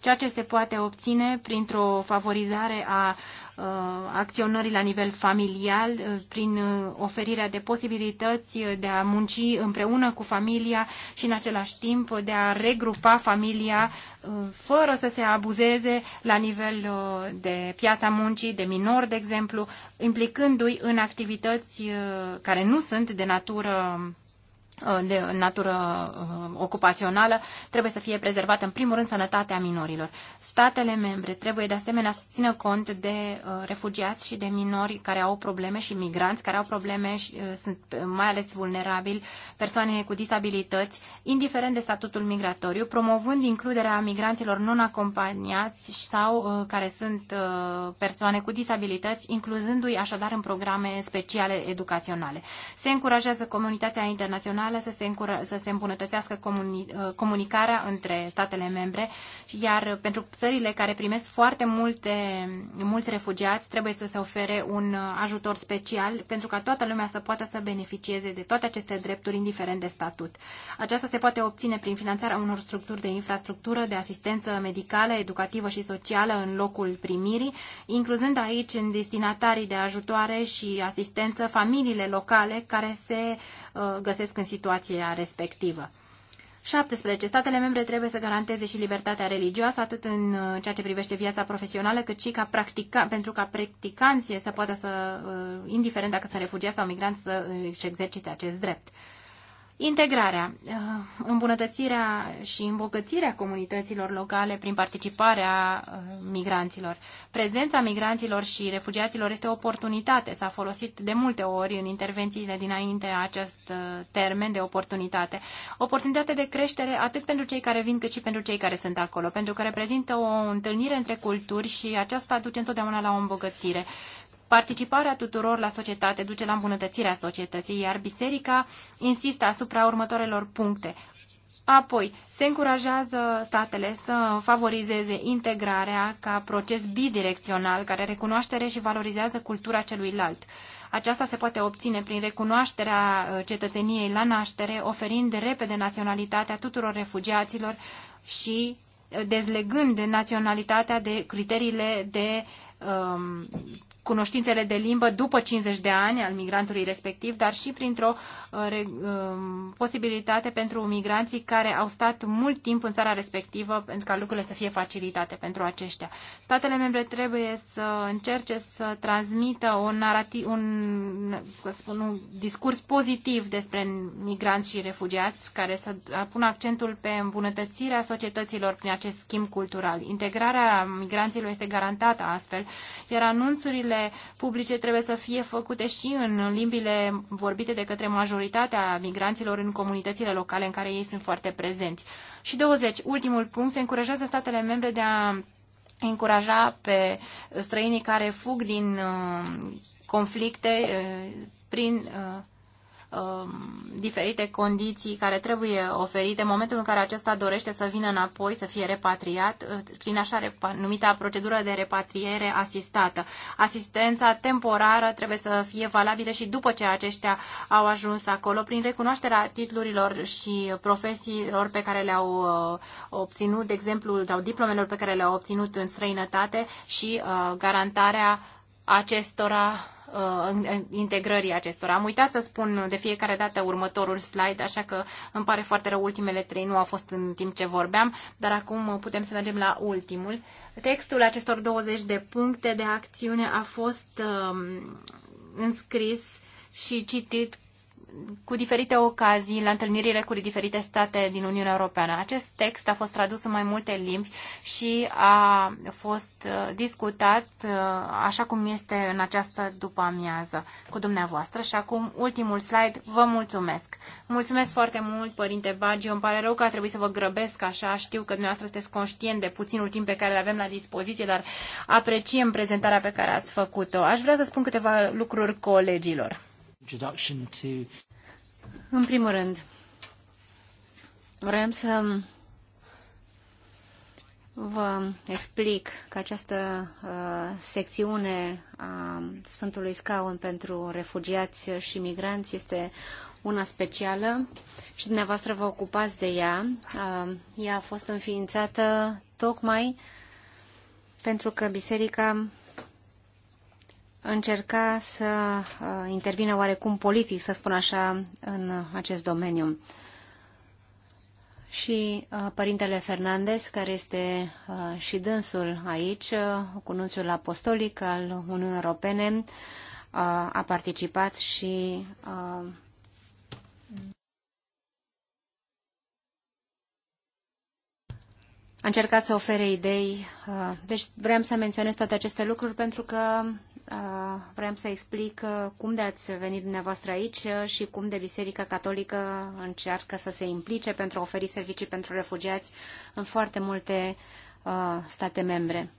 ceea ce se poate obține printr-o favorizare a Uh, acționării la nivel familial uh, prin uh, oferirea de posibilități de a munci împreună cu familia și în același timp de a regrupa familia fără să se abuzeze la nivel de piața muncii, de minori, de exemplu, implicându-i în activități care nu sunt de natură Uh, de natură uh, ocupațională trebuie să fie prezervată în primul rând sănătatea minorilor. Statele membre trebuie de asemenea să țină cont de uh, refugiați și de minori care au probleme și migranți care au probleme și sunt mai ales vulnerabili, persoane cu disabilități, indiferent de statutul migratoriu, promovând includerea migranților non-acompaniați sau care sunt persoane cu disabilități, incluzându-i așadar în programe speciale educaționale. Se încurajează comunitatea internațională națională să se, încură, să se îmbunătățească comuni, uh, comunicarea între statele membre, iar pentru țările care primesc foarte multe, mulți refugiați trebuie să se ofere un uh, ajutor special pentru ca toată lumea să poată să beneficieze de toate aceste drepturi, indiferent de statut. Aceasta se poate obține prin finanțarea unor structuri de infrastructură, de asistență medicală, educativă și socială în locul primirii, incluzând aici în destinatarii de ajutoare și asistență familiile locale care se uh, găsesc în situație situația respectivă. 17. Statele membre trebuie să garanteze și libertatea religioasă, atât în uh, ceea ce privește viața profesională, cât și ca practica, pentru ca practicanții să poată să, uh, indiferent dacă sunt refugiați sau migranți, să își exercite acest drept. Integrarea, uh, îmbunătățirea și îmbogățirea comunităților locale prin participarea uh, migranților. Prezența migranților și refugiaților este o oportunitate. S-a folosit de multe ori în intervențiile dinainte acest uh, termen de oportunitate. Oportunitate de creștere atât pentru cei care vin cât și pentru cei care sunt acolo, pentru că reprezintă o întâlnire între culturi și aceasta duce întotdeauna la o îmbogățire. Participarea tuturor la societate duce la îmbunătățirea societății, iar biserica insistă asupra următoarelor puncte. Apoi, se încurajează statele să favorizeze integrarea ca proces bidirecțional care recunoaște și valorizează cultura celuilalt. Aceasta se poate obține prin recunoașterea uh, cetățeniei la naștere, oferind repede naționalitatea tuturor refugiaților și uh, dezlegând naționalitatea de criteriile de um, cunoștințele de limbă după 50 de ani al migrantului respectiv, dar și printr-o uh, um, posibilitate pentru migranții care au stat mult timp în țara respectivă pentru ca lucrurile să fie facilitate pentru aceștia. Statele membre trebuie să încerce să transmită un, narati- un, spun, un discurs pozitiv despre migranți și refugiați care să pună accentul pe îmbunătățirea societăților prin acest schimb cultural. Integrarea migranților este garantată astfel, iar anunțurile publice trebuie să fie făcute și în limbile vorbite de către majoritatea migranților în comunitățile locale în care ei sunt foarte prezenți. Și 20. Ultimul punct, se încurajează statele membre de a încuraja pe străinii care fug din uh, conflicte uh, prin uh, Um, diferite condiții care trebuie oferite în momentul în care acesta dorește să vină înapoi, să fie repatriat, uh, prin așa numita procedură de repatriere asistată. Asistența temporară trebuie să fie valabilă și după ce aceștia au ajuns acolo, prin recunoașterea titlurilor și profesiilor pe care le-au uh, obținut, de exemplu, sau diplomelor pe care le-au obținut în străinătate și uh, garantarea acestora Uh, integrării acestora. Am uitat să spun de fiecare dată următorul slide, așa că îmi pare foarte rău, ultimele trei nu au fost în timp ce vorbeam, dar acum putem să mergem la ultimul. Textul acestor 20 de puncte de acțiune a fost um, înscris și citit cu diferite ocazii la întâlnirile cu diferite state din Uniunea Europeană. Acest text a fost tradus în mai multe limbi și a fost uh, discutat uh, așa cum este în această după amiază cu dumneavoastră. Și acum, ultimul slide, vă mulțumesc. Mulțumesc foarte mult, Părinte Bagiu. Îmi pare rău că a trebuit să vă grăbesc așa. Știu că dumneavoastră sunteți conștient de puținul timp pe care îl avem la dispoziție, dar apreciem prezentarea pe care ați făcut-o. Aș vrea să spun câteva lucruri colegilor introduction to... În primul rând, vreau să vă explic că această uh, secțiune a Sfântului Scaun pentru refugiați și migranți este una specială și dumneavoastră vă ocupați de ea. Uh, ea a fost înființată tocmai pentru că biserica încerca să uh, intervină oarecum politic, să spun așa, în acest domeniu. Și uh, părintele Fernandez, care este uh, și dânsul aici, cununțul apostolic al Uniunii Europene, a participat și a încercat să ofere idei. Deci vreau să menționez toate aceste lucruri pentru că Uh, vrem să explic uh, cum de ați venit dumneavoastră aici uh, și cum de Biserica Catolică încearcă să se implice pentru a oferi servicii pentru refugiați în foarte multe state membre.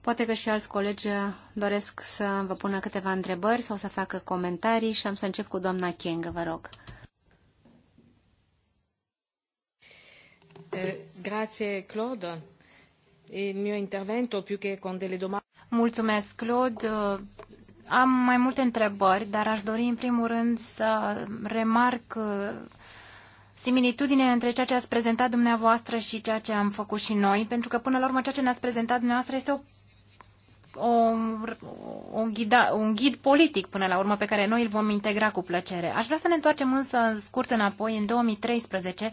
Poate că și alți colegi doresc să vă pună câteva întrebări sau să facă comentarii și am să încep cu doamna Kengă, vă rog. Eh, grazie, Claude mio intervento più che con delle domande. Mulțumesc, Claude. Uh, am mai multe întrebări, dar aș dori în primul rând să remarc uh, similitudine între ceea ce ați prezentat dumneavoastră și ceea ce am făcut și noi, pentru că până la urmă ceea ce ne-ați prezentat dumneavoastră este o o, o ghida, un ghid politic până la urmă pe care noi îl vom integra cu plăcere. Aș vrea să ne întoarcem însă scurt înapoi, în 2013,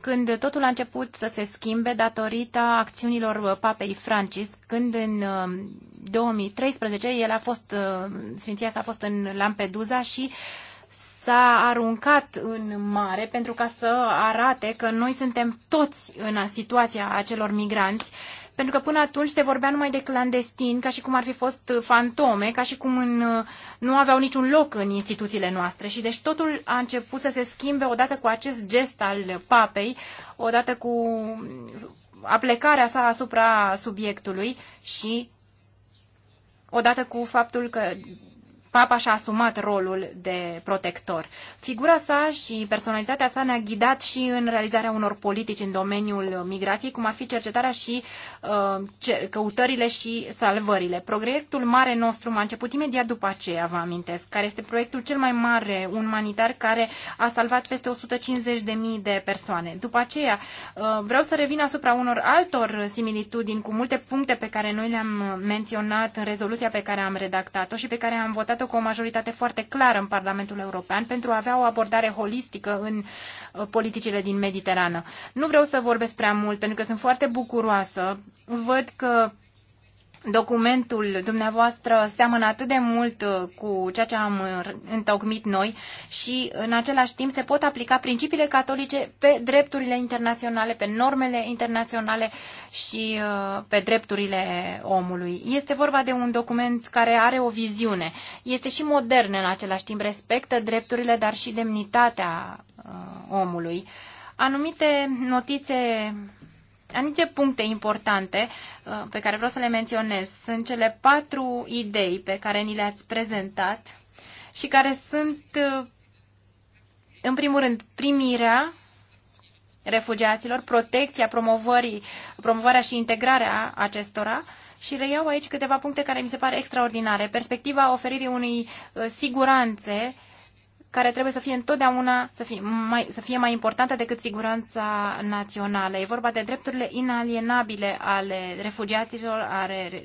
când totul a început să se schimbe datorită acțiunilor uh, papei Francis, când în 2013 uh, el a fost, uh, Sfinția s-a fost în Lampedusa și s-a aruncat în mare pentru ca să arate că noi suntem toți în situația acelor migranți pentru că până atunci se vorbea numai de clandestini, ca și cum ar fi fost fantome, ca și cum în, uh, nu aveau niciun loc în instituțiile noastre. Și deci totul a început să se schimbe odată cu acest gest al papei, odată cu uh, aplecarea sa asupra subiectului și odată cu faptul că Papa și-a asumat rolul de protector. Figura sa și personalitatea sa ne-a ghidat și în realizarea unor politici în domeniul migrației, cum ar fi cercetarea și uh, căutările și salvările. Proiectul mare nostru a început imediat după aceea, vă amintesc, care este proiectul cel mai mare umanitar care a salvat peste 150.000 de persoane. După aceea, uh, vreau să revin asupra unor altor similitudini cu multe puncte pe care noi le-am menționat în rezoluția pe care am redactat-o și pe care am votat votată cu o majoritate foarte clară în Parlamentul European pentru a avea o abordare holistică în uh, politicile din Mediterană. Nu vreau să vorbesc prea mult pentru că sunt foarte bucuroasă. Văd că documentul dumneavoastră seamănă atât de mult uh, cu ceea ce am uh, întocmit noi și în același timp se pot aplica principiile catolice pe drepturile internaționale, pe normele internaționale și uh, pe drepturile omului. Este vorba de un document care are o viziune. Este și modern în același timp, respectă drepturile, dar și demnitatea omului. Anumite notițe anice puncte importante uh, pe care vreau să le menționez sunt cele patru idei pe care ni le-ați prezentat și care sunt, uh, în primul rând, primirea refugiaților, protecția, promovării, promovarea și integrarea acestora și reiau aici câteva puncte care mi se pare extraordinare. Perspectiva oferirii unei uh, siguranțe uh, care trebuie să fie întotdeauna să fie mai, să fie mai importantă decât siguranța națională. E vorba de drepturile inalienabile ale refugiaților, ale uh,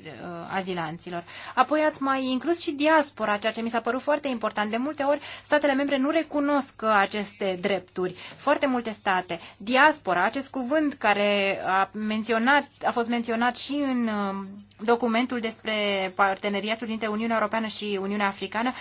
azilanților. Apoi ați mai inclus și diaspora, ceea ce mi s-a părut foarte important. De multe ori, statele membre nu recunosc aceste drepturi. Foarte multe state. Diaspora, acest cuvânt care a, menționat, a fost menționat și în uh, documentul despre parteneriatul dintre Uniunea Europeană și Uniunea Africană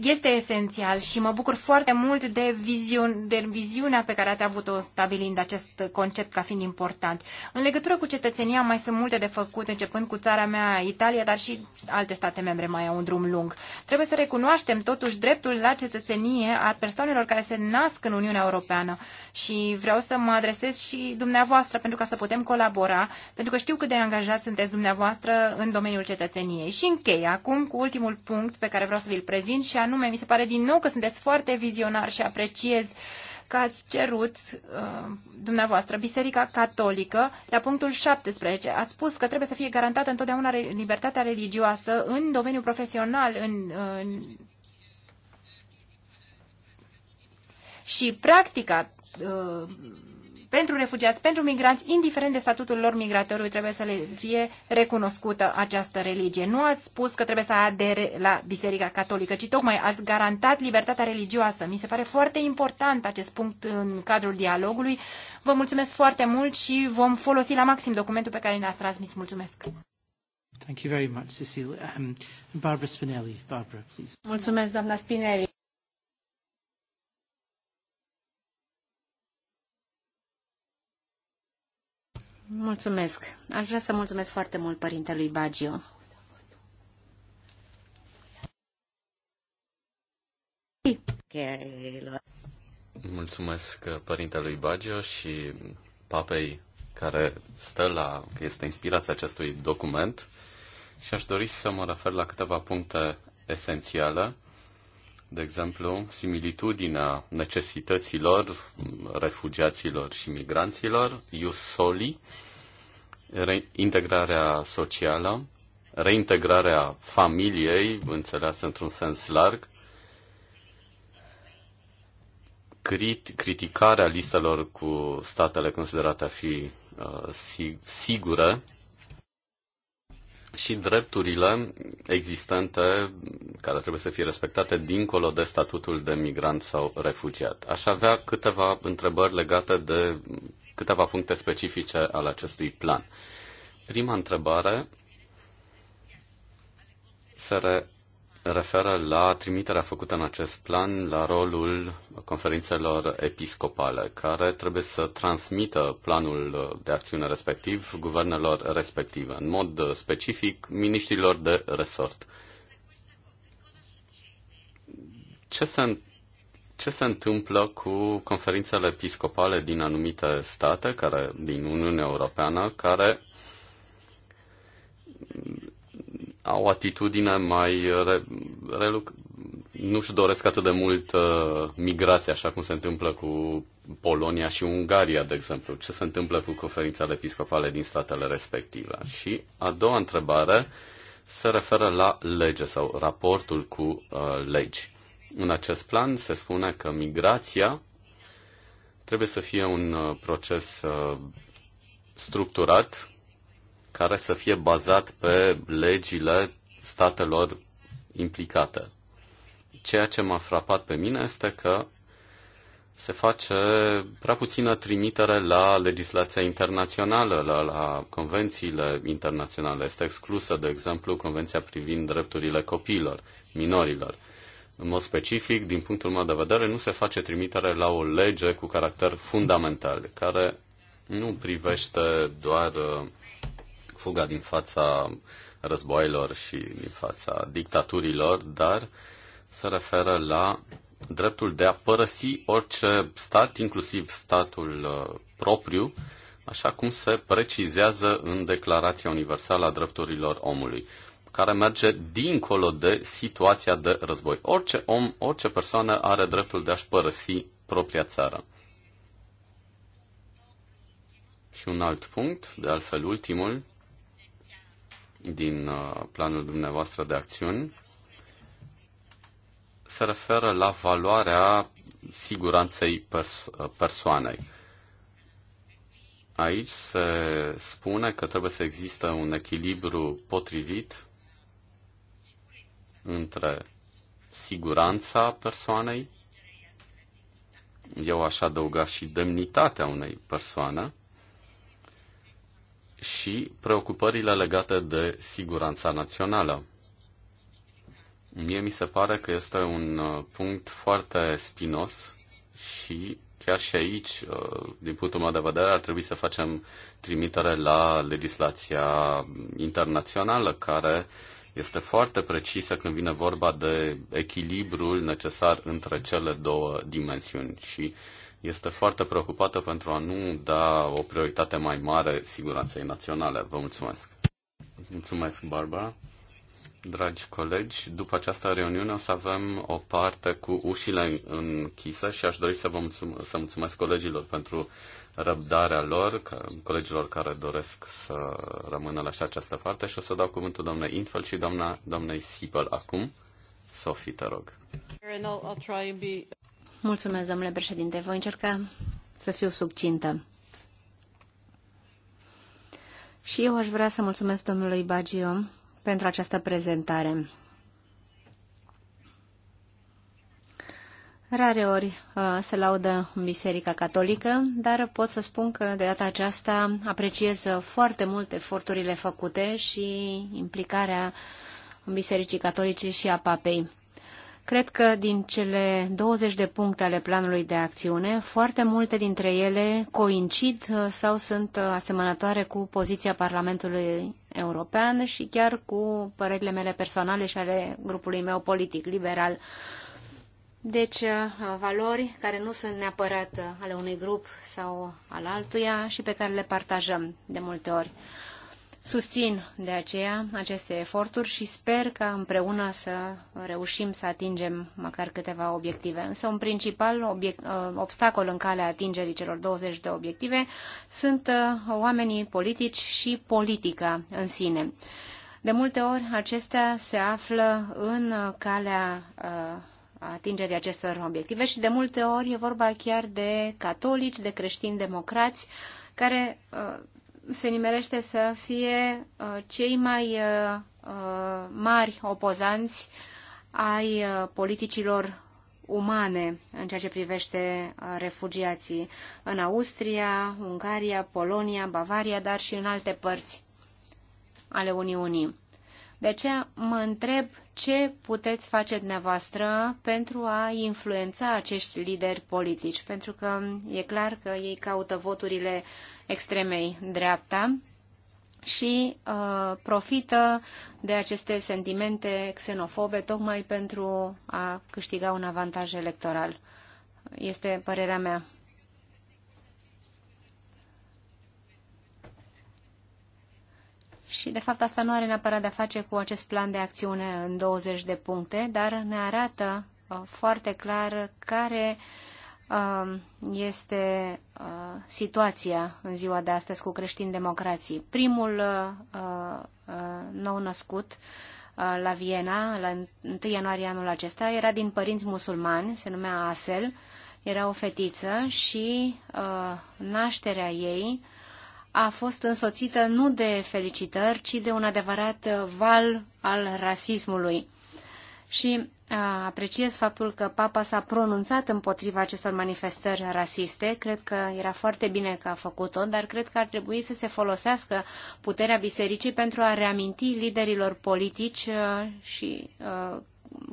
este esențial și mă bucur foarte mult de, viziun, de viziunea pe care ați avut-o stabilind acest concept ca fiind important. În legătură cu cetățenia mai sunt multe de făcut, începând cu țara mea, Italia, dar și alte state membre mai au un drum lung. Trebuie să recunoaștem totuși dreptul la cetățenie a persoanelor care se nasc în Uniunea Europeană și vreau să mă adresez și dumneavoastră pentru ca să putem colabora, pentru că știu cât de angajați sunteți dumneavoastră în domeniul cetățeniei. Și închei acum cu ultimul punct pe care vreau să vi-l prezint și anume, mi se pare din nou că sunteți foarte vizionari și apreciez că ați cerut uh, dumneavoastră Biserica Catolică la punctul 17. Ați spus că trebuie să fie garantată întotdeauna libertatea religioasă în domeniul profesional, în, uh, în... și practica uh, pentru refugiați, pentru migranți, indiferent de statutul lor migratoriu, trebuie să le fie recunoscută această religie. Nu ați spus că trebuie să adere la Biserica Catolică, ci tocmai ați garantat libertatea religioasă. Mi se pare foarte important acest punct în cadrul dialogului. Vă mulțumesc foarte mult și vom folosi la maxim documentul pe care ne-ați transmis. Mulțumesc! Thank you very much, Cecile. Um, Barbara Spinelli. Barbara, please. Mulțumesc, doamna Spinelli. Mulțumesc. Aș vrea să mulțumesc foarte mult părintelui Bagio. Mulțumesc părintelui Bagio și papei care stă la, că este inspirația acestui document și aș dori să mă refer la câteva puncte esențiale de exemplu, similitudinea necesităților refugiaților și migranților, ius soli, integrarea socială, reintegrarea familiei, înțeleasă într-un sens larg, crit- criticarea listelor cu statele considerate a fi uh, sigure, și drepturile existente care trebuie să fie respectate dincolo de statutul de migrant sau refugiat. Aș avea câteva întrebări legate de câteva puncte specifice ale acestui plan. Prima întrebare se, re, referă la trimiterea făcută în acest plan la rolul conferințelor episcopale, care trebuie să transmită planul de acțiune respectiv guvernelor respective, în mod specific miniștrilor de resort. Ce se, ce se întâmplă cu conferințele episcopale din anumite state, care, din Uniunea Europeană, care au o atitudine mai re, reluc, nu-și doresc atât de mult uh, migrația, așa cum se întâmplă cu Polonia și Ungaria, de exemplu. Ce se întâmplă cu conferințele episcopale din statele respective? Și a doua întrebare se referă la lege sau raportul cu uh, legi. În acest plan se spune că migrația trebuie să fie un uh, proces uh, structurat, care să fie bazat pe legile statelor implicate. Ceea ce m-a frapat pe mine este că se face prea puțină trimitere la legislația internațională, la, la convențiile internaționale. Este exclusă, de exemplu, Convenția privind drepturile copiilor, minorilor. În mod specific, din punctul meu de vedere, nu se face trimitere la o lege cu caracter fundamental, care nu privește doar uh, fuga din fața războaielor și din fața dictaturilor, dar se referă la dreptul de a părăsi orice stat, inclusiv statul uh, propriu, așa cum se precizează în Declarația Universală a Drepturilor Omului, care merge dincolo de situația de război. Orice om, orice persoană are dreptul de a-și părăsi propria țară. Și un alt punct, de altfel ultimul, din uh, planul dumneavoastră de acțiuni se referă la valoarea siguranței perso uh, persoanei. Aici se spune că trebuie să există un echilibru potrivit între siguranța persoanei, eu aș adăuga și demnitatea unei persoane, și preocupările legate de siguranța națională. Mie mi se pare că este un uh, punct foarte spinos și chiar și aici, uh, din punctul meu de vedere, ar trebui să facem trimitere la legislația internațională care este foarte precisă când vine vorba de echilibrul necesar între cele două dimensiuni și uh, este foarte preocupată pentru a nu da o prioritate mai mare siguranței naționale. Vă mulțumesc! Mulțumesc, Barbara! Dragi colegi, după această reuniune o să avem o parte cu ușile închise și aș dori să vă mulțumesc, să mulțumesc colegilor pentru răbdarea lor, colegilor care doresc să rămână la și această parte și o să dau cuvântul doamnei Infel și doamna, doamnei Sipel acum. Sophie, te rog. Mulțumesc, domnule președinte. Voi încerca să fiu subcintă. Și eu aș vrea să mulțumesc domnului Bagio pentru această prezentare. Rare ori uh, se laudă în Biserica Catolică, dar pot să spun că de data aceasta apreciez foarte mult eforturile făcute și implicarea Bisericii Catolice și a Papei. Cred că din cele 20 de puncte ale planului de acțiune, foarte multe dintre ele coincid uh, sau sunt uh, asemănătoare cu poziția Parlamentului European și chiar cu părerile mele personale și ale grupului meu politic liberal. Deci, uh, valori care nu sunt neapărat ale unui grup sau al altuia și pe care le partajăm de multe ori. Susțin de aceea aceste eforturi și sper că împreună să reușim să atingem măcar câteva obiective. Însă un principal obiect, uh, obstacol în calea atingerii celor 20 de obiective sunt uh, oamenii politici și politica în sine. De multe ori acestea se află în uh, calea atingerii acestor obiective și de multe ori e vorba chiar de catolici, de creștini democrați, care se nimerește să fie uh, cei mai uh, uh, mari opozanți ai politicilor umane în ceea ce privește refugiații în Austria, Ungaria, Polonia, Bavaria, dar și în alte părți ale Uniunii. De aceea mă întreb ce puteți face dumneavoastră pentru a influența acești lideri politici, pentru că e clar că ei caută voturile uh, extremei dreapta și uh, profită de aceste sentimente xenofobe tocmai pentru a câștiga un avantaj electoral. Este părerea mea. Și, de fapt, asta nu are neapărat de-a face cu acest plan de acțiune în 20 de puncte, dar ne arată uh, foarte clar care uh, Um, este uh, situația în ziua de astăzi cu creștini democrații. Primul uh, uh, nou-născut la Viena, la 1 ianuarie anul acesta, era din părinți musulmani, se numea Asel, era o fetiță și nașterea ei a fost însoțită nu de felicitări, ci de un adevărat val al rasismului și apreciez faptul că papa s-a pronunțat împotriva acestor manifestări rasiste. Cred că era foarte bine că a făcut-o, dar cred că ar trebui să se folosească puterea bisericii pentru a reaminti liderilor politici și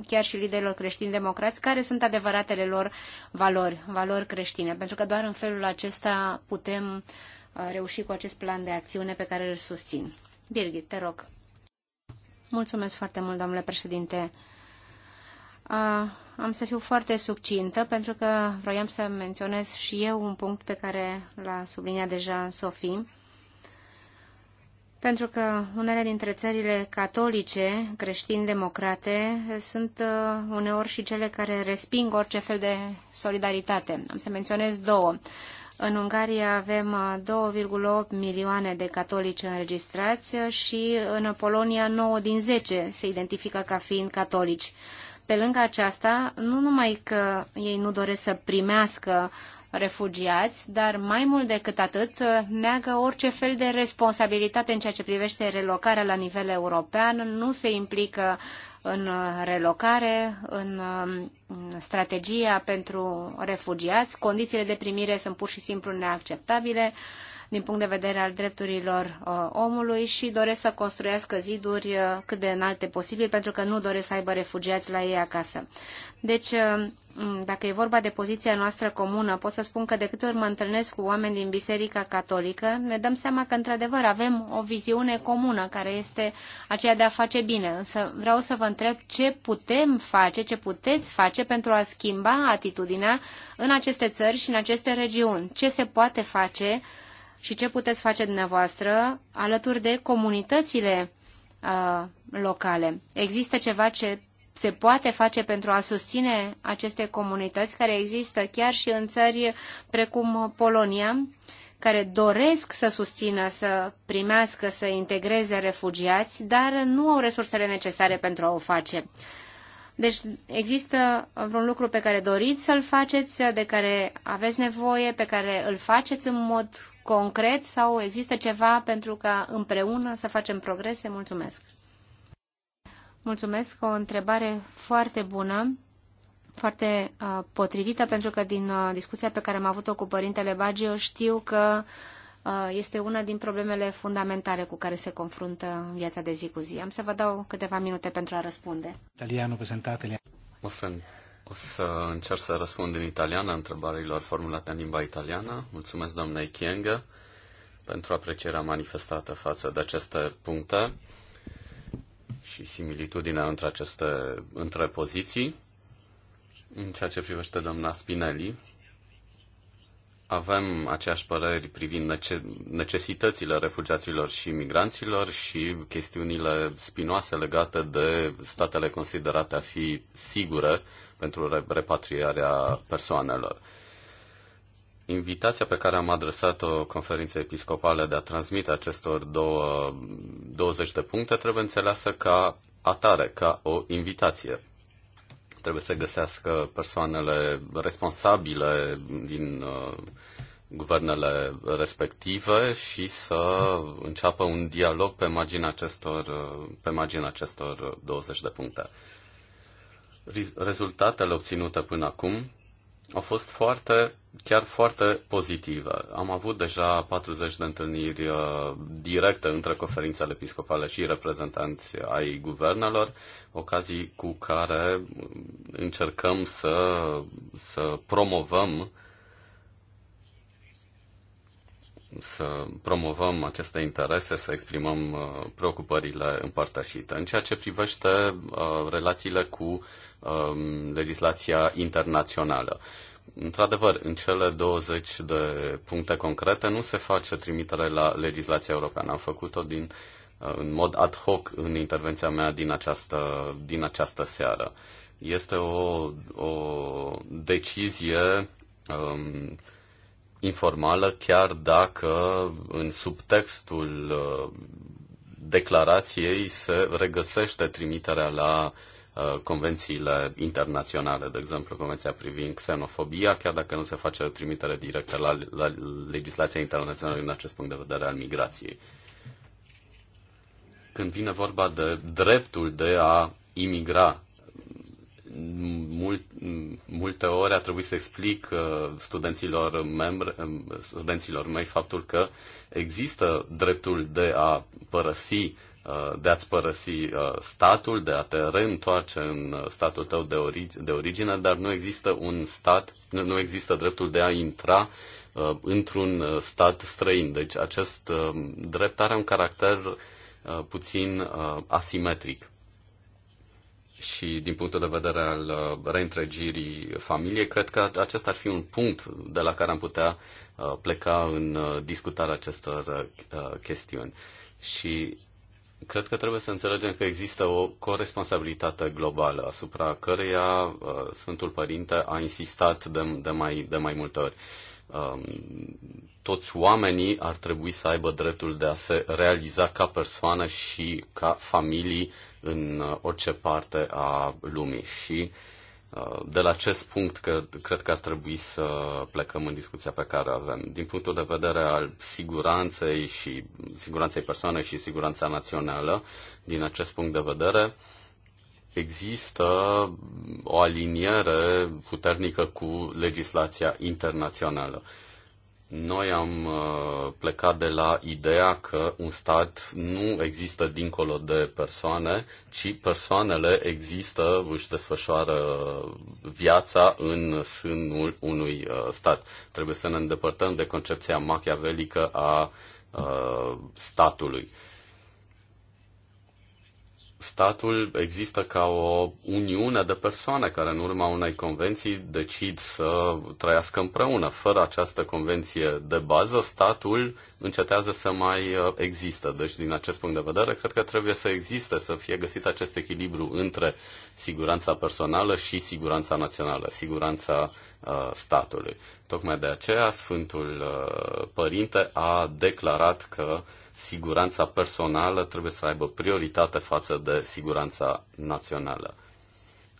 chiar și liderilor creștini-democrați care sunt adevăratele lor valori, valori creștine, pentru că doar în felul acesta putem reuși cu acest plan de acțiune pe care îl susțin. Birgit, te rog. Mulțumesc foarte mult, domnule președinte. Am să fiu foarte succintă pentru că vroiam să menționez și eu un punct pe care l-a subliniat deja Sofie pentru că unele dintre țările catolice, creștin-democrate, sunt uh, uneori și cele care resping orice fel de solidaritate. Am să menționez două. În Ungaria avem 2,8 uh, milioane de catolici înregistrați și în Polonia 9 din 10 se identifică ca fiind catolici. Pe lângă aceasta, nu numai că ei nu doresc să primească refugiați, dar mai mult decât atât neagă orice fel de responsabilitate în ceea ce privește relocarea la nivel european, nu se implică în relocare, în strategia pentru refugiați, condițiile de primire sunt pur și simplu neacceptabile. Uh, din punct de vedere al drepturilor uh, omului și doresc să construiască ziduri uh, cât de înalte posibil pentru că nu doresc să aibă refugiați la ei acasă. Deci, uh, dacă e vorba de poziția noastră comună, pot să spun că de câte ori mă întâlnesc cu oameni din Biserica Catolică, ne dăm seama că, într-adevăr, avem o viziune comună, care este aceea de a face bine. Însă vreau să vă întreb ce putem face, ce puteți face pentru a schimba atitudinea în aceste țări și în aceste regiuni. Ce se poate face uh, și ce puteți face dumneavoastră alături de comunitățile uh, locale. Există ceva ce se poate face pentru a susține aceste comunități care există chiar și în țări precum Polonia, care doresc să susțină, să primească, să integreze refugiați, dar nu au resursele necesare pentru a o face. Deci există vreun lucru pe care doriți să-l faceți, de care aveți nevoie, pe care îl faceți în mod concret sau există ceva pentru ca împreună să facem progrese? Mulțumesc! Mulțumesc, o întrebare foarte bună, foarte uh, potrivită, pentru că din uh, discuția pe care am avut-o cu părintele Bagio știu că uh, este una din problemele fundamentale cu care se confruntă viața de zi cu zi. Am să vă dau câteva minute pentru a răspunde. Italiano prezentatele. O să o să încerc să răspund în italiană întrebărilor formulate în limba italiană. Mulțumesc doamnei Chiengă pentru aprecierea manifestată față de aceste puncte și similitudinea între aceste între poziții. În ceea ce privește doamna Spinelli, avem aceeași păreri privind necesitățile refugiaților și migranților și chestiunile spinoase legate de statele considerate a fi sigure pentru repatriarea persoanelor. Invitația pe care am adresat-o conferinței episcopale de a transmite acestor două, 20 de puncte trebuie înțeleasă ca atare, ca o invitație. Trebuie să găsească persoanele responsabile din uh, guvernele respective și să înceapă un dialog pe marginea acestor, uh, pe marginea acestor 20 de puncte rezultatele obținute până acum au fost foarte, chiar foarte pozitive. Am avut deja 40 de întâlniri uh, directe între conferințele episcopale și reprezentanți ai guvernelor, ocazii cu care încercăm să, să promovăm să promovăm aceste interese, să exprimăm uh, preocupările împărtășite. În ceea ce privește uh, relațiile cu um, legislația internațională. Într-adevăr, în cele 20 de puncte concrete nu se face trimitere la legislația europeană. Am făcut-o din, uh, în mod ad hoc în intervenția mea din această, din această seară. Este o, o decizie um, informală, chiar dacă în subtextul uh, declarației se regăsește trimiterea la uh, convențiile internaționale, de exemplu Convenția privind xenofobia, chiar dacă nu se face trimitere directă la, la legislația internațională din acest punct de vedere al migrației. Când vine vorba de dreptul de a imigra mult, multe ori a trebuit să explic uh, studenților, membre, um, studenților mei faptul că există dreptul de a părăsi uh, de a-ți părăsi uh, statul, de a te reîntoarce în statul tău de, origi, de origine, dar nu există un stat, nu există dreptul de a intra într-un stat străin. Deci acest drept are un caracter puțin asimetric și din punctul de vedere al uh, reîntregirii familiei, cred că acesta ar fi un punct de la care am putea uh, pleca în uh, discutarea acestor chestiuni. Și cred că trebuie să înțelegem că există o corresponsabilitate globală asupra căreia Sfântul Părinte a insistat de, de, mai, de mai multe ori. Um, toți oamenii ar trebui să aibă dreptul de a se realiza ca persoană și ca familii în uh, orice parte a lumii. Și uh, de la acest punct că cred că ar trebui să plecăm în discuția pe care avem. Din punctul de vedere al siguranței și siguranței persoanei și siguranța națională, din acest punct de vedere, există o aliniere puternică cu legislația internațională. Noi am uh, plecat de la ideea că un stat nu există dincolo de persoane, ci persoanele există, își desfășoară viața în sânul unui uh, stat. Trebuie să ne îndepărtăm de concepția machiavelică a uh, statului statul există ca o uniune de persoane care în urma unei convenții decid să trăiască împreună. Fără această convenție de bază, statul încetează să mai uh, există. Deci, din acest punct de vedere, cred că trebuie să existe, să fie găsit acest echilibru între siguranța personală și siguranța națională, siguranța uh, statului. Tocmai de aceea, Sfântul uh, Părinte a declarat că siguranța personală trebuie să aibă prioritate față de siguranța națională.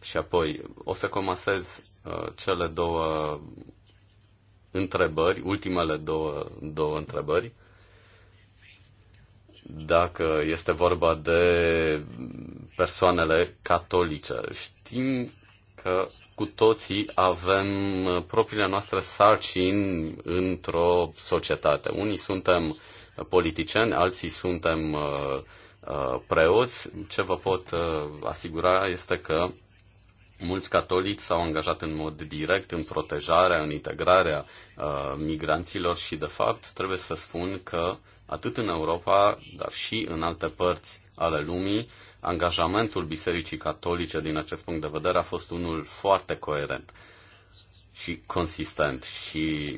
Și apoi o să comasez uh, cele două întrebări, ultimele două, două întrebări. Dacă este vorba de persoanele catolice, știm că cu toții avem uh, propriile noastre sarcini într-o societate. Unii suntem politicieni, alții suntem uh, uh, preoți. Ce vă pot uh, asigura este că mulți catolici s-au angajat în mod direct în protejarea, în integrarea migranților și, de fapt, trebuie să spun că atât în Europa, dar și în alte părți ale lumii, angajamentul Bisericii Catolice din acest punct de vedere a fost unul foarte coerent și consistent și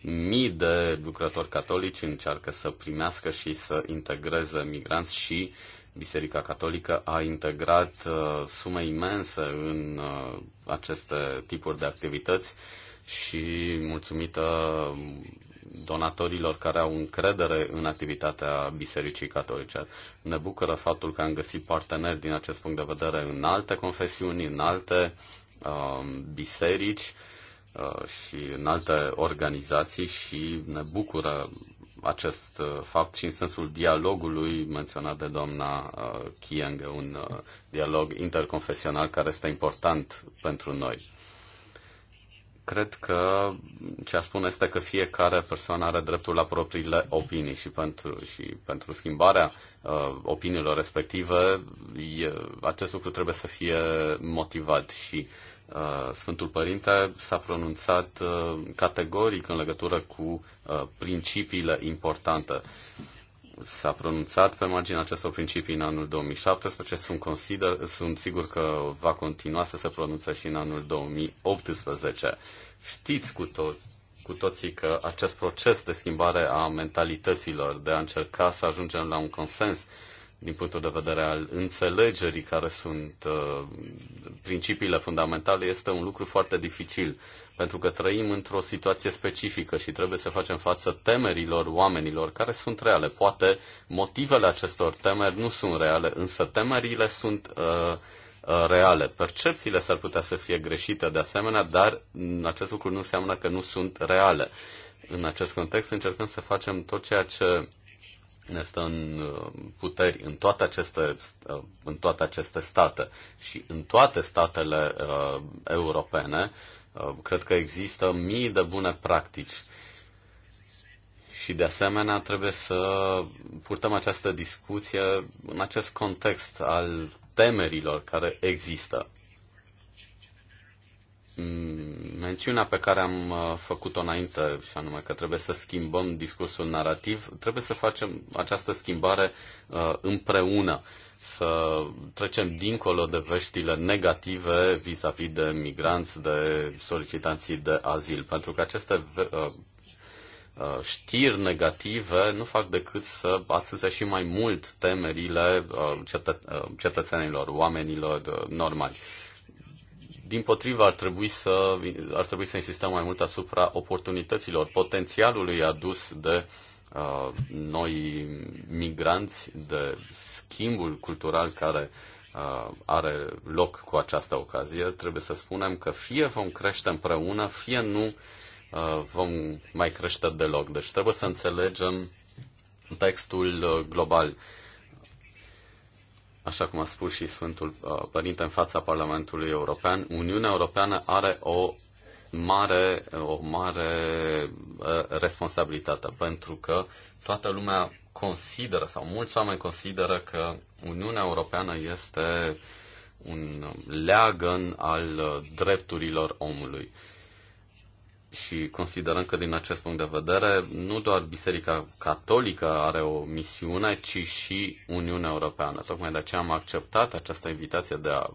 mii de lucrători catolici încearcă să primească și să integreze migranți și Biserica Catolică a integrat uh, sume imense în uh, aceste tipuri de activități și mulțumită donatorilor care au încredere în activitatea Bisericii Catolice. Ne bucură faptul că am găsit parteneri din acest punct de vedere în alte confesiuni, în alte uh, biserici Uh, și în alte organizații și ne bucură acest uh, fapt și în sensul dialogului menționat de doamna uh, Chiang, un dialog interconfesional care este important pentru noi. Cred că ce a spune este că fiecare persoană are dreptul la propriile opinii și pentru, și pentru schimbarea uh, opiniilor respective e, acest lucru trebuie să fie motivat și uh, Uh, Sfântul Părinte s-a pronunțat uh, categoric în legătură cu uh, principiile importante. S-a pronunțat pe marginea acestor principii în anul 2017, sunt, consider, sunt sigur că va continua să se pronunțe și în anul 2018. Știți cu, to- cu toții că acest proces de schimbare a mentalităților, de a încerca să ajungem la un consens din punctul de vedere al înțelegerii care sunt uh, principiile fundamentale, este un lucru foarte dificil, pentru că trăim într-o situație specifică și trebuie să facem față temerilor oamenilor care sunt reale. Poate motivele acestor temeri nu sunt reale, însă temerile sunt uh, uh reale. Percepțiile s-ar putea să fie greșite de asemenea, dar acest lucru nu înseamnă că nu sunt reale. În acest context încercăm să facem tot ceea ce ne stă în uh, puteri în toate aceste, uh, în toate aceste state și în toate statele uh, europene. Uh, cred că există mii de bune practici. Și de asemenea trebuie să purtăm această discuție în acest context al temerilor care există mențiunea pe care am uh, făcut-o înainte, și anume că trebuie să schimbăm discursul narrativ, trebuie să facem această schimbare uh, împreună, să trecem dincolo de veștile negative vis-a-vis -vis de migranți, de solicitanții de azil, pentru că aceste uh, știri negative nu fac decât să atâțe și mai mult temerile cetă- cetățenilor, oamenilor normali. Din potrivă, ar trebui, să, ar trebui să insistăm mai mult asupra oportunităților, potențialului adus de uh, noi migranți, de schimbul cultural care uh, are loc cu această ocazie. Trebuie să spunem că fie vom crește împreună, fie nu uh, vom mai crește deloc. Deci trebuie să înțelegem textul uh, global. Uh, Așa cum a spus și Sfântul uh, Părinte în fața Parlamentului European, Uniunea Europeană are o mare, o mare uh, responsabilitate, pentru că toată lumea consideră, sau mulți oameni consideră că Uniunea Europeană este un leagăn al uh, drepturilor omului și considerăm că din acest punct de vedere nu doar Biserica Catolică are o misiune, ci și Uniunea Europeană. Tocmai de aceea am acceptat această invitație de a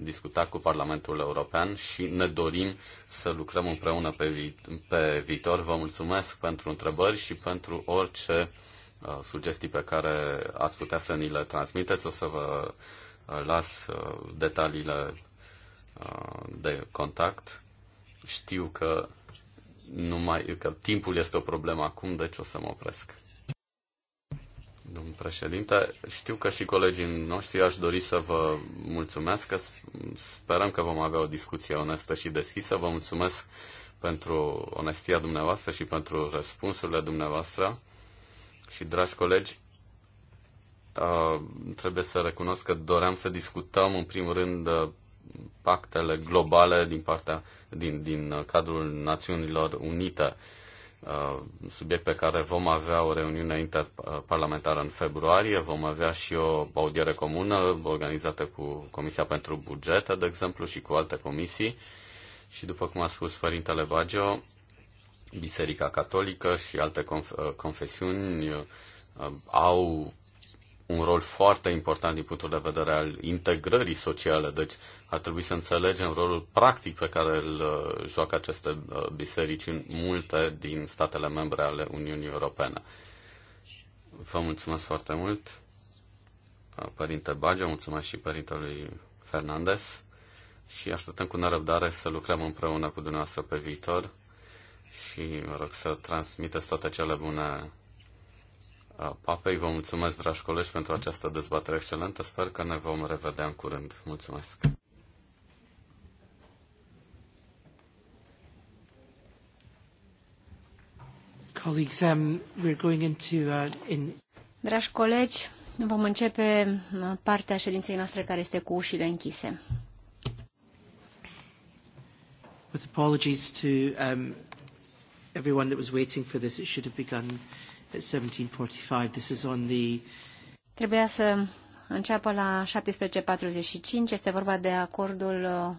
discuta cu Parlamentul European și ne dorim să lucrăm împreună pe, vi- pe viitor. Vă mulțumesc pentru întrebări și pentru orice uh, sugestii pe care ați putea să ni le transmiteți. O să vă uh, las uh, detaliile uh, de contact știu că, numai, că timpul este o problemă acum, deci o să mă opresc. Domnul președinte, știu că și colegii noștri aș dori să vă mulțumesc, că sperăm că vom avea o discuție onestă și deschisă. Vă mulțumesc pentru onestia dumneavoastră și pentru răspunsurile dumneavoastră. Și, dragi colegi, uh, trebuie să recunosc că doream să discutăm în primul rând uh, pactele globale din, partea, din, din cadrul Națiunilor Unite, uh, subiect pe care vom avea o reuniune interparlamentară în februarie, vom avea și o audiere comună organizată cu Comisia pentru Bugete, de exemplu, și cu alte comisii. Și după cum a spus Părintele Bagio, Biserica Catolică și alte conf- uh, confesiuni uh, au un rol foarte important din punctul de vedere al integrării sociale, deci ar trebui să înțelegem rolul practic pe care îl uh, joacă aceste uh, biserici în multe din statele membre ale Uniunii Europene. Vă mulțumesc foarte mult, uh, Părinte Bagio, mulțumesc și Părintelui Fernandez și așteptăm cu nerăbdare să lucrăm împreună cu dumneavoastră pe viitor și mă rog să transmiteți toate cele bune Papei. Vă mulțumesc, dragi colegi, pentru această dezbatere excelentă. Sper că ne vom revedea în curând. Mulțumesc! Um, we're going into, uh, in... Dragi colegi, vom începe uh, partea ședinței noastre care este cu ușile închise. With apologies to um, everyone that was waiting for this, it should have begun. 17.45. This is on the... Trebuia să înceapă la 17.45. Este vorba de acordul uh,